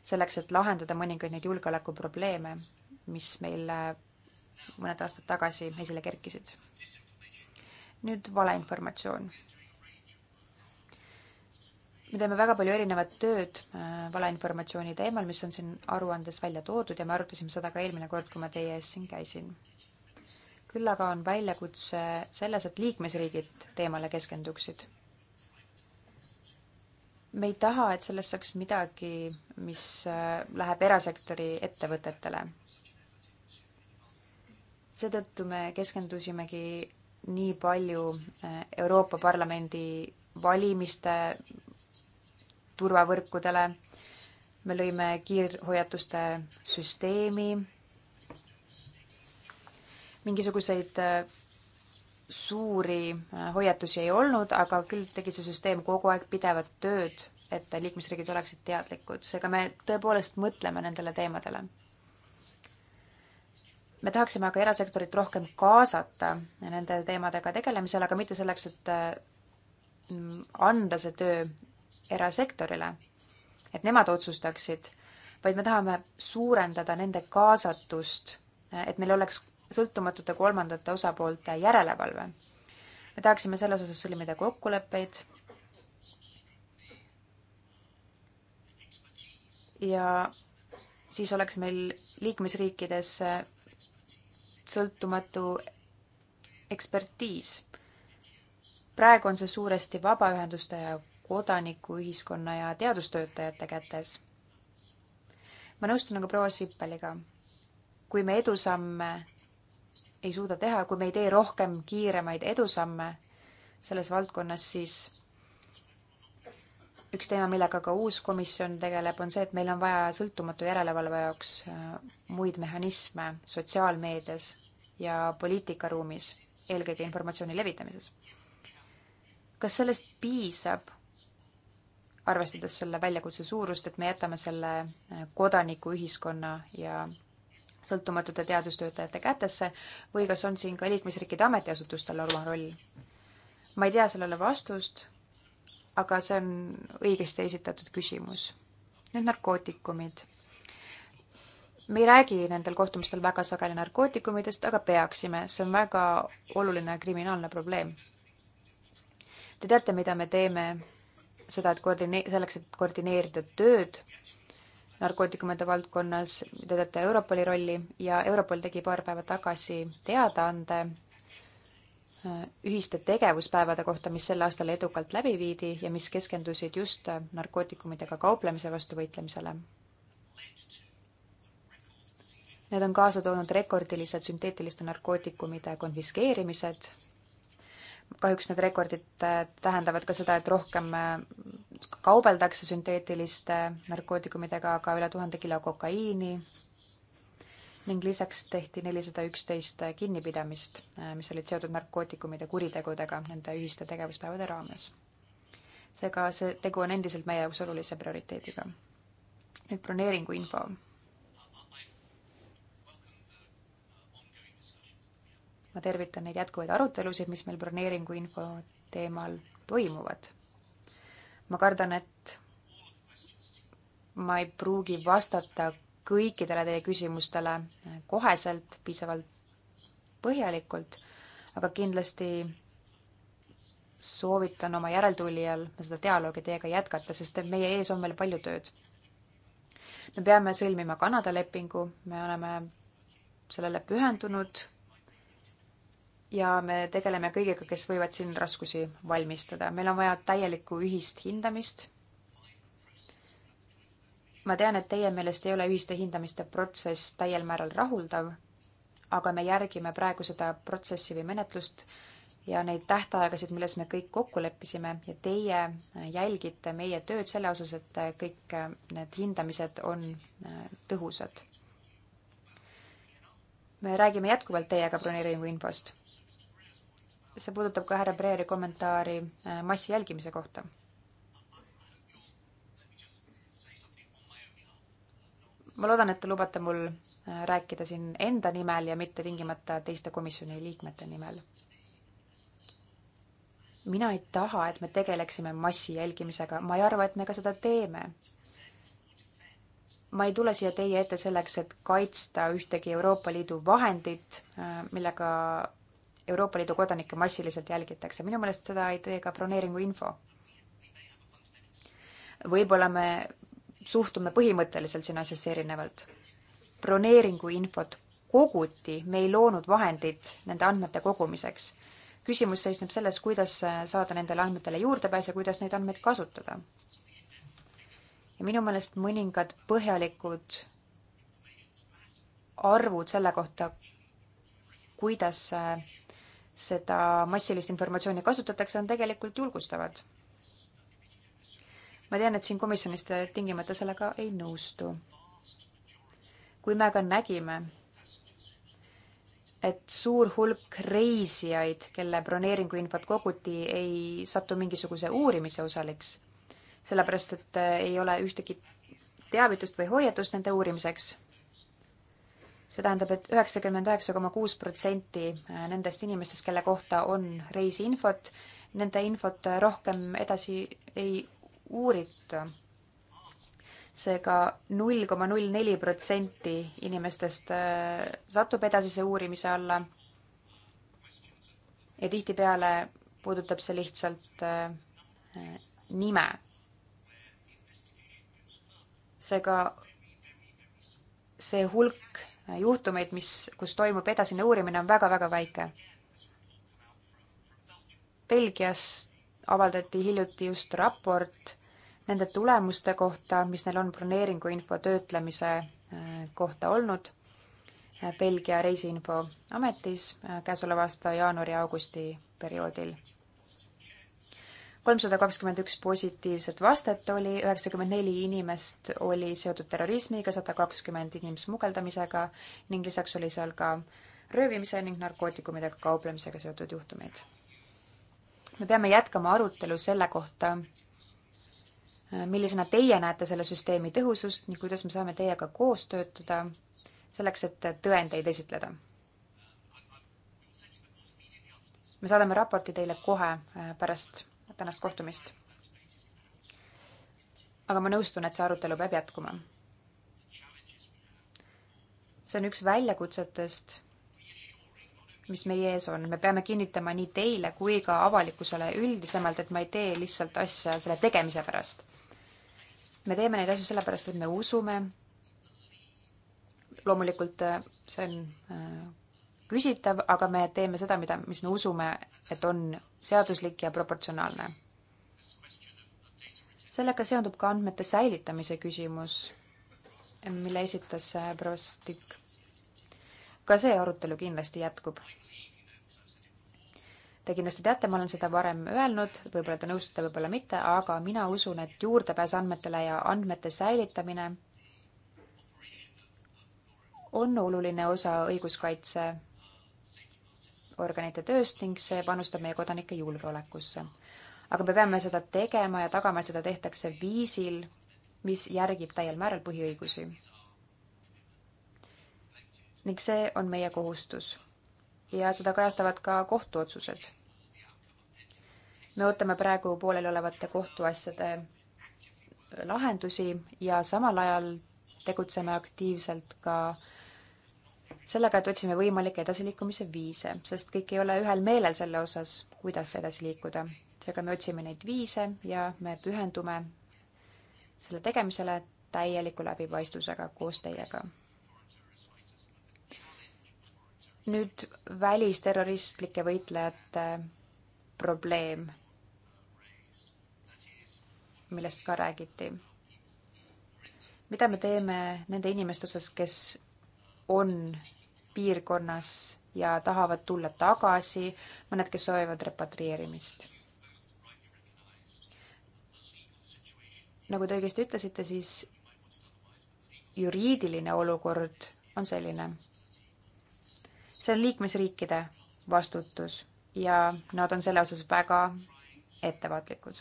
selleks, et lahendada mõningaid neid julgeolekuprobleeme, mis meil äh, mõned aastad tagasi esile kerkisid. nüüd valeinformatsioon. me teeme väga palju erinevat tööd äh, valeinformatsiooni teemal, mis on siin aruandes välja toodud ja me arutasime seda ka eelmine kord, kui ma teie ees siin käisin küll aga on väljakutse selles, et liikmesriigid teemale keskenduksid. me ei taha, et sellest saaks midagi, mis äh, läheb erasektori ettevõtetele. seetõttu me keskendusimegi nii palju äh, Euroopa Parlamendi valimiste turvavõrkudele, me lõime kiirhoiatuste süsteemi mingisuguseid äh, suuri äh, hoiatusi ei olnud, aga küll tegi see süsteem kogu aeg pidevat tööd, et liikmesriigid oleksid teadlikud, seega me tõepoolest mõtleme nendele teemadele. me tahaksime aga erasektorit rohkem kaasata nende teemadega tegelemisel, aga mitte selleks, et äh, anda see töö erasektorile, et nemad otsustaksid, vaid me tahame suurendada nende kaasatust, et meil oleks sõltumatute kolmandate osapoolte järelevalve. me tahaksime selles osas sõlmida kokkuleppeid ja siis oleks meil liikmesriikides sõltumatu ekspertiis. praegu on see suuresti vabaühenduste ja kodanikuühiskonna ja teadustöötajate kätes. ma nõustun aga nagu proua Sippeliga. kui me edusamme ei suuda teha, kui me ei tee rohkem kiiremaid edusamme selles valdkonnas, siis üks teema, millega ka uus komisjon tegeleb, on see, et meil on vaja sõltumatu järelevalve jaoks äh, muid mehhanisme sotsiaalmeedias ja poliitikaruumis, eelkõige informatsiooni levitamises. kas sellest piisab, arvestades selle väljakutse suurust, et me jätame selle äh, kodanikuühiskonna ja sõltumatute teadustöötajate kätesse või kas on siin ka liikmesriikide ametiasutustel oma roll? ma ei tea sellele vastust, aga see on õigesti esitatud küsimus. nüüd narkootikumid. me ei räägi nendel kohtumistel väga sageli narkootikumidest, aga peaksime, see on väga oluline kriminaalne probleem. Te teate, mida me teeme, seda, et koordine-, selleks, et koordineerida tööd narkootikumide valdkonnas, te teate Europoli rolli ja Europol tegi paar päeva tagasi teadaande äh, ühiste tegevuspäevade kohta, mis sel aastal edukalt läbi viidi ja mis keskendusid just äh, narkootikumidega kauplemise vastu võitlemisele. Need on kaasa toonud rekordilised sünteetiliste narkootikumide konfiskeerimised kahjuks need rekordid äh, tähendavad ka seda, et rohkem äh, kaubeldakse sünteetiliste narkootikumidega, aga üle tuhande kilo kokaiini ning lisaks tehti nelisada üksteist kinnipidamist, äh, mis olid seotud narkootikumide kuritegudega nende ühiste tegevuspäevade raames. seega see tegu on endiselt meie jaoks olulise prioriteediga. nüüd broneeringu info ma tervitan neid jätkuvaid arutelusid, mis meil broneeringu info teemal toimuvad. ma kardan, et ma ei pruugi vastata kõikidele teie küsimustele koheselt piisavalt põhjalikult, aga kindlasti soovitan oma järeltulijal seda dialoogi teiega jätkata, sest et meie ees on veel palju tööd. me peame sõlmima Kanada lepingu, me oleme sellele pühendunud ja me tegeleme kõigega, kes võivad siin raskusi valmistada. meil on vaja täielikku ühist hindamist. ma tean, et teie meelest ei ole ühiste hindamiste protsess täiel määral rahuldav, aga me järgime praegu seda protsessi või menetlust ja neid tähtaegasid, milles me kõik kokku leppisime ja teie jälgite meie tööd selle osas, et kõik need hindamised on tõhusad. me räägime jätkuvalt teiega broneeringu infost see puudutab ka härra Breeri kommentaari äh, massi jälgimise kohta. ma loodan, et te lubate mul äh, rääkida siin enda nimel ja mitte tingimata teiste komisjoni liikmete nimel. mina ei taha, et me tegeleksime massi jälgimisega, ma ei arva, et me ka seda teeme ma ei tule siia teie ette selleks, et kaitsta ühtegi Euroopa Liidu vahendit, äh, millega Euroopa Liidu kodanikke massiliselt jälgitakse. minu meelest seda ei tee ka broneeringu info. võib-olla me suhtume põhimõtteliselt siin asjasse erinevalt. broneeringu infot koguti, me ei loonud vahendid nende andmete kogumiseks. küsimus seisneb selles, kuidas saada nendele andmetele juurdepääs ja kuidas neid andmeid kasutada. ja minu meelest mõningad põhjalikud arvud selle kohta, kuidas äh, seda massilist informatsiooni kasutatakse, on tegelikult julgustavad. ma tean, et siin komisjonis te tingimata sellega ei nõustu. kui me aga nägime, et suur hulk reisijaid, kelle broneeringuinfot koguti, ei satu mingisuguse uurimise osaliks, sellepärast et ei ole ühtegi teavitust või hoiatust nende uurimiseks see tähendab et, et üheksakümmend üheksa koma kuus protsenti äh, nendest inimestest, kelle kohta on reisiinfot, nende infot äh, rohkem edasi ei uurita seega null koma null neli protsenti inimestest äh, satub edasise uurimise alla. ja tihtipeale puudutab see lihtsalt nime. seega see hulk juhtumeid, mis, kus toimub edasine uurimine, on väga-väga väike. Belgias avaldati hiljuti just raport nende tulemuste kohta, mis neil on broneeringuinfo töötlemise äh, kohta olnud äh, Belgia Reisiinfo Ametis äh, käesoleva aasta jaanuari-augusti perioodil kolmsada kakskümmend üks positiivset vastet oli, üheksakümmend neli inimest oli seotud terrorismiga, sada kakskümmend inimsmugeldamisega ning lisaks oli seal ka röövimise ning narkootikumidega kauplemisega seotud juhtumeid. me peame jätkama arutelu selle kohta, millisena teie näete selle süsteemi tõhusust ning kuidas me saame teiega koos töötada selleks, et tõendeid esitleda me saadame raporti teile kohe äh, pärast tänast kohtumist. aga ma nõustun, et see arutelu peab jätkuma. see on üks väljakutsetest, mis meie ees on, me peame kinnitama nii teile kui ka avalikkusele üldisemalt, et ma ei tee lihtsalt asja selle tegemise pärast. me teeme neid asju sellepärast, et me usume. loomulikult äh, see on äh, küsitav, aga me teeme seda, mida, mis me usume, et on seaduslik ja proportsionaalne. sellega seondub ka andmete säilitamise küsimus, mille esitas äh, proua Stikk. ka see arutelu kindlasti jätkub. Te kindlasti teate, ma olen seda varem öelnud, võib-olla te nõustute, võib-olla mitte, aga mina usun, et juurdepääs andmetele ja andmete säilitamine on oluline osa õiguskaitse organite tööst ning see panustab meie kodanike julgeolekusse. aga me peame seda tegema ja tagama, et seda tehtakse viisil, mis järgib täiel määral põhiõigusi. ning see on meie kohustus. ja seda kajastavad ka kohtuotsused. me ootame praegu pooleliolevate kohtuasjade lahendusi ja samal ajal tegutseme aktiivselt ka äh, sellega, et otsime võimalikke edasiliikumise viise, sest kõik ei ole ühel meelel selle osas, kuidas edasi liikuda. seega me otsime neid viise ja me pühendume selle tegemisele täieliku läbipaistvusega koos teiega. nüüd välisterroristlike võitlejate probleem, millest ka räägiti. mida me teeme nende inimeste osas, kes on piirkonnas ja tahavad tulla tagasi, mõned, kes soovivad repatrieerimist. nagu te õigesti ütlesite, siis juriidiline olukord on selline. see on liikmesriikide vastutus ja nad on selle osas väga ettevaatlikud.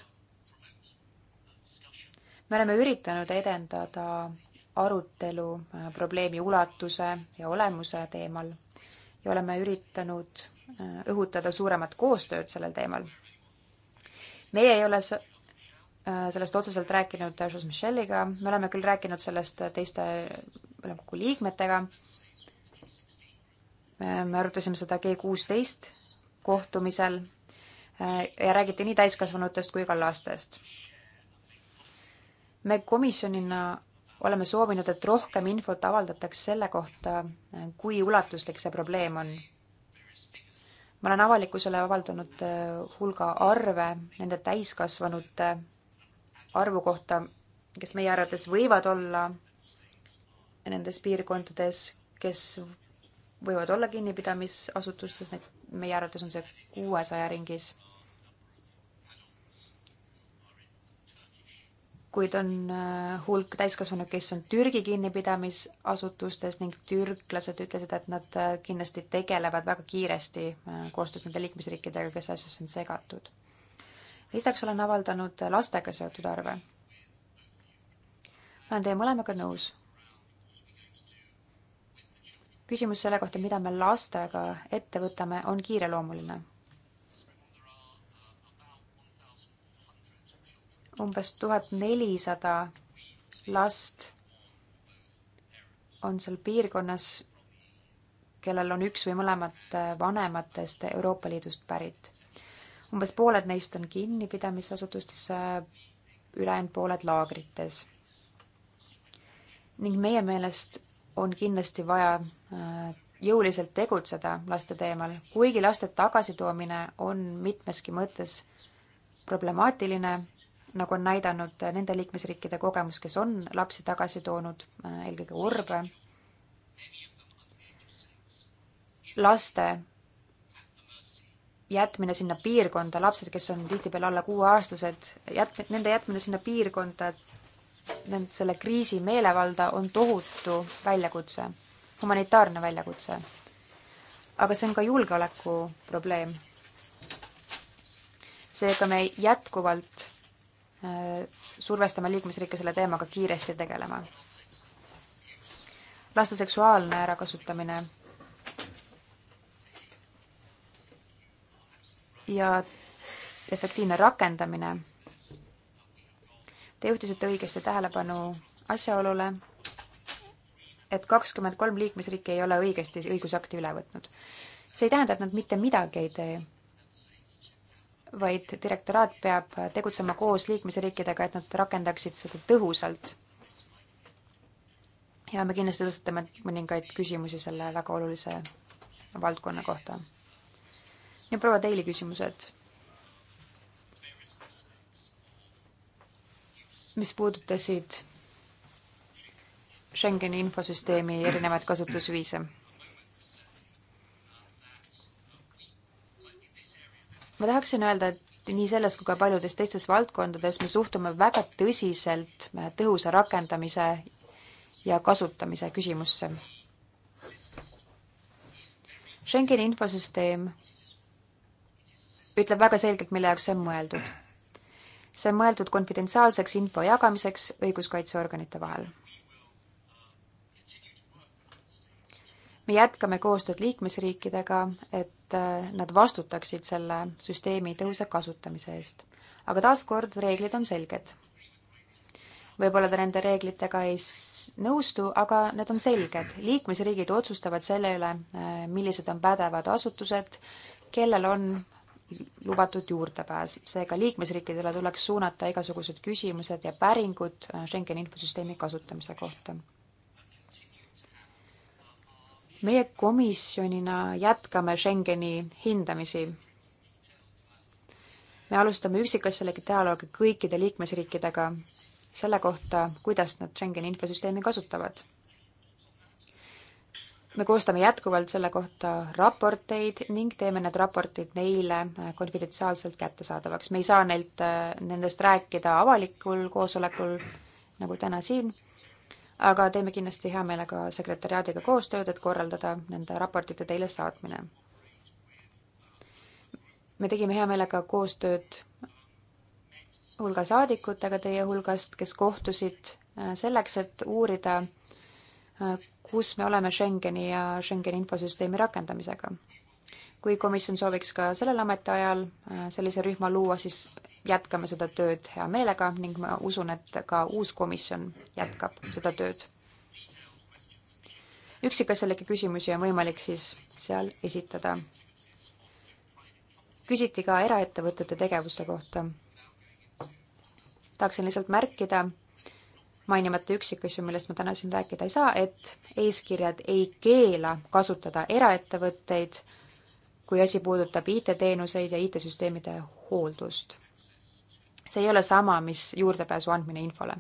me oleme üritanud edendada arutelu äh, probleemi ulatuse ja olemuse teemal ja oleme üritanud äh, õhutada suuremat koostööd sellel teemal. meie ei ole äh, sellest otseselt rääkinud Jose Michelliga, me oleme küll rääkinud sellest teiste ülemkogu liikmetega. me arutasime seda G kuusteist kohtumisel ja räägiti nii täiskasvanutest kui ka lastest. me komisjonina oleme soovinud, et rohkem infot avaldataks selle kohta, kui ulatuslik see probleem on. ma olen avalikkusele avaldanud äh, hulga arve nende täiskasvanute arvu kohta, kes meie arvates võivad olla nendes piirkondades, kes võivad olla kinnipidamisasutustes, meie arvates on see kuuesaja ringis kuid on äh, hulk täiskasvanuid, kes on Türgi kinnipidamisasutustes ning türklased ütlesid, et nad äh, kindlasti tegelevad väga kiiresti äh, koostöös nende liikmesriikidega, kes asjasse on segatud. lisaks olen avaldanud lastega seotud arve. ma olen teie mõlemaga nõus. küsimus selle kohta, mida me lastega ette võtame, on kiireloomuline umbes tuhat nelisada last on seal piirkonnas, kellel on üks või mõlemad äh, vanematest Euroopa Liidust pärit. umbes pooled neist on kinnipidamisasutustes, ülejäänud pooled laagrites. ning meie meelest on kindlasti vaja äh, jõuliselt tegutseda laste teemal, kuigi laste tagasitoomine on mitmeski mõttes problemaatiline nagu on näidanud nende liikmesriikide kogemus, kes on lapsi tagasi toonud, äh, eelkõige orbe. laste jätmine sinna piirkonda, lapsed, kes on tihtipeale alla kuueaastased, jät-, nende jätmine sinna piirkonda, nend-, selle kriisi meelevalda on tohutu väljakutse, humanitaarne väljakutse. aga see on ka julgeoleku probleem. seega me jätkuvalt Äh, survestame liikmesriike selle teemaga kiiresti tegelema. laste seksuaalne ärakasutamine ja efektiivne rakendamine. Te juhtisite õigesti tähelepanu asjaolule, et kakskümmend kolm liikmesriiki ei ole õigesti õigusakti üle võtnud. see ei tähenda, et nad mitte midagi ei tee vaid direktoraat peab tegutsema koos liikmesriikidega, et nad rakendaksid seda tõhusalt. ja me kindlasti tõstatame mõningaid küsimusi selle väga olulise valdkonna kohta. nii, proua Teili küsimused. mis puudutasid Schengeni infosüsteemi erinevaid kasutusviise ma tahaksin öelda, et nii selles kui ka paljudes teistes valdkondades me suhtume väga tõsiselt äh, tõhusa rakendamise ja kasutamise küsimusse. Schengeni infosüsteem ütleb väga selgelt, mille jaoks see on mõeldud. see on mõeldud konfidentsiaalseks info jagamiseks õiguskaitseorganite vahel me jätkame koostööd liikmesriikidega, et et äh, nad vastutaksid selle süsteemi tõhusa kasutamise eest. aga taaskord, reeglid on selged. võib-olla te nende reeglitega ei nõustu, aga need on selged. liikmesriigid otsustavad selle üle, äh, millised on pädevad asutused, kellel on lubatud juurdepääs, seega liikmesriikidele tuleks suunata igasugused küsimused ja päringud äh, Schengeni infosüsteemi kasutamise kohta meie komisjonina jätkame Schengeni hindamisi. me alustame üksikasjalikke dialoogi kõikide liikmesriikidega selle kohta, kuidas nad Schengeni infosüsteemi kasutavad. me koostame jätkuvalt selle kohta raporteid ning teeme need raportid neile konfidentsiaalselt kättesaadavaks. me ei saa neilt, nendest rääkida avalikul koosolekul nagu täna siin aga teeme kindlasti hea meelega sekretäriaadiga koostööd, et korraldada nende raportite teile saatmine. me tegime hea meelega koostööd hulga saadikutega teie hulgast, kes kohtusid äh, selleks, et uurida, äh, kus me oleme Schengeni ja Schengeni infosüsteemi rakendamisega. kui komisjon sooviks ka sellel ametiajal äh, sellise rühma luua, siis jätkame seda tööd hea meelega ning ma usun, et ka uus komisjon jätkab seda tööd. üksikasjalikke küsimusi on võimalik siis seal esitada. küsiti ka eraettevõtete tegevuste kohta. tahaksin lihtsalt märkida, mainimata üksikasju, millest ma täna siin rääkida ei saa, et eeskirjad ei keela kasutada eraettevõtteid, kui asi puudutab IT-teenuseid ja IT-süsteemide hooldust see ei ole sama, mis juurdepääsu andmine infole.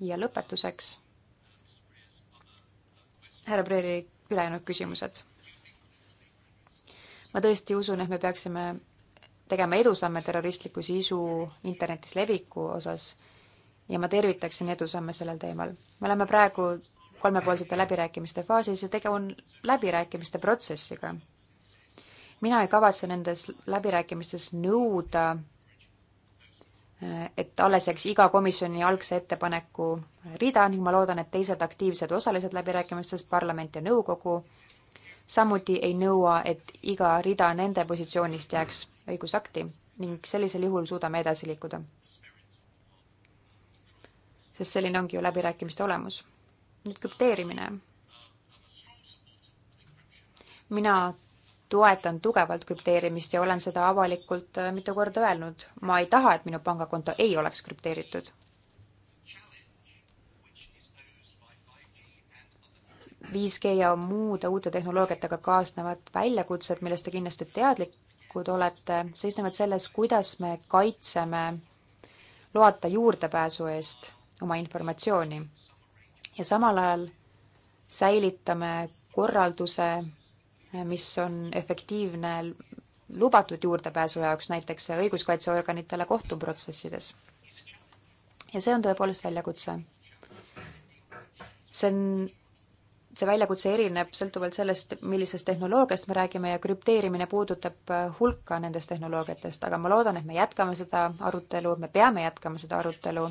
ja lõpetuseks härra Preeri ülejäänud küsimused. ma tõesti usun, et me peaksime tegema edusamme terroristliku sisu internetis leviku osas ja ma tervitaksin edusamme sellel teemal. me oleme praegu kolmepoolsete läbirääkimiste faasis ja tegu on läbirääkimiste protsessiga mina ei kavatse nendes läbirääkimistes nõuda, äh, et alles jääks iga komisjoni algse ettepaneku rida ning ma loodan, et teised aktiivsed osalised läbirääkimistes, parlament ja nõukogu, samuti ei nõua, et iga rida nende positsioonist jääks õigusakti ning sellisel juhul suudame edasi liikuda. sest selline ongi ju läbirääkimiste olemus. nüüd krüpteerimine. mina toetan tugevalt krüpteerimist ja olen seda avalikult äh, mitu korda öelnud. ma ei taha, et minu pangakonto ei oleks krüpteeritud. viis G ja muude uute tehnoloogiatega kaasnevad väljakutsed, millest te kindlasti teadlikud olete, seisnevad selles, kuidas me kaitseme loata juurdepääsu eest oma informatsiooni ja samal ajal säilitame korralduse mis on efektiivne lubatud juurdepääsu jaoks näiteks õiguskaitseorganitele kohtuprotsessides. ja see on tõepoolest väljakutse. see on, see väljakutse erineb sõltuvalt sellest, millisest tehnoloogiast me räägime ja krüpteerimine puudutab hulka nendest tehnoloogiatest, aga ma loodan, et me jätkame seda arutelu, me peame jätkama seda arutelu.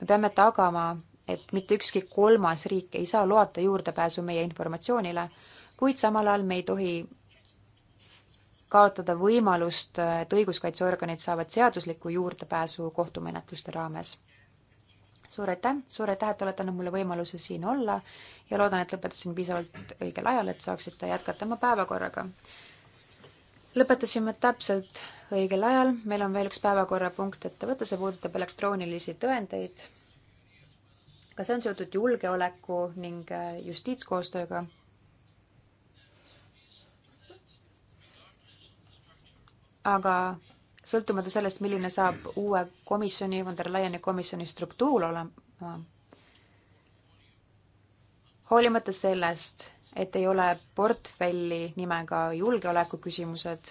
me peame tagama, et mitte ükski kolmas riik ei saa loata juurdepääsu meie informatsioonile kuid samal ajal me ei tohi kaotada võimalust, et õiguskaitseorganid saavad seaduslikku juurdepääsu kohtumenetluste raames. suur aitäh, suur aitäh, et olete andnud mulle võimaluse siin olla ja loodan, et lõpetasin piisavalt õigel ajal, et saaksite jätkata oma päevakorraga. lõpetasime täpselt õigel ajal, meil on veel üks päevakorrapunkt ette võtta, see puudutab elektroonilisi tõendeid. ka see on seotud julgeoleku ning äh, justiitskoostööga aga sõltumata sellest, milline saab uue komisjoni, von der Leyeni komisjoni struktuur olema, hoolimata sellest, et ei ole portfelli nimega julgeolekuküsimused,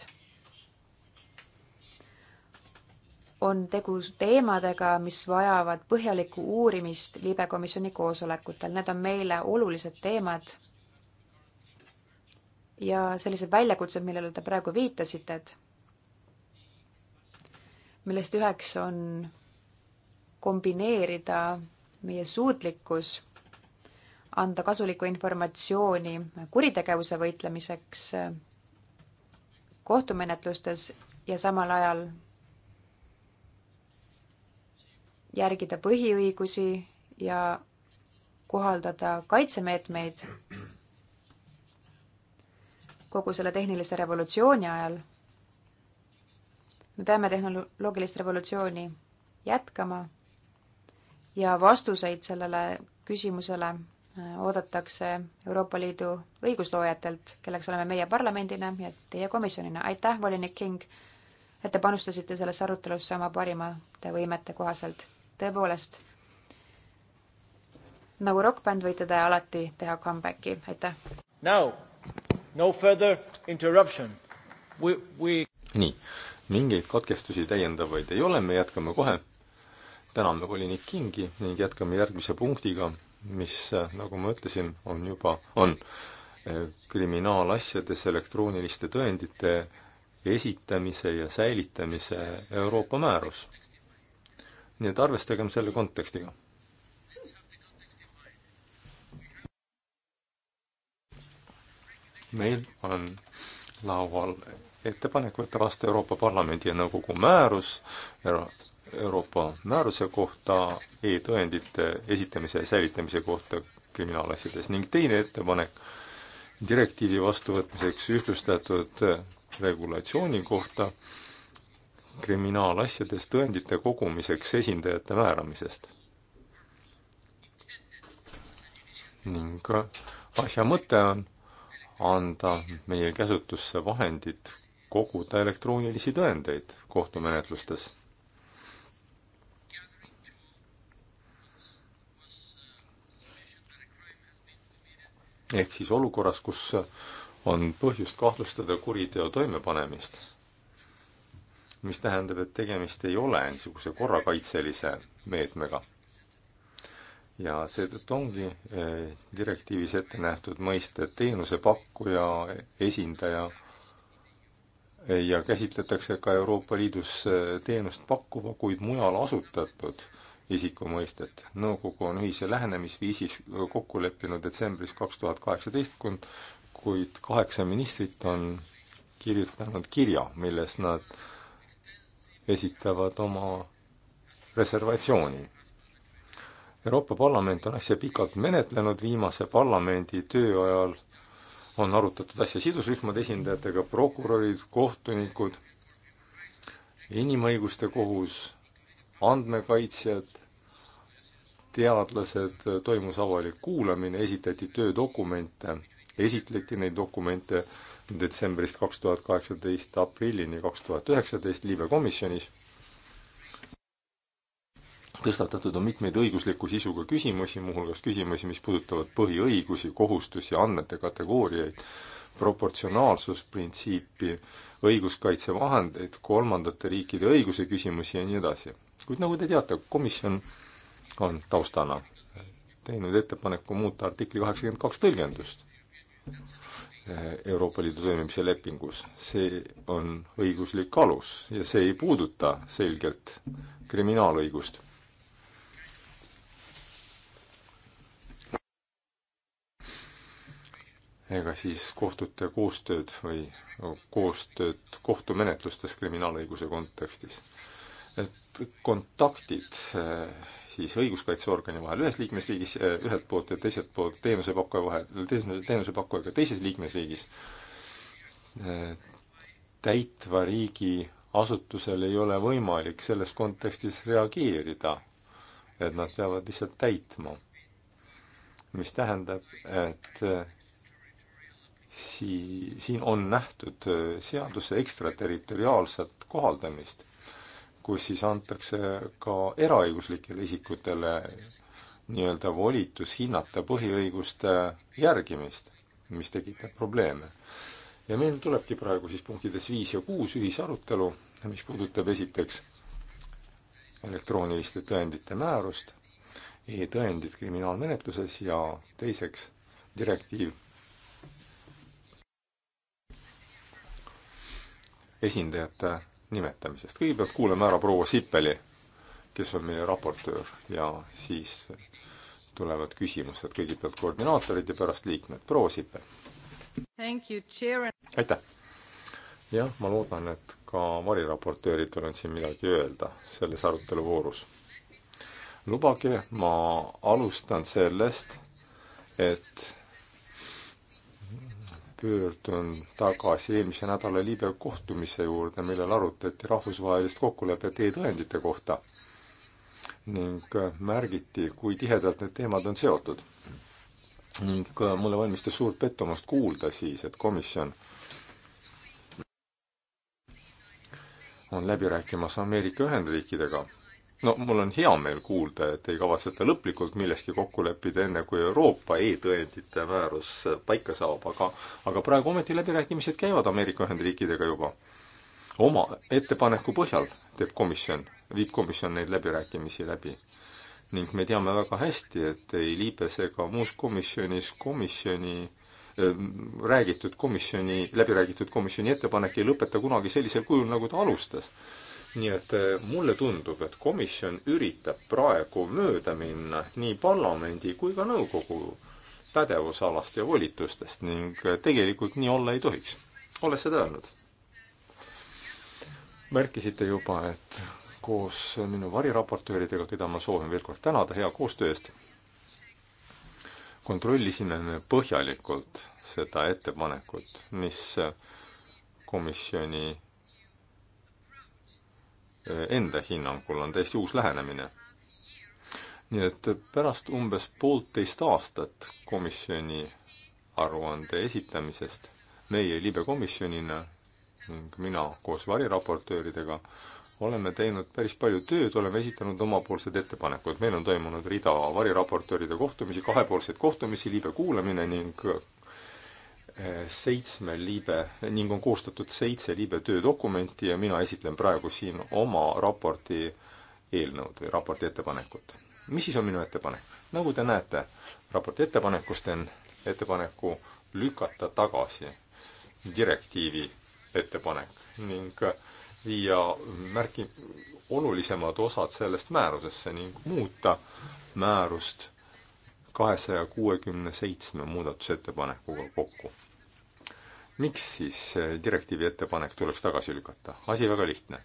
on tegu teemadega, mis vajavad põhjalikku uurimist libekomisjoni koosolekutel, need on meile olulised teemad ja sellised väljakutsed, millele te praegu viitasite, et millest üheks on kombineerida meie suutlikkus anda kasulikku informatsiooni kuritegevuse võitlemiseks äh, kohtumenetlustes ja samal ajal järgida põhiõigusi ja kohaldada kaitsemeetmeid kogu selle tehnilise revolutsiooni ajal me peame tehnoloogilist revolutsiooni jätkama ja vastuseid sellele küsimusele äh, oodatakse Euroopa Liidu õigusloojatelt, kelleks oleme meie parlamendina ja teie komisjonina. aitäh, volinik King, et te panustasite sellesse arutelusse oma parimate võimete kohaselt. tõepoolest, nagu rokkbänd võite te alati teha comeback'i, aitäh! Now, no further interruption. We, we... nii mingeid katkestusi täiendavaid ei ole, me jätkame kohe. täname volinik Kingi ning jätkame järgmise punktiga, mis, nagu ma ütlesin, on juba, on e, kriminaalasjades elektrooniliste tõendite esitamise ja säilitamise Euroopa määrus. nii et arvestagem selle kontekstiga. meil on laual ettepanek võtta vastu Euroopa Parlamendi ja Nõukogu määrus Euro Euroopa määruse kohta e-tõendite esitamise ja säilitamise kohta kriminaalasjades ning teine ettepanek direktiivi vastuvõtmiseks ühtlustatud regulatsiooni kohta kriminaalasjades tõendite kogumiseks esindajate määramisest. ning asja mõte on anda meie käsutusse vahendid koguda elektroonilisi tõendeid kohtumenetlustes. ehk siis olukorras, kus on põhjust kahtlustada kuriteo toimepanemist, mis tähendab, et tegemist ei ole niisuguse korrakaitselise meetmega ja seetõttu ongi eh, direktiivis ette nähtud mõisted teenusepakkuja, esindaja ja käsitletakse ka Euroopa Liidus eh, teenust pakkuva, kuid mujal asutatud isiku mõistet. nõukogu on ühise lähenemisviisis eh, kokku leppinud detsembris kaks tuhat kaheksateist, kuid kaheksa ministrit on kirjutanud kirja, milles nad esitavad oma reservatsiooni. Euroopa Parlament on asja pikalt menetlenud, viimase parlamendi töö ajal on arutatud asja sidusrühmade esindajatega, prokurörid, kohtunikud, inimõiguste kohus, andmekaitsjad, teadlased, toimus avalik kuulamine, esitati töödokumente, esitleti neid dokumente detsembrist kaks tuhat kaheksateist aprillini kaks tuhat üheksateist Liive komisjonis tõstatatud on mitmeid õigusliku sisuga küsimusi, muuhulgas küsimusi, mis puudutavad põhiõigusi, kohustusi, andmete kategooriaid, proportsionaalsusprintsiipi, õiguskaitsevahendeid, kolmandate riikide õiguse küsimusi ja nii edasi. kuid nagu te teate, komisjon on taustana teinud ettepaneku muuta artikli kaheksakümmend kaks tõlgendust Euroopa Liidu toimimise lepingus. see on õiguslik alus ja see ei puuduta selgelt kriminaalõigust. ega siis kohtute koostööd või koostööd kohtumenetlustes kriminaalõiguse kontekstis. et kontaktid eh, siis õiguskaitseorgani vahel ühes liikmesriigis eh, ühelt poolt ja teiselt poolt teenusepakkuja vahel, teenusepakkujaga teises liikmesriigis, eh, täitva riigi asutusel ei ole võimalik selles kontekstis reageerida, et nad peavad lihtsalt täitma. mis tähendab, et sii-, siin on nähtud äh, seaduse ekstraterritoriaalset kohaldamist, kus siis antakse ka eraõiguslikele isikutele nii-öelda volitus hinnata põhiõiguste järgimist, mis tekitab probleeme. ja meil tulebki praegu siis punktides viis ja kuus ühisarutelu, mis puudutab esiteks elektrooniliste tõendite määrust e, e-tõendid kriminaalmenetluses ja teiseks direktiiv esindajate nimetamisest. kõigepealt kuulame ära proua Sippeli, kes on meie raportöör ja siis tulevad küsimused, kõigepealt koordinaatorid ja pärast liikmed. proua Sippel. aitäh! jah, ma loodan, et ka variraportööridel on siin midagi öelda selles arutelu voorus. lubage, ma alustan sellest, et pöördun tagasi eelmise nädala Liibe kohtumise juurde, millel arutati rahvusvahelist kokkulepet e-tõendite kohta ning märgiti, kui tihedalt need teemad on seotud. ning äh, mulle valmistas suurt pettumust kuulda siis, et komisjon on läbi rääkimas Ameerika Ühendriikidega no mul on hea meel kuulda, et ei kavatseta lõplikult milleski kokku leppida, enne kui Euroopa e-tõendite määrus paika saab, aga aga praegu ometi läbirääkimised käivad Ameerika Ühendriikidega juba. oma ettepaneku põhjal teeb komisjon, viib komisjon neid läbirääkimisi läbi. ning me teame väga hästi, et ei Liibes ega muus komisjonis komisjoni ähm, räägitud komisjoni, läbiräägitud komisjoni ettepanek ei lõpeta kunagi sellisel kujul, nagu ta alustas nii et eh, mulle tundub, et komisjon üritab praegu mööda minna nii parlamendi kui ka nõukogu pädevusalast ja volitustest ning eh, tegelikult nii olla ei tohiks. olles seda öelnud, märkisite juba, et koos minu variraportööridega, keda ma soovin veel kord tänada hea koostöö eest, kontrollisime me põhjalikult seda ettepanekut, mis eh, komisjoni Äh, enda hinnangul on täiesti uus lähenemine. nii et pärast umbes poolteist aastat komisjoni aruande esitamisest meie libekomisjonina ning mina koos variraportööridega oleme teinud päris palju tööd, oleme esitanud omapoolsed ettepanekud, meil on toimunud rida variraportööride kohtumisi, kahepoolseid kohtumisi, liibekuulamine ning seitsme liibe ning on koostatud seitse liibe töödokumenti ja mina esitlen praegu siin oma raporti eelnõud või raporti ettepanekut. mis siis on minu ettepanek? nagu te näete, raporti ettepanekust teen ettepaneku lükata tagasi direktiivi ettepanek ning viia märki, olulisemad osad sellest määrusesse ning muuta määrust kahesaja kuuekümne seitsme muudatusettepanekuga kokku. miks siis direktiivi ettepanek tuleks tagasi lükata? asi väga lihtne.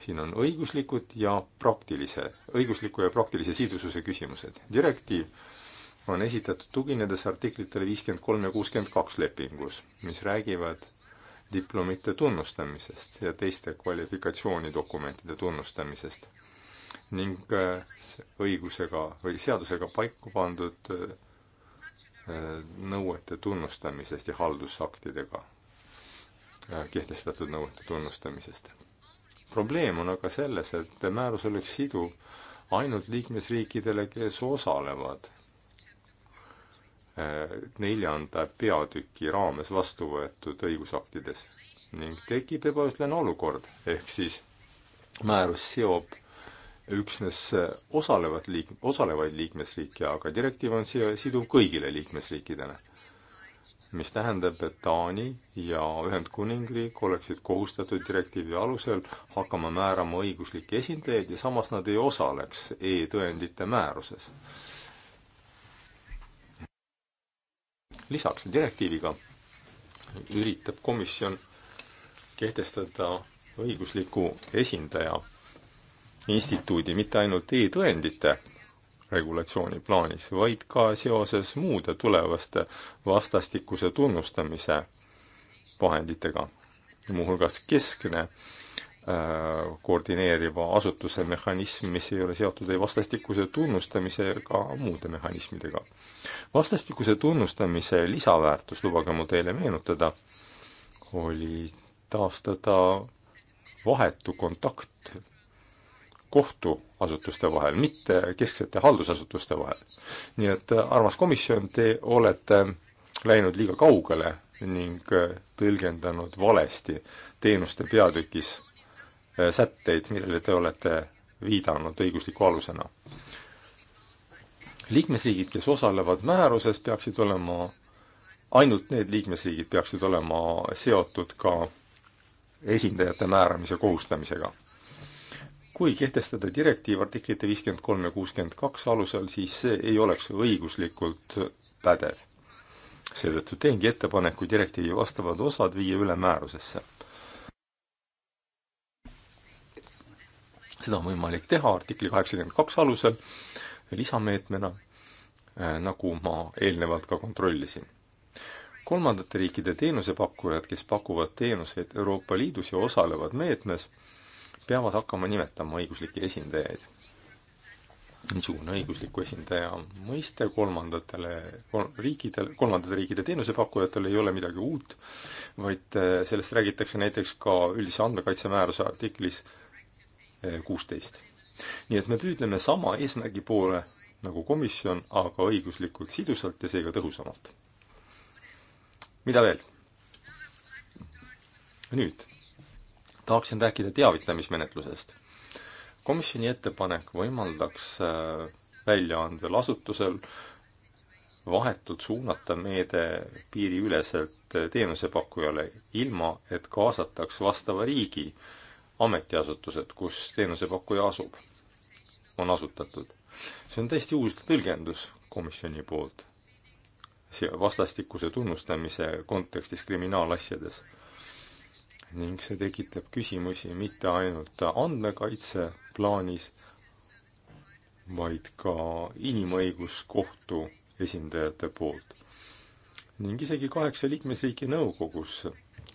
siin on õiguslikud ja praktilise, õigusliku ja praktilise sidususe küsimused. direktiiv on esitatud tuginedes artiklitele viiskümmend kolm ja kuuskümmend kaks lepingus, mis räägivad diplomite tunnustamisest ja teiste kvalifikatsioonidokumentide tunnustamisest ning äh, õigusega või seadusega paika pandud äh, nõuete tunnustamisest ja haldusaktidega äh, kehtestatud nõuete tunnustamisest. probleem on aga selles, et määrus oleks siduv ainult liikmesriikidele, kes osalevad neljanda peatüki raames vastu võetud õigusaktides ning tekib ebaühtlane olukord, ehk siis määrus seob üksnes äh, osalevat liik-, osalevaid liikmesriike, aga direktiiv on siia siduv kõigile liikmesriikidele. mis tähendab, et Taani ja Ühendkuningriik oleksid kohustatud direktiivi alusel hakkama määrama õiguslikke esindajaid ja samas nad ei osaleks e-tõendite määruses. lisaks direktiiviga üritab komisjon kehtestada õigusliku esindaja instituudi mitte ainult e-tõendite regulatsiooni plaanis, vaid ka seoses muude tulevaste vastastikuse tunnustamise vahenditega. muuhulgas keskne äh, koordineeriva asutuse mehhanism, mis ei ole seotud ei vastastikuse tunnustamise ega muude mehhanismidega. vastastikuse tunnustamise lisaväärtus, lubage mul teile meenutada, oli taastada vahetu kontakt kohtuasutuste vahel, mitte kesksete haldusasutuste vahel. nii et äh, armas komisjon, te olete läinud liiga kaugele ning äh, tõlgendanud valesti teenuste peatükis äh, sätteid, millele te olete viidanud õigusliku alusena. liikmesriigid, kes osalevad määruses, peaksid olema, ainult need liikmesriigid peaksid olema seotud ka esindajate määramise kohustamisega kui kehtestada direktiiv artiklite viiskümmend kolm ja kuuskümmend kaks alusel, siis see ei oleks õiguslikult pädev. seetõttu teengi ettepaneku direktiivi vastavad osad viia üle määrusesse. seda on võimalik teha artikli kaheksakümmend kaks alusel lisameetmena, eh, nagu ma eelnevalt ka kontrollisin kolmandate riikide teenusepakkujad, kes pakuvad teenuseid Euroopa Liidus ja osalevad meetmes, peavad hakkama nimetama õiguslikke esindajaid. niisugune õigusliku esindaja mõiste kolmandatele kol, riikidele, kolmandate riikide teenusepakkujatele ei ole midagi uut, vaid eh, sellest räägitakse näiteks ka üldise andmekaitsemääruse artiklis eh, kuusteist. nii et me püüdleme sama eesmärgi poole nagu komisjon, aga õiguslikult sidusalt ja seega tõhusamalt. mida veel? nüüd tahaksin rääkida teavitamismenetlusest. komisjoni ettepanek võimaldaks äh, väljaandvel asutusel vahetult suunata meede piiriüleselt äh, teenusepakkujale, ilma et kaasataks vastava riigi ametiasutused, kus teenusepakkuja asub, on asutatud. see on täiesti uus tõlgendus komisjoni poolt, see vastastikuse tunnustamise kontekstis kriminaalasjades ning see tekitab küsimusi mitte ainult andmekaitse plaanis, vaid ka inimõiguskohtu esindajate poolt. ning isegi kaheksa liikmesriigi nõukogus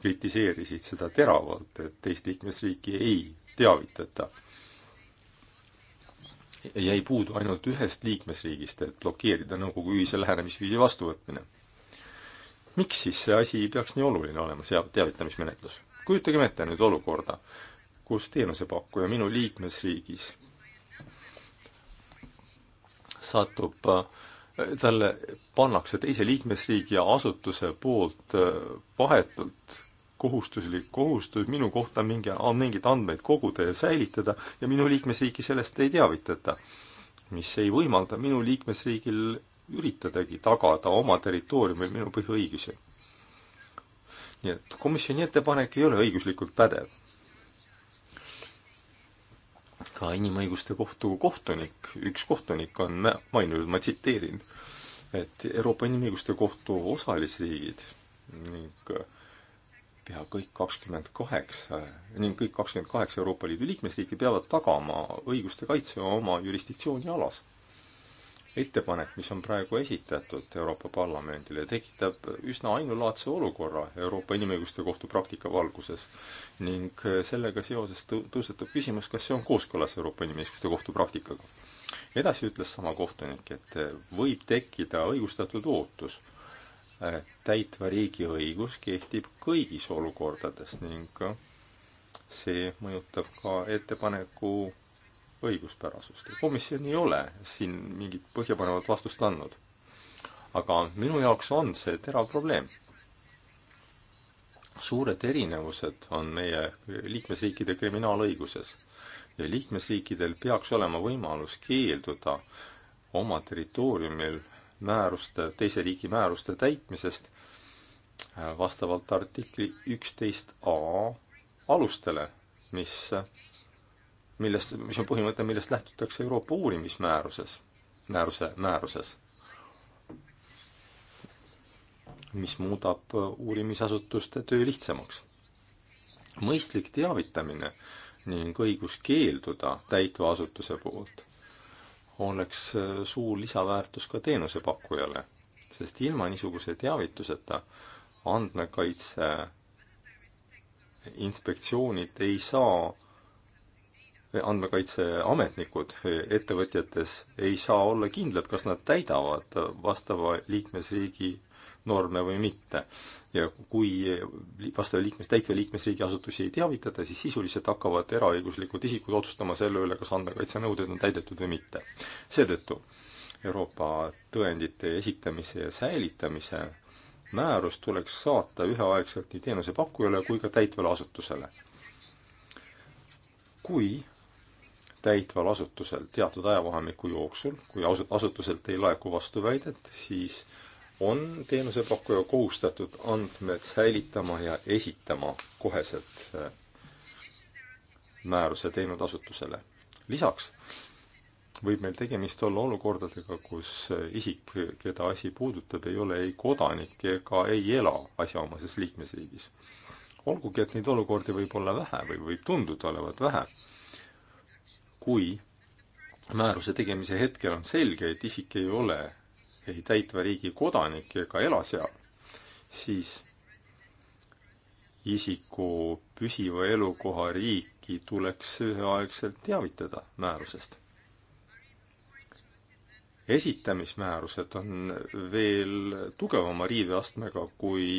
kritiseerisid seda teravalt, et teist liikmesriiki ei teavitata. jäi puudu ainult ühest liikmesriigist, et blokeerida nõukogu ühise lähenemisviisi vastuvõtmine miks siis see asi peaks nii oluline olema, see teavitamismenetlus? kujutagem ette nüüd olukorda, kus teenusepakkuja minu liikmesriigis satub, äh, talle pannakse teise liikmesriigi asutuse poolt äh, vahetult kohustuslik kohustus minu kohta mingi, mingeid andmeid koguda ja säilitada ja minu liikmesriiki sellest ei teavitata. mis ei võimalda minu liikmesriigil üritadagi tagada oma territooriumil minu põhiõigusi nii et komisjoni ettepanek ei ole õiguslikult pädev. ka Inimõiguste Kohtu kohtunik, üks kohtunik on maininud, ma tsiteerin, et Euroopa Inimõiguste Kohtu osalisriigid ning äh, pea kõik kakskümmend kaheksa ning kõik kakskümmend kaheksa Euroopa Liidu liikmesriiki peavad tagama õiguste kaitse oma jurisdiktsiooni alas ettepanek, mis on praegu esitatud Euroopa Parlamendile, tekitab üsna ainulaadse olukorra Euroopa Inimõiguste Kohtu praktika valguses. ning sellega seoses tõ-, tõusetub küsimus, kas see on kooskõlas Euroopa Inimõiguste Kohtu praktikaga. edasi ütles sama kohtunik, et võib tekkida õigustatud ootus, täitva riigi õigus kehtib kõigis olukordades ning see mõjutab ka ettepaneku õiguspärasust. komisjon ei ole siin mingit põhjapanevat vastust andnud. aga minu jaoks on see terav probleem. suured erinevused on meie liikmesriikide kriminaalõiguses ja liikmesriikidel peaks olema võimalus keelduda oma territooriumil määruste, teise riigi määruste täitmisest äh, vastavalt artikli üksteist A alustele, mis millest, mis on põhimõte, millest lähtutakse Euroopa uurimismääruses, määruse, määruses, mis muudab uurimisasutuste töö lihtsamaks. mõistlik teavitamine ning õigus keelduda täitva asutuse poolt oleks suur lisaväärtus ka teenusepakkujale, sest ilma niisuguse teavituseta andmekaitse inspektsioonid ei saa andmekaitseametnikud ettevõtjates ei saa olla kindlad, kas nad täidavad vastava liikmesriigi norme või mitte. ja kui vastava liikmes, täitva liikmesriigi asutusi ei teavitata, siis sisuliselt hakkavad eraõiguslikud isikud otsustama selle üle, kas andmekaitsenõuded on täidetud või mitte. seetõttu Euroopa tõendite esitamise ja säilitamise määrus tuleks saata üheaegselt nii teenusepakkujale kui ka täitvale asutusele. kui täitval asutusel teatud ajavahemiku jooksul, kui asutuselt ei laeku vastuväidet, siis on teenusepakkuja kohustatud andmed säilitama ja esitama koheselt äh, määruse teinud asutusele. lisaks võib meil tegemist olla olukordadega, kus äh, isik, keda asi puudutab, ei ole ei kodanik ega ei ela asjaomases liikmesriigis. olgugi, et neid olukordi võib olla vähe või võib tunduda olevat vähe kui määruse tegemise hetkel on selge, et isik ei ole ei täitva riigi kodanik ega ela seal, siis isiku püsiva elukoha riiki tuleks üheaegselt teavitada määrusest. esitamismäärused on veel tugevama riiveastmega kui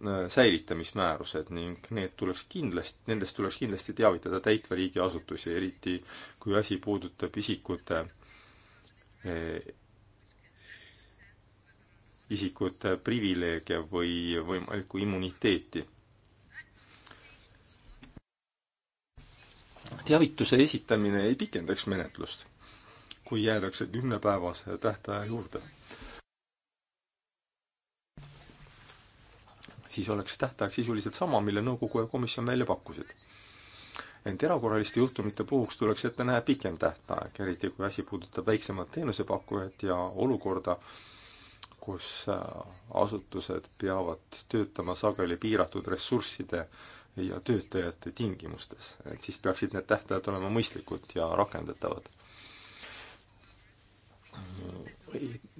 Äh, säilitamismäärused ning need tuleks kindlasti, nendest tuleks kindlasti teavitada täitva riigi asutusi, eriti kui asi puudutab isikute, äh, isikute privileege või võimalikku immuniteeti. teavituse esitamine ei pikendaks menetlust, kui jäädakse kümnepäevase tähtaja juurde siis oleks tähtaeg sisuliselt sama, mille nõukogu ja komisjon välja pakkusid. ent erakorraliste juhtumite puhuks tuleks ette näha pikem tähtaeg, eriti kui asi puudutab väiksemat teenusepakkujat ja olukorda, kus äh, asutused peavad töötama sageli piiratud ressursside ja töötajate tingimustes, et siis peaksid need tähtajad olema mõistlikud ja rakendatavad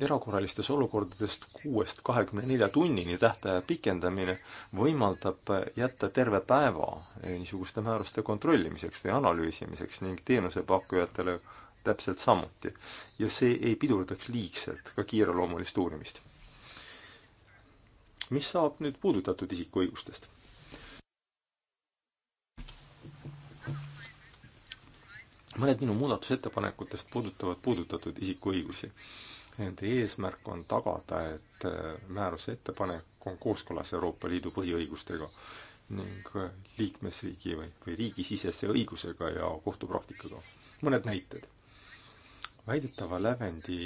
erakorralistes olukordadest kuuest kahekümne nelja tunnini tähtaja pikendamine võimaldab jätta terve päeva niisuguste määruste kontrollimiseks või analüüsimiseks ning teenusepakkujatele täpselt samuti. ja see ei pidurdaks liigselt ka kiireloomulist uurimist. mis saab nüüd puudutatud isiku õigustest? mõned minu muudatusettepanekutest puudutavad puudutatud isiku õigusi Nende eesmärk on tagada, et äh, määruse ettepanek on kooskõlas Euroopa Liidu põhiõigustega ning äh, liikmesriigi või, või riigisisese õigusega ja kohtupraktikaga. mõned näited. väidetava lävendi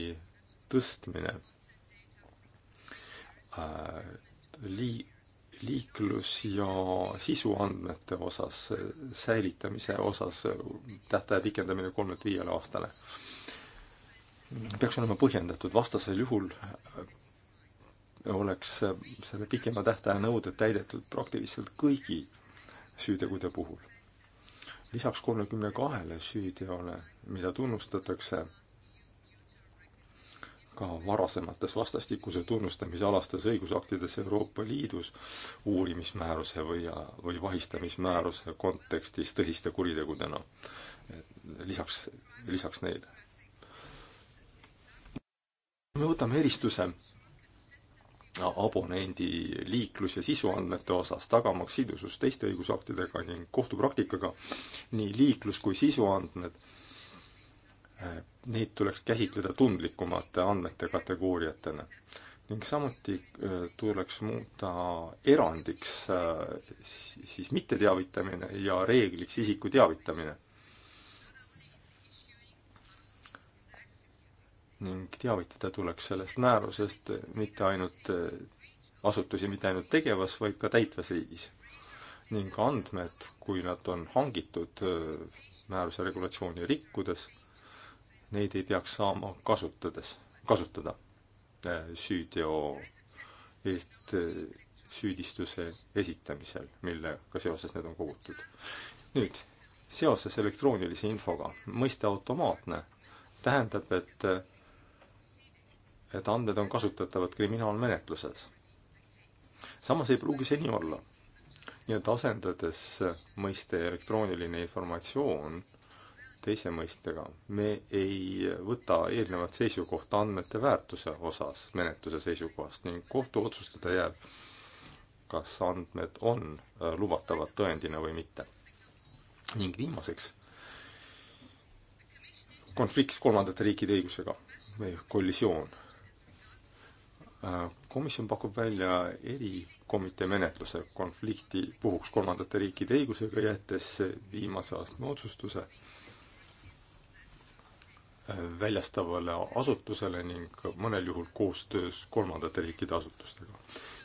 tõstmine äh, lii-, liiklus- ja sisuandmete osas, äh, säilitamise osas tähtaja pikendamine kolmelt viiele aastale peaks olema põhjendatud, vastasel juhul äh, oleks äh, selle pikema tähtaja nõuded täidetud praktiliselt kõigi süütegude puhul. lisaks kolmekümne kahele süüteole, mida tunnustatakse ka varasemates vastastikuse tunnustamise alastes õigusaktides Euroopa Liidus uurimismääruse või, või vahistamismääruse kontekstis tõsiste kuritegudena. lisaks, lisaks neile me võtame eristuse abonendi liiklus- ja sisuandmete osas, tagamaks sidusust teiste õigusaktidega ning kohtupraktikaga, nii liiklus- kui sisuandmed, eh, neid tuleks käsitleda tundlikumate andmete kategooriatena. ning samuti eh, tuleks muuta erandiks eh, siis mitteteavitamine ja reegliks isiku teavitamine ning teavitada tuleks sellest määrusest eh, mitte ainult eh, asutusi mitte ainult tegevas, vaid ka täitvas riigis. ning andmed, kui nad on hangitud eh, määruse regulatsiooni rikkudes, neid ei peaks saama kasutades, kasutada süüteo eest süüdistuse esitamisel, millega seoses need on kogutud. nüüd, seoses elektroonilise infoga, mõiste automaatne tähendab, et et andmed on kasutatavad kriminaalmenetluses. samas ei pruugi see nii olla. nii et asendades mõiste elektrooniline informatsioon teise mõistega, me ei võta eelnevat seisukohta andmete väärtuse osas menetluse seisukohast ning kohtu otsustada jääb, kas andmed on äh, lubatavad tõendina või mitte. ning viimaseks, konflikt kolmandate riikide õigusega või kollisioon Äh, komisjon pakub välja erikomitee menetluse konflikti puhuks kolmandate riikide õigusega, jättes viimase astme otsustuse äh, väljastavale asutusele ning mõnel juhul koostöös kolmandate riikide asutustega.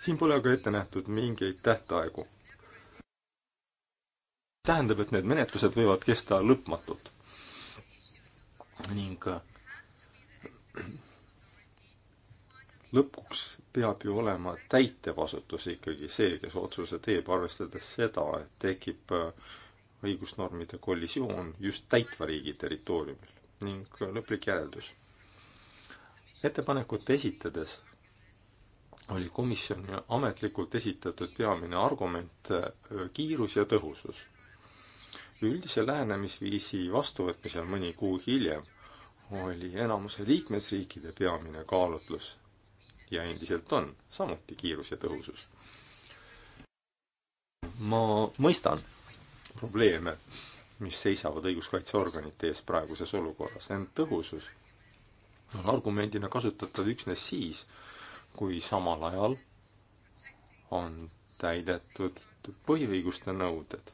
siin pole aga ette nähtud mingeid tähtaegu. tähendab, et need menetlused võivad kesta lõpmatult. ning äh, lõpuks peab ju olema täitevasutus ikkagi see, kes otsuse teeb, arvestades seda, et tekib äh, õigusnormide kollisioon just täitva riigi territooriumil ning äh, lõplik järeldus. ettepanekut esitades oli komisjoni ametlikult esitatud peamine argument äh, kiirus ja tõhusus. üldise lähenemisviisi vastuvõtmisel mõni kuu hiljem oli enamuse liikmesriikide peamine kaalutlus ja endiselt on, samuti kiirus ja tõhusus. ma mõistan probleeme, mis seisavad õiguskaitseorganite ees praeguses olukorras, ent tõhusus on argumendina kasutatav üksnes siis, kui samal ajal on täidetud põhiõiguste nõuded.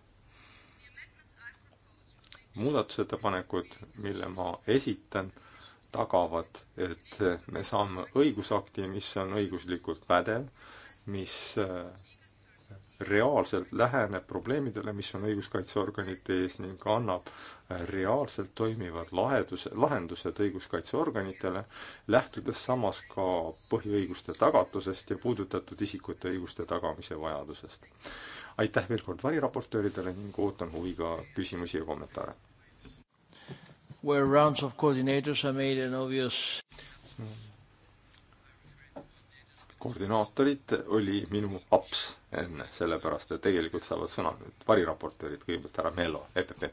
muudatusettepanekud, mille ma esitan, tagavad, et me saame õigusakti, mis on õiguslikult pädev, mis äh, reaalselt läheneb probleemidele, mis on õiguskaitseorganite ees ning annab äh, reaalselt toimivad lahenduse, lahendused õiguskaitseorganitele, lähtudes samas ka põhiõiguste tagatusest ja puudutatud isikute õiguste tagamise vajadusest. aitäh veel kord variraportööridele ning ootan huviga küsimusi ja kommentaare where rounds of coordinators are made an obvious koordinaatorilt oli minu aps enne, sellepärast et tegelikult saavad sõna nüüd variraportöörid, kõigepealt härra Mello, EPP.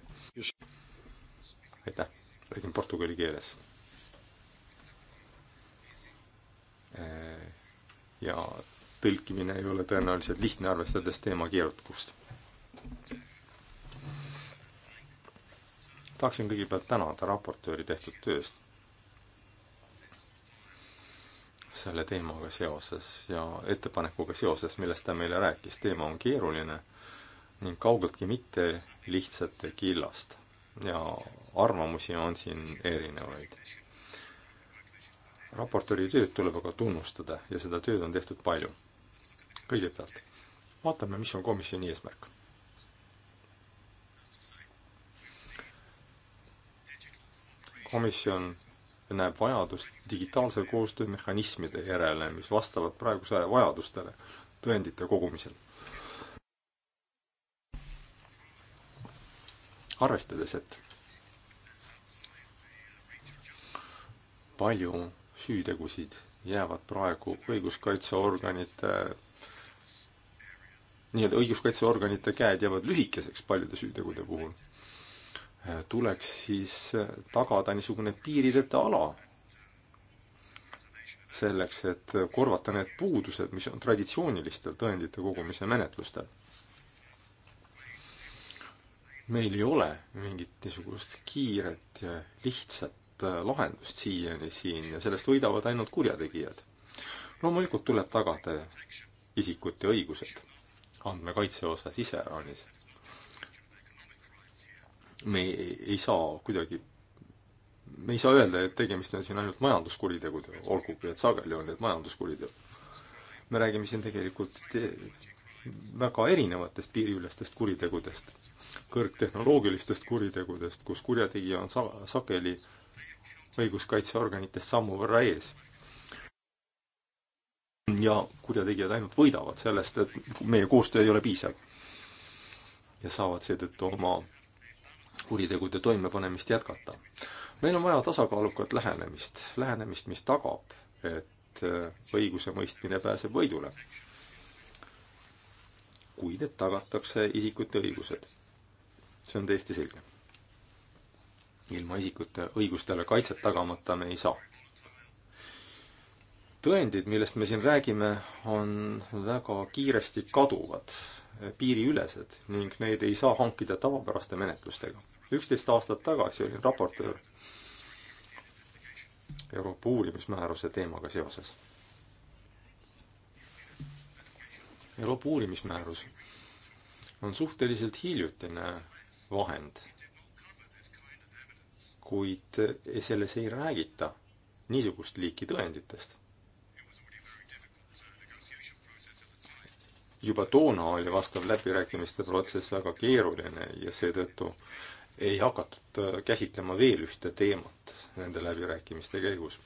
aitäh, räägin portugali keeles. Äh, ja tõlkimine ei ole tõenäoliselt lihtne, arvestades teema keerukust tahaksin kõigepealt tänada raportööri tehtud tööst selle teemaga seoses ja ettepanekuga seoses, millest ta meile rääkis. teema on keeruline ning kaugeltki mitte lihtsate killast ja arvamusi on siin erinevaid. raportööri tööd tuleb aga tunnustada ja seda tööd on tehtud palju. kõigepealt vaatame, mis on komisjoni eesmärk. komisjon näeb vajadust digitaalse koostöömehhanismide järele, mis vastavad praeguse aja vajadustele tõendite kogumisel. arvestades, et palju süütegusid jäävad praegu õiguskaitseorganite nii-öelda õiguskaitseorganite käed jäävad lühikeseks paljude süütegude puhul Äh, tuleks siis äh, tagada niisugune piirideta ala selleks, et äh, korvata need puudused, mis on traditsioonilistel tõendite kogumise menetlustel. meil ei ole mingit niisugust kiiret ja lihtsat lahendust siiani siin ja sellest võidavad ainult kurjategijad. loomulikult tuleb tagada isikute õigused andmekaitse osas iseäranis me ei saa kuidagi, me ei saa öelda, et tegemist on siin ainult majanduskuritegudega, olgugi et sageli on need majanduskuriteod. me räägime siin tegelikult eh, väga erinevatest piiriülestest kuritegudest, kõrgtehnoloogilistest kuritegudest, kus kurjategija on sa-, sageli õiguskaitseorganitest sammu võrra ees. ja kurjategijad ainult võidavad sellest, et meie koostöö ei ole piisav. ja saavad seetõttu oma kuritegude toimepanemist jätkata. meil on vaja tasakaalukat lähenemist, lähenemist, mis tagab, et äh, õigusemõistmine pääseb võidule. kuid et tagatakse isikute õigused. see on täiesti selge. ilma isikute õigustele kaitset tagamata me ei saa tõendid, millest me siin räägime, on väga kiiresti kaduvad piiriülesed ning neid ei saa hankida tavapäraste menetlustega. üksteist aastat tagasi olin raportöör Euroopa uurimismääruse teemaga seoses. Euroopa uurimismäärus on suhteliselt hiljutine vahend, kuid selles ei räägita niisugust liiki tõenditest juba toona oli vastav läbirääkimiste protsess väga keeruline ja seetõttu ei hakatud äh, käsitlema veel ühte teemat nende läbirääkimiste käigus.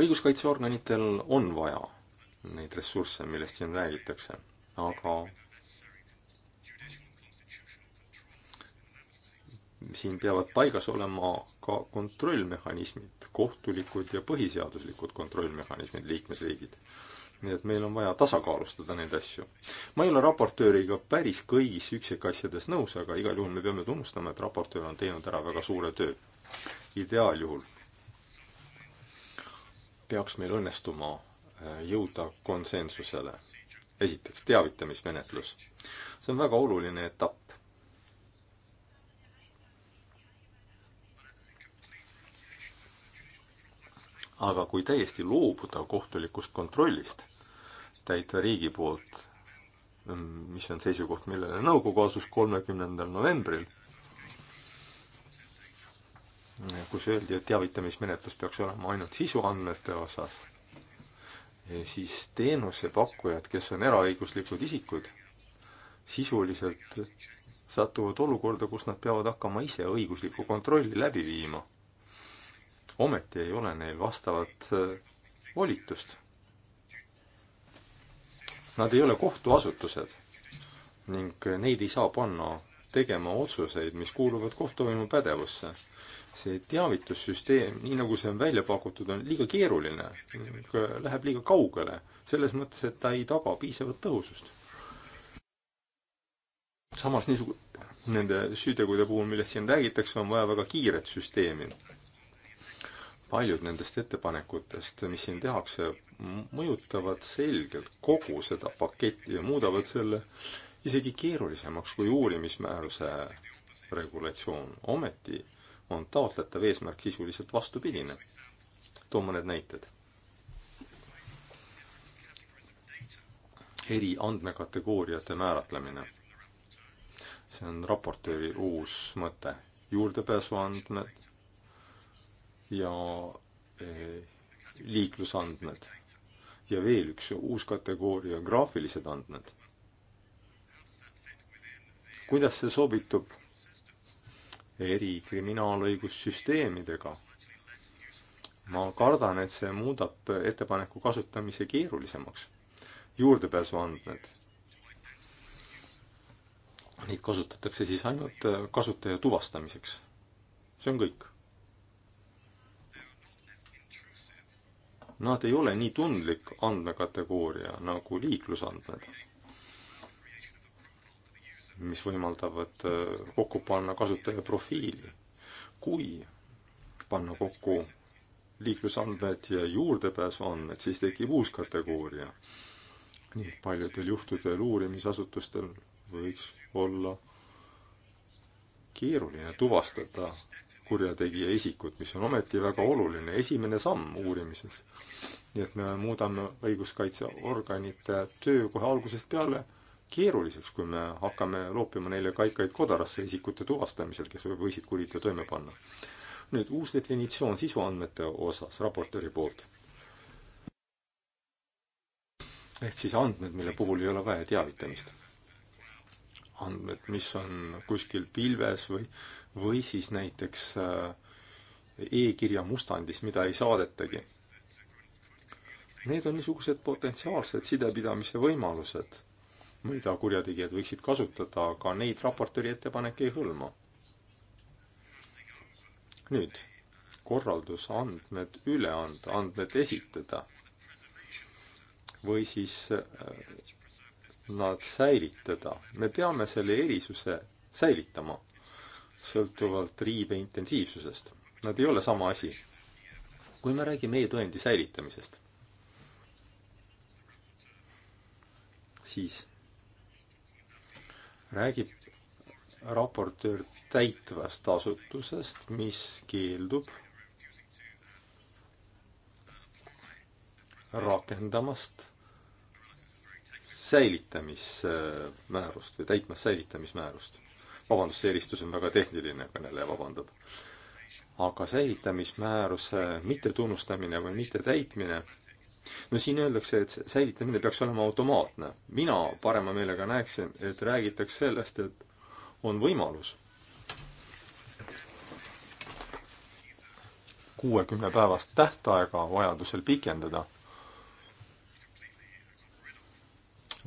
õiguskaitseorganitel on vaja neid ressursse, millest siin räägitakse, aga siin peavad paigas olema ka kontrollmehhanismid, kohtulikud ja põhiseaduslikud kontrollmehhanismid, liikmesriigid. nii et meil on vaja tasakaalustada neid asju. ma ei ole raportööriga päris kõigis üksikasjades nõus, aga igal juhul me peame tunnustama, et raportöör on teinud ära väga suure töö. ideaaljuhul peaks meil õnnestuma äh, jõuda konsensusele. esiteks, teavitamismenetlus. see on väga oluline etapp aga kui täiesti loobuda kohtulikust kontrollist täitva riigi poolt, mm, mis on seisukoht, millele nõukogu asus kolmekümnendal novembril, kus öeldi, et teavitamismenetlus peaks olema ainult sisuandmete osas, e, siis teenusepakkujad, kes on eraõiguslikud isikud, sisuliselt satuvad olukorda, kus nad peavad hakkama ise õiguslikku kontrolli läbi viima ometi ei ole neil vastavat äh, volitust. Nad ei ole kohtuasutused ning äh, neid ei saa panna tegema otsuseid, mis kuuluvad kohtuvõimu pädevusse. see teavitussüsteem, nii nagu see on välja pakutud, on liiga keeruline, äh, läheb liiga kaugele, selles mõttes, et ta ei taba piisavat tõhusust. samas niisugune, nende süütegude puhul, millest siin räägitakse, on vaja väga kiiret süsteemi, paljud nendest ettepanekutest, mis siin tehakse, mõjutavad selgelt kogu seda paketti ja muudavad selle isegi keerulisemaks kui uurimismääruse regulatsioon. ometi on taotletav eesmärk sisuliselt vastupidine. toon mõned näited. eri andmekategooriate määratlemine. see on raportööri uus mõte. juurdepääsuandmed ja eh, liiklusandmed ja veel üks uus kategooria, graafilised andmed. kuidas see sobitub eri kriminaalõigussüsteemidega? ma kardan, et see muudab ettepaneku kasutamise keerulisemaks. juurdepääsuandmed. Neid kasutatakse siis ainult eh, kasutaja tuvastamiseks. see on kõik Nad ei ole nii tundlik andmekategooria nagu liiklusandmed, mis võimaldavad äh, kokku panna kasutaja profiili. kui panna kokku liiklusandmed ja juurdepääsuandmed, siis tekib uus kategooria. nii paljudel juhtudel uurimisasutustel võiks olla keeruline tuvastada kurjategija isikut, mis on ometi väga oluline esimene samm uurimises. nii et me muudame õiguskaitseorganite töö kohe algusest peale keeruliseks, kui me hakkame loopima neile kaikaid kodarasse isikute tuvastamisel, kes võisid kuriteo toime panna. nüüd uus definitsioon sisuandmete osas raportööri poolt. ehk siis andmed, mille puhul ei ole vaja teavitamist. andmed, mis on kuskil pilves või või siis näiteks äh, e-kirja mustandis, mida ei saadetagi. Need on niisugused potentsiaalsed sidepidamise võimalused, mida kurjategijad võiksid kasutada, aga neid raportööri ettepanek ei hõlma. nüüd, korraldus andmed üle anda, andmed esitada või siis äh, nad säilitada. me peame selle erisuse säilitama sõltuvalt riive intensiivsusest. Nad ei ole sama asi. kui me räägime e-tõendi säilitamisest, siis räägib raportöör täitvast asutusest, mis keeldub rakendamast säilitamismäärust või täitmas säilitamismäärust vabandust, see eristus on väga tehniline, kõneleja vabandab. aga säilitamismääruse mittetunnustamine või mittetäitmine, no siin öeldakse, et säilitamine peaks olema automaatne. mina parema meelega näeksin, et räägitakse sellest, et on võimalus kuuekümne päevast tähtaega vajadusel pikendada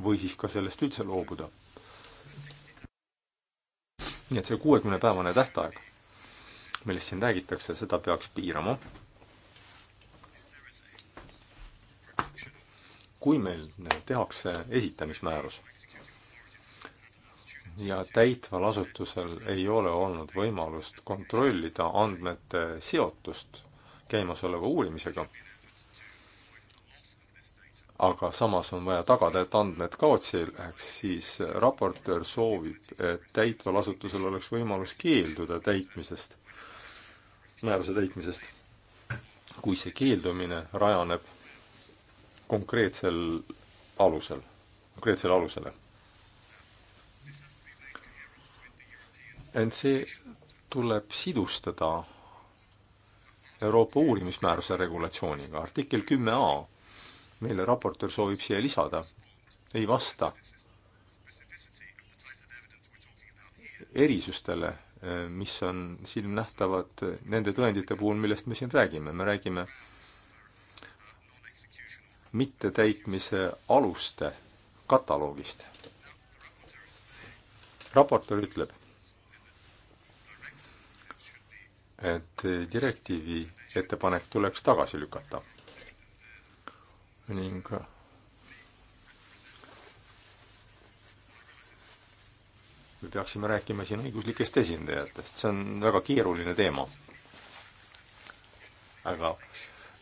või siis ka sellest üldse loobuda nii et see kuuekümnepäevane tähtaeg, millest siin räägitakse, seda peaks piirama. kui meil tehakse esitamismäärus ja täitval asutusel ei ole olnud võimalust kontrollida andmete seotust käimasoleva uurimisega, aga samas on vaja tagada, et andmed kaotsi ei läheks, siis raportöör soovib, et täitval asutusel oleks võimalus keelduda täitmisest, määruse täitmisest. kui see keeldumine rajaneb konkreetsel alusel, konkreetsele alusele. ent see tuleb sidustada Euroopa uurimismääruse regulatsiooniga, artikkel kümme A mille raportöör soovib siia lisada, ei vasta erisustele, mis on silmnähtavad nende tõendite puhul, millest me siin räägime, me räägime mittetäitmise aluste kataloogist. raportöör ütleb, et direktiivi ettepanek tuleks tagasi lükata ning me peaksime rääkima siin õiguslikest esindajatest, see on väga keeruline teema. aga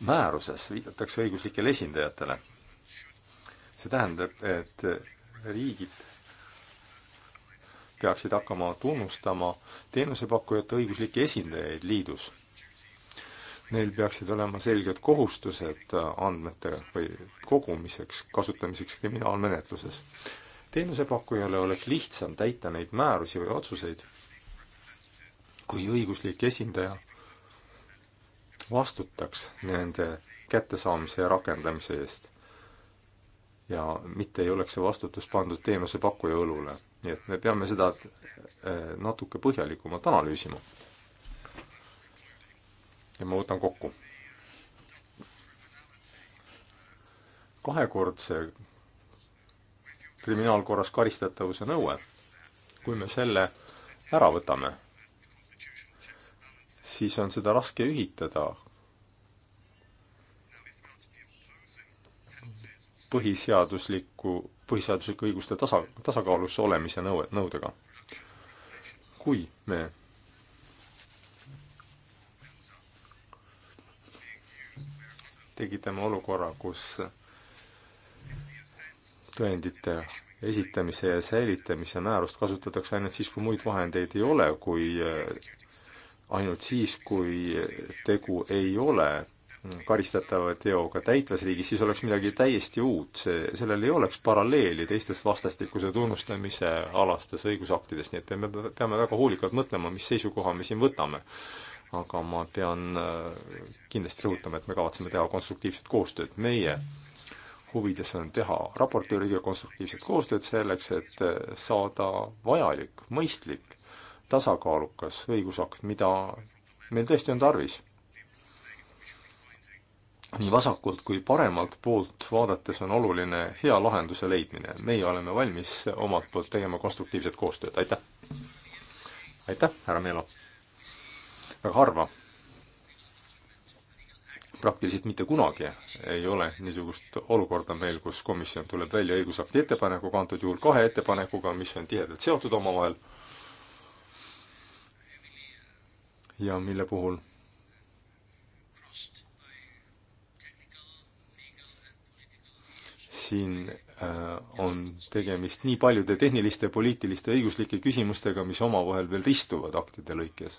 määruses viidatakse õiguslikele esindajatele. see tähendab, et riigid peaksid hakkama tunnustama teenusepakkujate õiguslikke esindajaid liidus neil peaksid olema selged kohustused andmete või kogumiseks, kasutamiseks kriminaalmenetluses. teenusepakkujale oleks lihtsam täita neid määrusi või otsuseid, kui õiguslik esindaja vastutaks nende kättesaamise ja rakendamise eest. ja mitte ei oleks see vastutus pandud teenusepakkuja õlule. nii et me peame seda eh, natuke põhjalikumalt analüüsima ja ma võtan kokku. kahekordse kriminaalkorras karistatavuse nõue, kui me selle ära võtame, siis on seda raske ühitada põhiseadusliku, põhiseaduslike õiguste tasa, tasakaalus olemise nõue, nõudega. kui me tekitame olukorra, kus tõendite esitamise ja säilitamise määrust kasutatakse ainult siis, kui muid vahendeid ei ole, kui ainult siis, kui tegu ei ole karistatava teoga täitvas riigis, siis oleks midagi täiesti uut, see, sellel ei oleks paralleeli teistes vastastikuse tunnustamise alastes õigusaktides, nii et me peame väga hoolikalt mõtlema, mis seisukoha me siin võtame aga ma pean äh, kindlasti rõhutama, et me kavatseme teha konstruktiivset koostööd. meie huvides on teha raportööriga konstruktiivset koostööd selleks, et äh, saada vajalik, mõistlik, tasakaalukas õigusakt, mida meil tõesti on tarvis. nii vasakult kui paremalt poolt vaadates on oluline hea lahenduse leidmine. meie oleme valmis omalt poolt tegema konstruktiivset koostööd, aitäh! aitäh, härra Meelo! väga harva, praktiliselt mitte kunagi ei ole niisugust olukorda meil, kus komisjon tuleb välja õigusakti ettepanekuga, antud juhul kahe ettepanekuga, mis on tihedalt seotud omavahel ja mille puhul siin äh, on tegemist nii paljude tehniliste, poliitiliste, õiguslike küsimustega, mis omavahel veel ristuvad aktide lõikes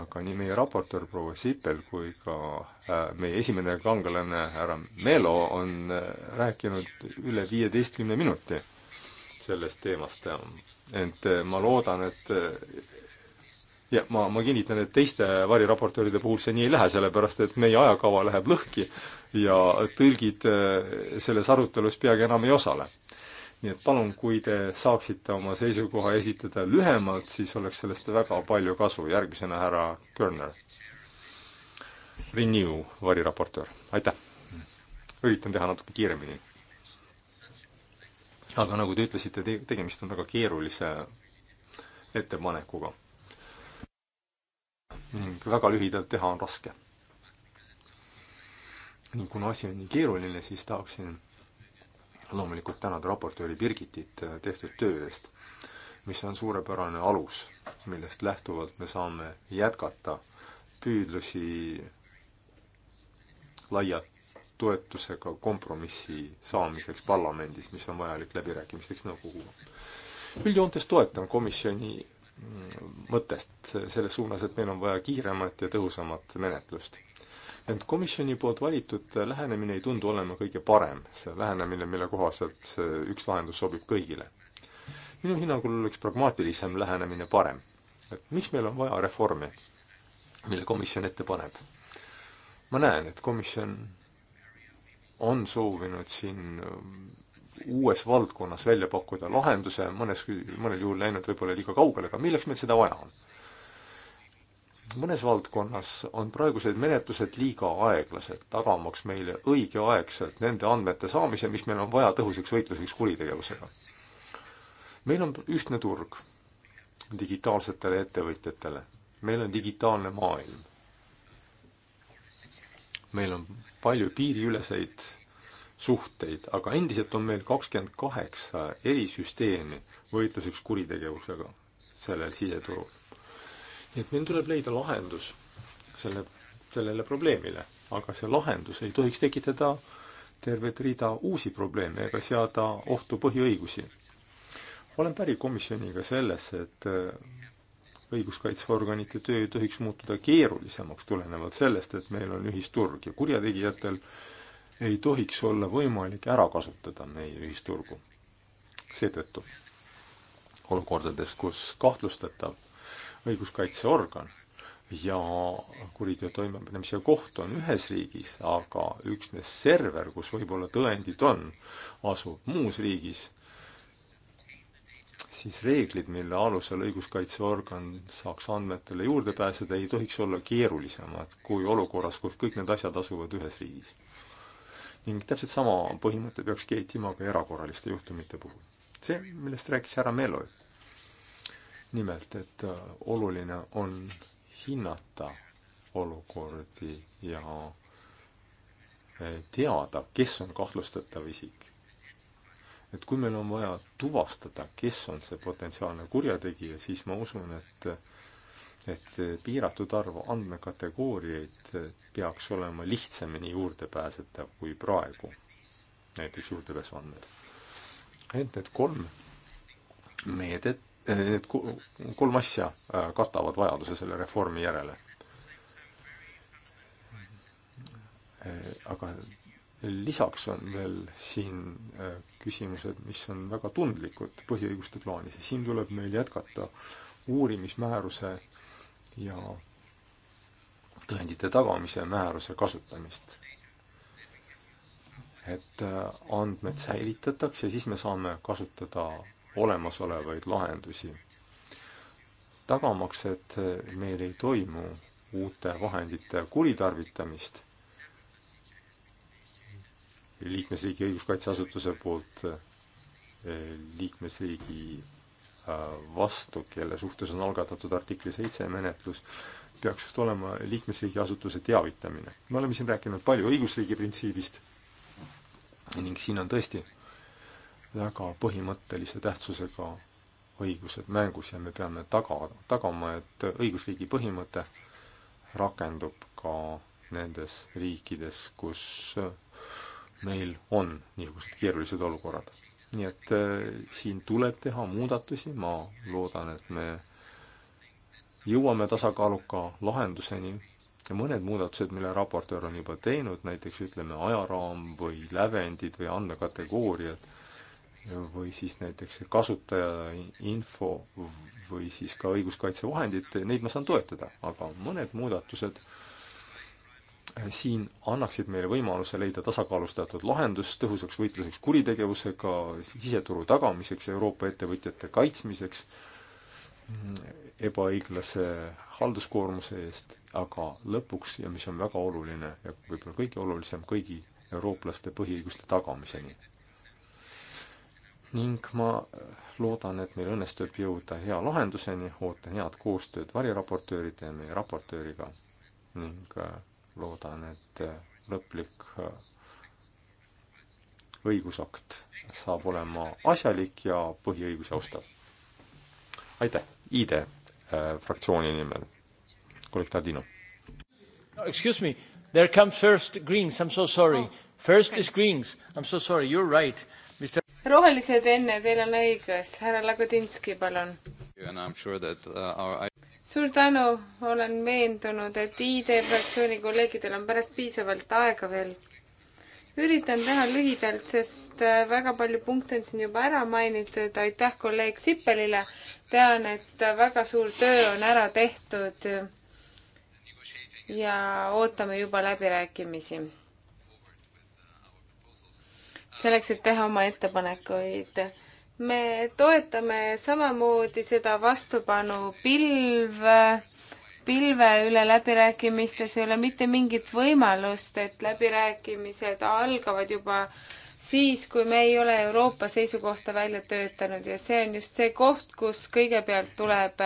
aga nii meie raportöör proua Sipel kui ka äh, meie esimene kangelane härra Melo on äh, rääkinud üle viieteistkümne minuti sellest teemast. ent äh, ma loodan, et ja ma, ma kinnitan, et teiste variraportööride puhul see nii ei lähe, sellepärast et meie ajakava läheb lõhki ja tõlgid selles arutelus peagi enam ei osale nii et palun, kui te saaksite oma seisukoha esitada lühemalt, siis oleks sellest väga palju kasu. järgmisena härra Körner. Renew variraportöör, aitäh! üritan teha natuke kiiremini. aga nagu te ütlesite, te-, tegemist on väga keerulise ettepanekuga. ning väga lühidalt teha on raske. ning kuna asi on nii keeruline, siis tahaksin loomulikult tänada raportööri Birgitit äh, tehtud töö eest, mis on suurepärane alus, millest lähtuvalt me saame jätkata püüdlusi laia toetusega kompromissi saamiseks parlamendis, mis on vajalik läbirääkimisteks nõukoguga. üldjoontes toetan komisjoni mm, mõttest selles suunas, et meil on vaja kiiremat ja tõhusamat menetlust ent komisjoni poolt valitud lähenemine ei tundu olema kõige parem, see lähenemine, mille kohaselt üks lahendus sobib kõigile. minu hinnangul oleks pragmaatilisem lähenemine parem. et miks meil on vaja reformi, mille komisjon ette paneb? ma näen, et komisjon on soovinud siin uues valdkonnas välja pakkuda lahenduse, mõnes, mõnel juhul läinud võib-olla liiga kaugele, aga milleks meil seda vaja on? mõnes valdkonnas on praegused menetlused liiga aeglased, tagamaks meile õigeaegselt nende andmete saamise, mis meil on vaja tõhusaks võitluseks kuritegevusega. meil on ühtne turg digitaalsetele ettevõtjatele, meil on digitaalne maailm. meil on palju piiriüleseid suhteid, aga endiselt on meil kakskümmend kaheksa erisüsteemi võitluseks kuritegevusega sellel siseturul nii et meil tuleb leida lahendus selle, sellele probleemile, aga see lahendus ei tohiks tekitada tervet rida uusi probleeme ega seada ohtu põhiõigusi. olen päri komisjoniga selles, et äh, õiguskaitseorganite töö ei tohiks muutuda keerulisemaks tulenevalt sellest, et meil on ühisturg ja kurjategijatel ei tohiks olla võimalik ära kasutada meie ühisturgu. seetõttu olukordades, kus kahtlustatav õiguskaitseorgan ja kuriteo toimepanemise koht on ühes riigis, aga üksnes server, kus võib-olla tõendid on, asub muus riigis, siis reeglid, mille alusel õiguskaitseorgan saaks andmetele juurde pääseda, ei tohiks olla keerulisemad kui olukorras, kus kõik need asjad asuvad ühes riigis. ning täpselt sama põhimõte peaks kehtima ka erakorraliste juhtumite puhul. see, millest rääkis härra Meloi nimelt, et äh, oluline on hinnata olukordi ja äh, teada, kes on kahtlustatav isik. et kui meil on vaja tuvastada, kes on see potentsiaalne kurjategija, siis ma usun, et et piiratud arv andmekategooriaid peaks olema lihtsamini juurdepääsetav kui praegu, näiteks juurdepääsuandmed. ent need kolm meedet need kolm asja äh, katavad vajaduse selle reformi järele. Äh, aga lisaks on veel siin äh, küsimused, mis on väga tundlikud põhiõiguste plaanis ja siin tuleb meil jätkata uurimismääruse ja tõendite tagamise määruse kasutamist et andmed säilitatakse, siis me saame kasutada olemasolevaid lahendusi, tagamaks, et meil ei toimu uute vahendite kuritarvitamist liikmesriigi õiguskaitseasutuse poolt liikmesriigi äh, vastu, kelle suhtes on algatatud artikli seitse menetlus, peaks just olema liikmesriigi asutuse teavitamine. me oleme siin rääkinud palju õigusriigi printsiibist ning siin on tõesti väga põhimõttelise tähtsusega õigused mängus ja me peame taga, tagama, et õigusriigi põhimõte rakendub ka nendes riikides, kus meil on niisugused keerulised olukorrad. nii et äh, siin tuleb teha muudatusi, ma loodan, et me jõuame tasakaaluka lahenduseni ja mõned muudatused, mille raportöör on juba teinud, näiteks ütleme, ajaraam või lävendid või andmekategooriad või siis näiteks kasutaja info või siis ka õiguskaitsevahendid, neid ma saan toetada, aga mõned muudatused äh, siin annaksid meile võimaluse leida tasakaalustatud lahendus tõhusaks võitluseks kuritegevusega, siseturu tagamiseks, Euroopa ettevõtjate kaitsmiseks, mm, ebaõiglase halduskoormuse eest, aga lõpuks ja mis on väga oluline ja võib-olla kõige olulisem, kõigi eurooplaste põhiõiguste tagamiseni ning ma loodan, et meil õnnestub jõuda hea lahenduseni, ootan head koostööd variraportööride ja meie raportööriga ning äh, loodan, et äh, lõplik äh, õigusakt saab olema asjalik ja põhiõigusi austav. aitäh, ID äh, fraktsiooni nimel, kolleeg Tadino no,. Excuse me, there comes first greens, I am so sorry. Oh. First is greens, I am so sorry, you are right rohelised enne, teil on õigus, härra Lagodinski, palun. Sure uh, our... suur tänu, olen veendunud, et ID fraktsiooni kolleegidel on pärast piisavalt aega veel. üritan teha lühidalt, sest äh, väga palju punkte on siin juba ära mainitud, aitäh kolleeg Sippelile. tean, et väga suur töö on ära tehtud ja ootame juba läbirääkimisi selleks, et teha oma ettepanekuid. me toetame samamoodi seda vastupanu pilve, pilve üle läbirääkimistes ei ole mitte mingit võimalust, et läbirääkimised algavad juba siis, kui me ei ole Euroopa seisukohta välja töötanud ja see on just see koht, kus kõigepealt tuleb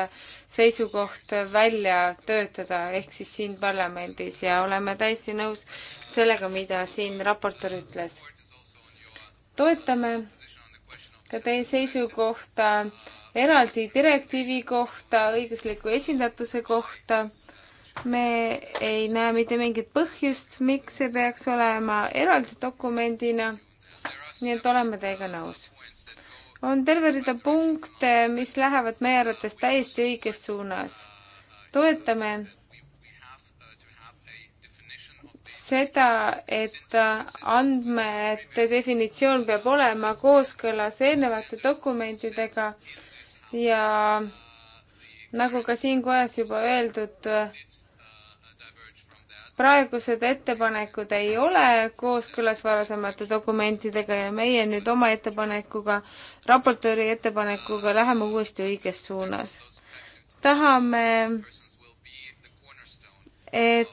seisukoht välja töötada, ehk siis siin parlamendis ja oleme täiesti nõus sellega, mida siin raportöör ütles toetame ka teie seisukohta eraldi direktiivi kohta, õigusliku esindatuse kohta. me ei näe mitte mingit põhjust, miks see peaks olema eraldi dokumendina. nii et oleme teiega nõus. on terve rida punkte, mis lähevad meie arvates täiesti õiges suunas. toetame seda, et andmete definitsioon peab olema kooskõlas eelnevate dokumentidega ja nagu ka siin kojas juba öeldud, praegused ettepanekud ei ole kooskõlas varasemate dokumentidega ja meie nüüd oma ettepanekuga, raportööri ettepanekuga läheme uuesti õiges suunas. tahame, et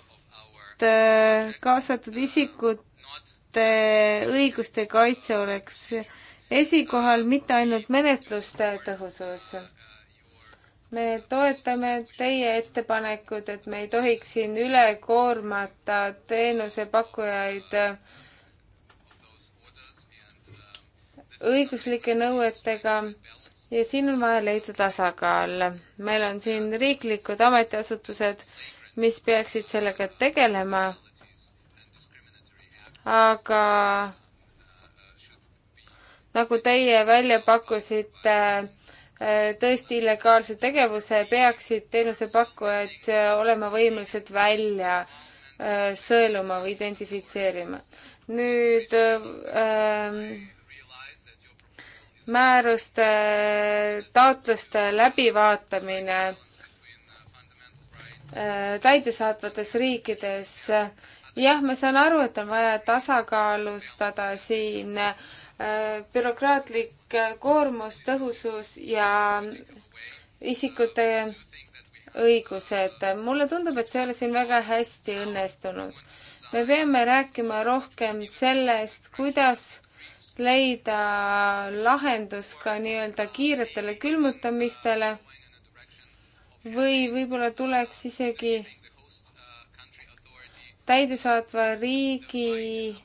Äh, kaasatud isikute õiguste kaitse oleks esikohal, mitte ainult menetluste tõhusus. me toetame teie ettepanekut, et me ei tohiks siin üle koormata teenusepakkujaid õiguslike nõuetega ja siin on vaja leida tasakaal. meil on siin riiklikud ametiasutused, mis peaksid sellega tegelema, aga nagu teie välja pakkusite, äh, tõesti illegaalse tegevuse peaksid teenusepakkujad äh, olema võimelised välja äh, sõeluma või identifitseerima. nüüd ähm, määruste taotluste läbivaatamine Äh, täidesaatvates riikides. jah, ma saan aru, et on vaja tasakaalustada siin äh, bürokraatlik äh, koormus, tõhusus ja isikute õigused. mulle tundub, et see ei ole siin väga hästi õnnestunud. me peame rääkima rohkem sellest, kuidas leida lahendus ka nii-öelda kiiretele külmutamistele või võib-olla tuleks isegi täidesaatva riigi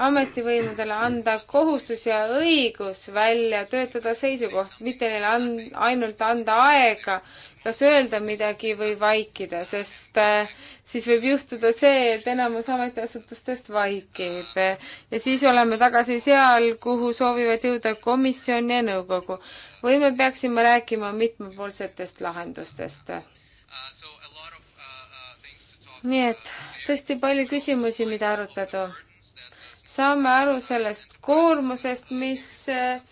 ametivõimudele anda kohustus ja õigus välja töötada seisukoht, mitte neile and-, ainult anda aega kas öelda midagi või vaikida, sest äh, siis võib juhtuda see, et enamus ametiasutustest vaikib ja siis oleme tagasi seal, kuhu soovivad jõuda komisjon ja nõukogu. või me peaksime rääkima mitmepoolsetest lahendustest? nii et tõesti palju küsimusi, mida arutada. saame aru sellest koormusest, mis äh,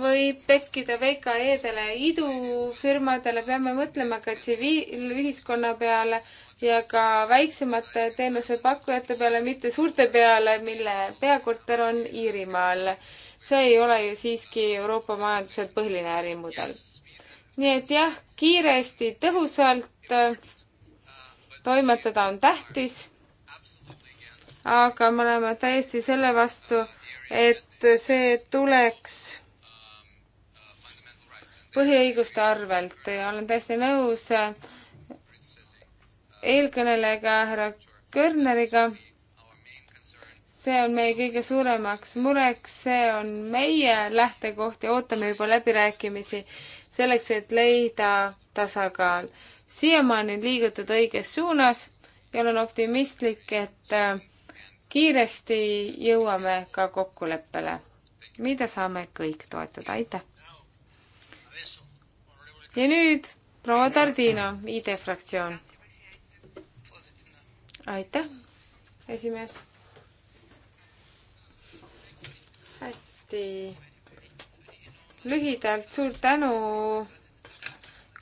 võib tekkida VKE-dele, idufirmadele, peame mõtlema ka tsiviilühiskonna peale ja ka väiksemate teenusepakkujate peale, mitte suurte peale, mille peakorter on Iirimaal. see ei ole ju siiski Euroopa majanduse põhiline ärimudel. nii et jah, kiiresti, tõhusalt toimetada on tähtis. aga me oleme täiesti selle vastu, et see tuleks põhiõiguste arvelt ja olen täiesti nõus äh, eelkõnelejaga härra Körneriga. see on meie kõige suuremaks mureks, see on meie lähtekoht ja ootame juba läbirääkimisi selleks, et leida tasakaal. siiamaani on liigutud õiges suunas ja olen optimistlik, et äh, kiiresti jõuame ka kokkuleppele, mida saame kõik toetada, aitäh! ja nüüd proua Tardina, ID fraktsioon. aitäh, esimees. hästi lühidalt suur tänu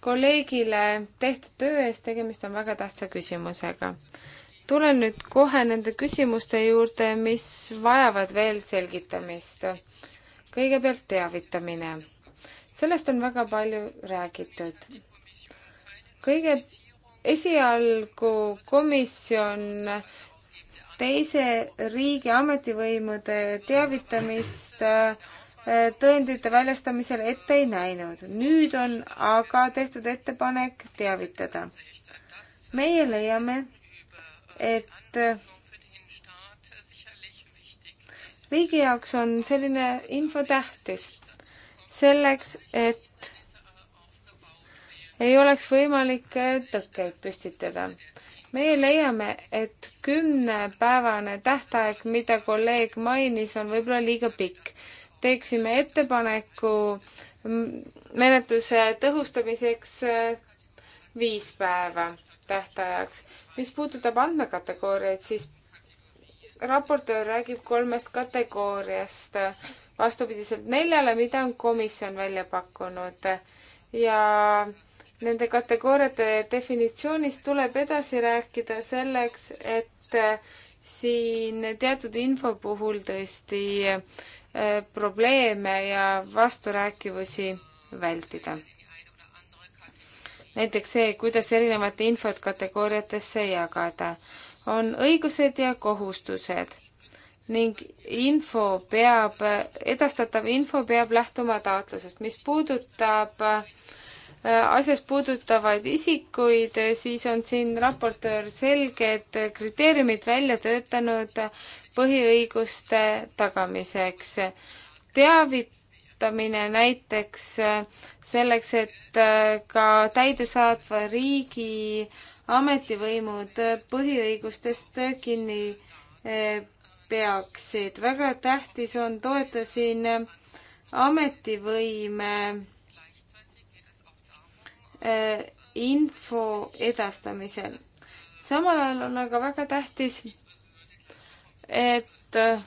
kolleegile tehtud töö eest, tegemist on väga tähtsa küsimusega. tulen nüüd kohe nende küsimuste juurde, mis vajavad veel selgitamist. kõigepealt teavitamine sellest on väga palju räägitud. kõige esialgu komisjon teise riigi ametivõimude teavitamist äh, tõendite väljastamisel ette ei näinud. nüüd on aga tehtud ettepanek teavitada. meie leiame, et äh, riigi jaoks on selline info tähtis selleks, et ei oleks võimalik tõkkeid püstitada. meie leiame, et kümnepäevane tähtaeg, mida kolleeg mainis, on võib-olla liiga pikk. teeksime ettepaneku menetluse tõhustamiseks äh, viis päeva tähtajaks. mis puudutab andmekategooriaid, siis raportöör räägib kolmest kategooriast vastupidiselt neljale, mida on komisjon välja pakkunud. ja nende kategooriate definitsioonist tuleb edasi rääkida selleks, et siin teatud info puhul tõesti äh, probleeme ja vasturääkivusi vältida. näiteks see, kuidas erinevate infot kategooriatesse jagada. on õigused ja kohustused ning info peab, edastatav info peab lähtuma taotlusest. mis puudutab äh, asjast puudutavaid isikuid, siis on siin raportöör selged kriteeriumid välja töötanud põhiõiguste tagamiseks. teavitamine näiteks äh, selleks, et äh, ka täidesaatva riigi ametivõimud põhiõigustest kinni peaksid. väga tähtis on toeta siin ametivõime eh, info edastamisel. samal ajal on aga väga tähtis, et eh,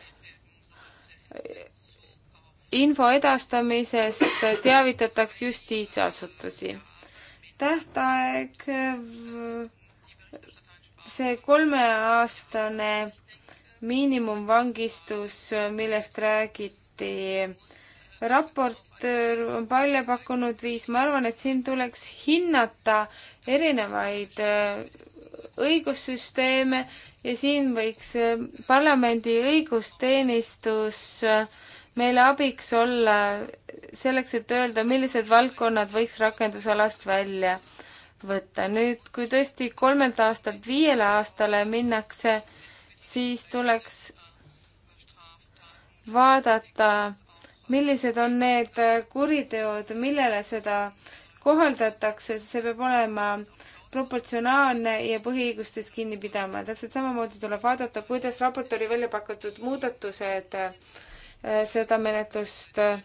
info edastamisest teavitataks justiitsasutusi. tähtaeg, see kolmeaastane miinimumvangistus, millest räägiti, raportöör on välja pakkunud viis, ma arvan, et siin tuleks hinnata erinevaid äh, õigussüsteeme ja siin võiks äh, parlamendi õigusteenistus äh, meile abiks olla selleks, et öelda, millised valdkonnad võiks rakendusalast välja võtta. nüüd, kui tõesti kolmelt aastalt viiele aastale minnakse, siis tuleks vaadata, millised on need kuriteod, millele seda kohaldatakse, see peab olema proportsionaalne ja põhiõigustes kinni pidama. täpselt samamoodi tuleb vaadata, kuidas raportööri välja pakutud muudatused äh, seda menetlust äh,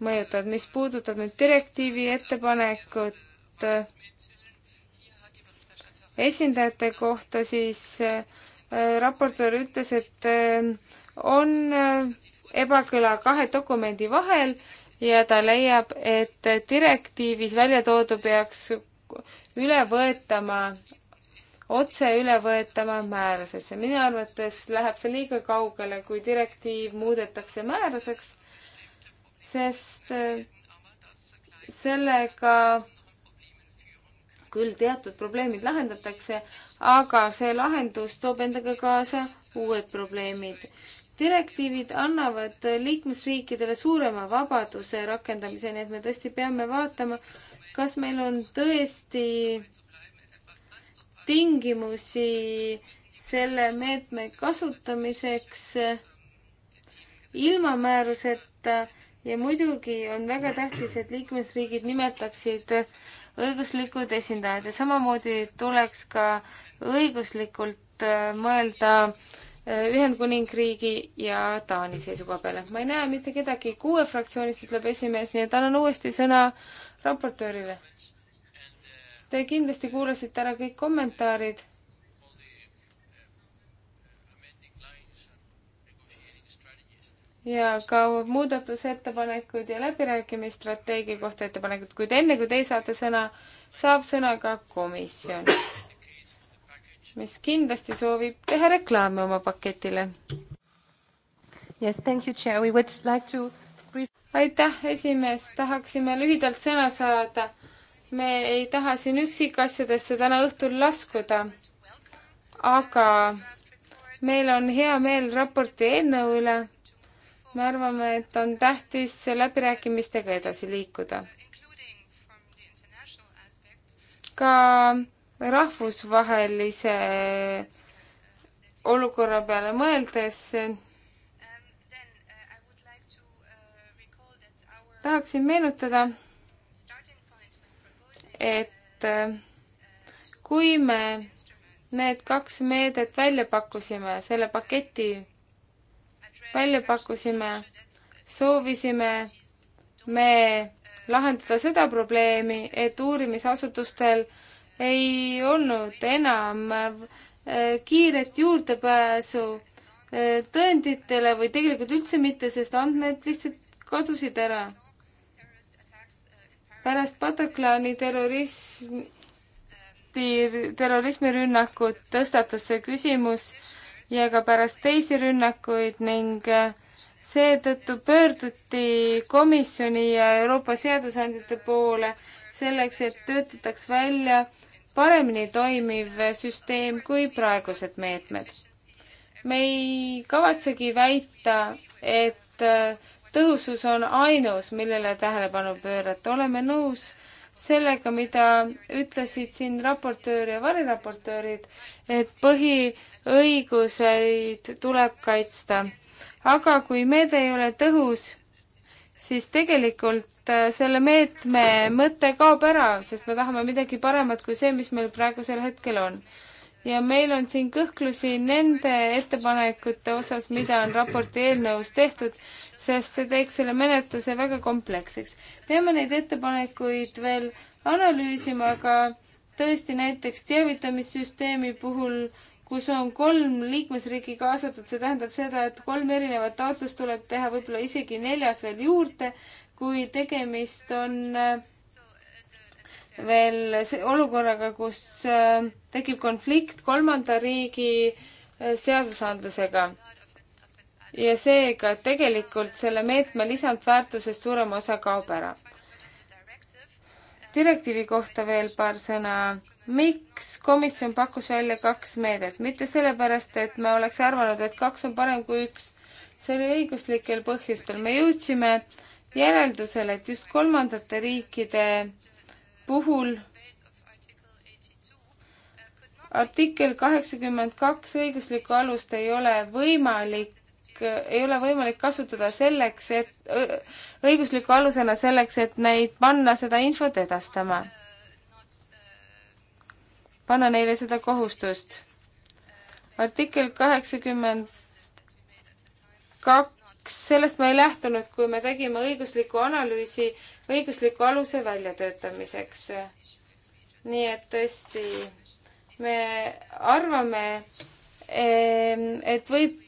mõjutavad. mis puudutab nüüd direktiivi ettepanekut äh, esindajate kohta, siis Äh, raportöör ütles, et äh, on äh, ebakõla kahe dokumendi vahel ja ta leiab, et direktiivis välja toodu peaks üle võetama, otse üle võetama määrusesse. minu arvates läheb see liiga kaugele, kui direktiiv muudetakse määruseks, sest sellega küll teatud probleemid lahendatakse, aga see lahendus toob endaga kaasa uued probleemid. direktiivid annavad liikmesriikidele suurema vabaduse rakendamise, nii et me tõesti peame vaatama, kas meil on tõesti tingimusi selle meetme kasutamiseks ilma määruseta ja muidugi on väga tähtis, et liikmesriigid nimetaksid õiguslikud esindajad ja samamoodi tuleks ka õiguslikult äh, mõelda äh, Ühendkuningriigi ja Taani seisukoha peale. ma ei näe mitte kedagi kuue fraktsioonist, ütleb esimees, nii et annan uuesti sõna raportöörile. Te kindlasti kuulasite ära kõik kommentaarid ja ka muudatusettepanekud ja läbirääkimisstrateegia kohta ettepanekud, kuid enne kui teie saate sõna, saab sõna ka komisjon, mis kindlasti soovib teha reklaami oma paketile. Yes, thank you, chair, we would like to aitäh, esimees, tahaksime lühidalt sõna saada. me ei taha siin üksikasjadesse täna õhtul laskuda, aga meil on hea meel raporti eelnõu üle me arvame, et on tähtis läbirääkimistega edasi liikuda. ka rahvusvahelise olukorra peale mõeldes tahaksin meenutada, et kui me need kaks meedet välja pakkusime, selle paketi välja pakkusime, soovisime me lahendada seda probleemi, et uurimisasutustel ei olnud enam äh, kiiret juurdepääsu äh, tõenditele või tegelikult üldse mitte, sest andmed lihtsalt kadusid ära. pärast Bataclani terrorism, terrorismirünnakut tõstatus see küsimus ja ka pärast teisi rünnakuid ning äh, seetõttu pöörduti komisjoni ja Euroopa seadusandjate poole selleks, et töötataks välja paremini toimiv süsteem kui praegused meetmed. me ei kavatsegi väita, et äh, tõhusus on ainus, millele tähelepanu pöörata, oleme nõus sellega, mida ütlesid siin raportöör ja variraportöörid, et põhi õiguseid tuleb kaitsta. aga kui meede ei ole tõhus, siis tegelikult äh, selle meetme mõte kaob ära, sest me tahame midagi paremat kui see, mis meil praegusel hetkel on. ja meil on siin kõhklusi nende ettepanekute osas, mida on raporti eelnõus tehtud, sest see teeks selle menetluse väga kompleksseks. peame neid ettepanekuid veel analüüsima, aga tõesti näiteks teavitamissüsteemi puhul kus on kolm liikmesriiki kaasatud, see tähendab seda, et kolm erinevat taotlust tuleb teha, võib-olla isegi neljas veel juurde, kui tegemist on äh, veel olukorraga, kus äh, tekib konflikt kolmanda riigi äh, seadusandlusega. ja seega tegelikult selle meetme lisandväärtusest suurem osa kaob ära. direktiivi kohta veel paar sõna miks komisjon pakkus välja kaks meedet, mitte sellepärast, et me oleks arvanud, et kaks on parem kui üks. see oli õiguslikel põhjustel. me jõudsime järeldusele, et just kolmandate riikide puhul artikkel kaheksakümmend kaks õiguslikku alust ei ole võimalik ei ole võimalik kasutada selleks, et õigusliku alusena selleks, et neid panna seda infot edastama panna neile seda kohustust. artikkel kaheksakümmend kaks, sellest ma ei lähtunud, kui me tegime õigusliku analüüsi õigusliku aluse väljatöötamiseks. nii et tõesti, me arvame, et võib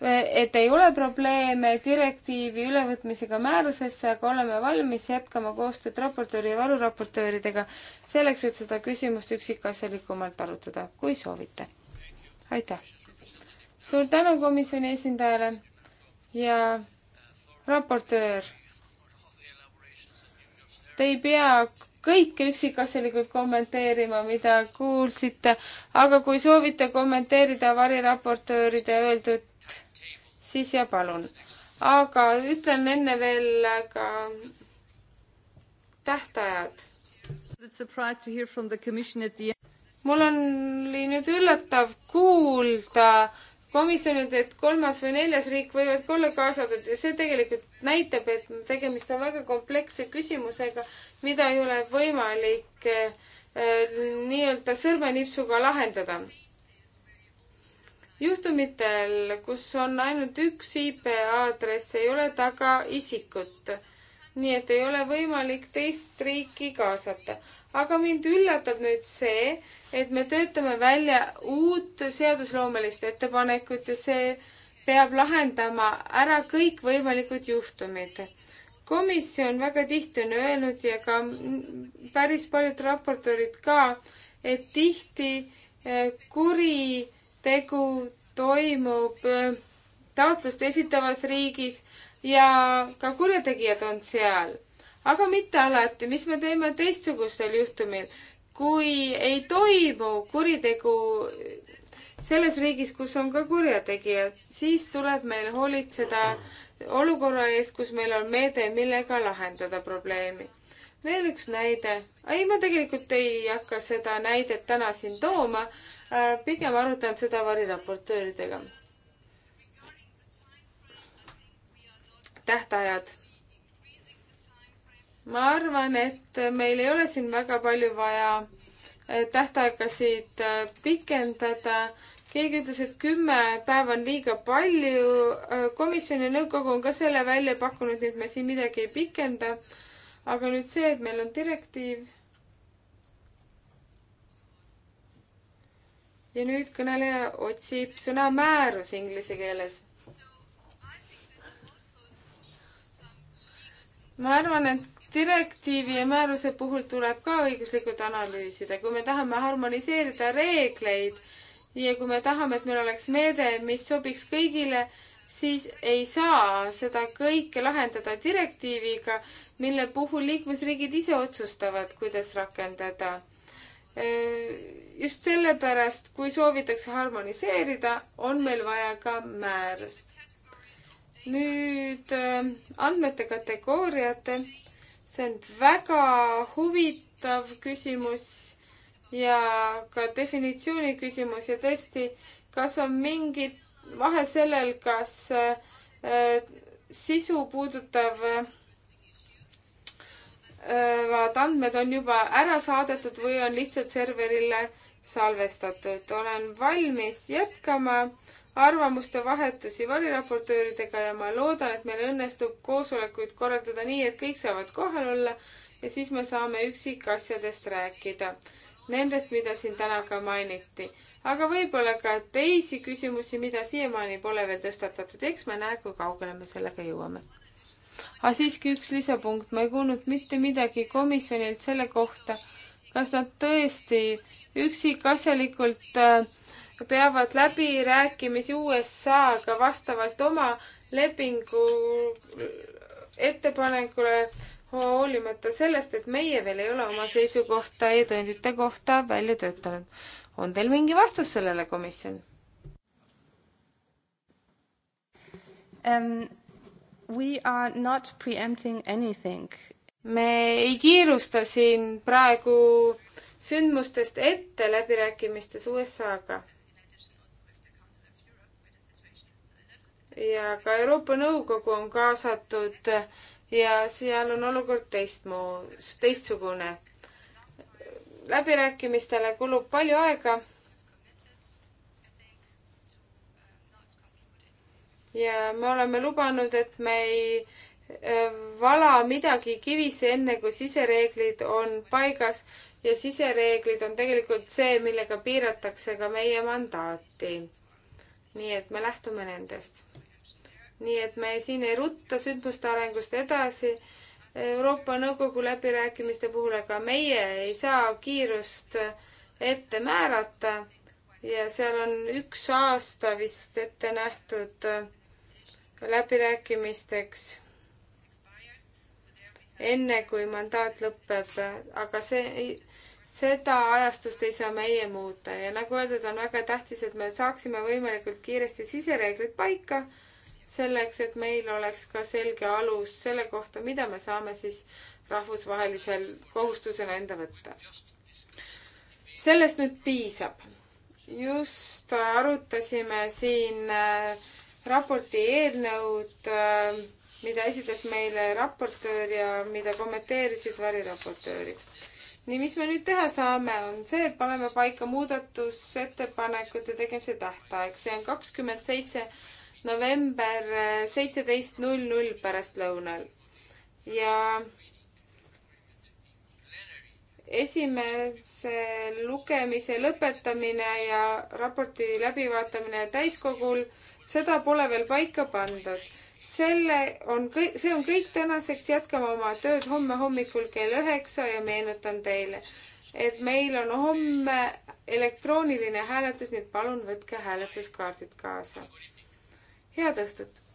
et ei ole probleeme direktiivi ülevõtmisega määrusesse, aga oleme valmis jätkama koostööd raportööri ja varuraportööridega selleks, et seda küsimust üksikasjalikumalt arutada, kui soovite. aitäh! suur tänu komisjoni esindajale ja raportöör, te ei pea kõike üksikasjalikult kommenteerima, mida kuulsite, aga kui soovite kommenteerida variraportööride öeldut, siis ja palun. aga ütlen enne veel ka tähtajad. mul oli nüüd üllatav kuulda komisjonid, et kolmas või neljas riik võivad ka olla kaasatud ja see tegelikult näitab, et tegemist on väga kompleksse küsimusega, mida ei ole võimalik eh, eh nii-öelda sõrmenipsuga lahendada juhtumitel, kus on ainult üks IP aadress, ei ole taga isikut. nii et ei ole võimalik teist riiki kaasata. aga mind üllatab nüüd see, et me töötame välja uut seadusloomelist ettepanekut ja see peab lahendama ära kõikvõimalikud juhtumid. komisjon väga tihti on öelnud ja ka päris paljud raportöörid ka, et tihti eh, kuri tegu toimub äh, taotlust esitavas riigis ja ka kurjategijad on seal. aga mitte alati, mis me teeme teistsugustel juhtumil, kui ei toimu kuritegu selles riigis, kus on ka kurjategijad, siis tuleb meil hoolitseda olukorra eest, kus meil on meede, millega lahendada probleemi. veel üks näide. ei, ma tegelikult ei hakka seda näidet täna siin tooma, Äh, pigem arutan seda variraportööridega. tähtajad. ma arvan, et meil ei ole siin väga palju vaja äh, tähtaegasid äh, pikendada. keegi ütles, et kümme päeva on liiga palju. komisjon ja nõukogu on ka selle välja pakkunud, nii et me siin midagi ei pikenda. aga nüüd see, et meil on direktiiv ja nüüd kõneleja otsib sõna määrus inglise keeles. ma arvan, et direktiivi ja määruse puhul tuleb ka õiguslikult analüüsida, kui me tahame harmoniseerida reegleid ja kui me tahame, et meil oleks meede, mis sobiks kõigile, siis ei saa seda kõike lahendada direktiiviga, mille puhul liikmesriigid ise otsustavad, kuidas rakendada Äh, just sellepärast, kui soovitakse harmoniseerida, on meil vaja ka määrust. nüüd äh, andmete kategooriate, see on väga huvitav küsimus ja ka definitsiooni küsimus ja tõesti, kas on mingi vahe sellel, kas äh, sisu puudutav äh, vaat andmed on juba ära saadetud või on lihtsalt serverile salvestatud. olen valmis jätkama arvamuste vahetusi variraportööridega ja ma loodan, et meil õnnestub koosolekuid korraldada nii, et kõik saavad kohal olla ja siis me saame üksikasjadest rääkida. Nendest, mida siin täna ka mainiti. aga võib-olla ka teisi küsimusi, mida siiamaani pole veel tõstatatud. eks me näe, kui kaugele me sellega jõuame aga siiski üks lisapunkt, ma ei kuulnud mitte midagi komisjonilt selle kohta, kas nad tõesti üksikasjalikult äh, peavad läbirääkimisi USA-ga vastavalt oma lepingu äh, ettepanekule hoolimata sellest, et meie veel ei ole oma seisukohta e-tõendite kohta välja töötanud. on teil mingi vastus sellele, komisjon um,? We are not preempting anything. me ei kiirusta siin praegu sündmustest ette läbirääkimistes USA-ga. ja ka Euroopa Nõukogu on kaasatud ja seal on olukord teistmoos, teistsugune. läbirääkimistele kulub palju aega ja me oleme lubanud, et me ei e, vala midagi kivisse, enne kui sisereeglid on paigas ja sisereeglid on tegelikult see, millega piiratakse ka meie mandaati. nii et me lähtume nendest. nii et me siin ei rutta sündmuste arengust edasi Euroopa Nõukogu läbirääkimiste puhul, aga meie ei saa kiirust ette määrata ja seal on üks aasta vist ette nähtud läbirääkimisteks enne, kui mandaat lõpeb, aga see ei, seda ajastust ei saa meie muuta ja nagu öeldud, on väga tähtis, et me saaksime võimalikult kiiresti sisereeglid paika, selleks et meil oleks ka selge alus selle kohta, mida me saame siis rahvusvahelisel kohustusena enda võtta. sellest nüüd piisab. just arutasime siin äh, raporti eelnõud, äh, mida esitas meile raportöör ja mida kommenteerisid variraportöörid. nii, mis me nüüd teha saame, on see, et paneme paika muudatusettepanekute tegemise tähtaeg, see on kakskümmend seitse november äh, seitseteist null null pärastlõunal. ja esimese lugemise lõpetamine ja raporti läbivaatamine täiskogul seda pole veel paika pandud. selle on kõik, see on kõik tänaseks, jätkame oma tööd homme hommikul kell üheksa ja meenutan teile, et meil on homme elektrooniline hääletus, nii et palun võtke hääletuskaardid kaasa. head õhtut!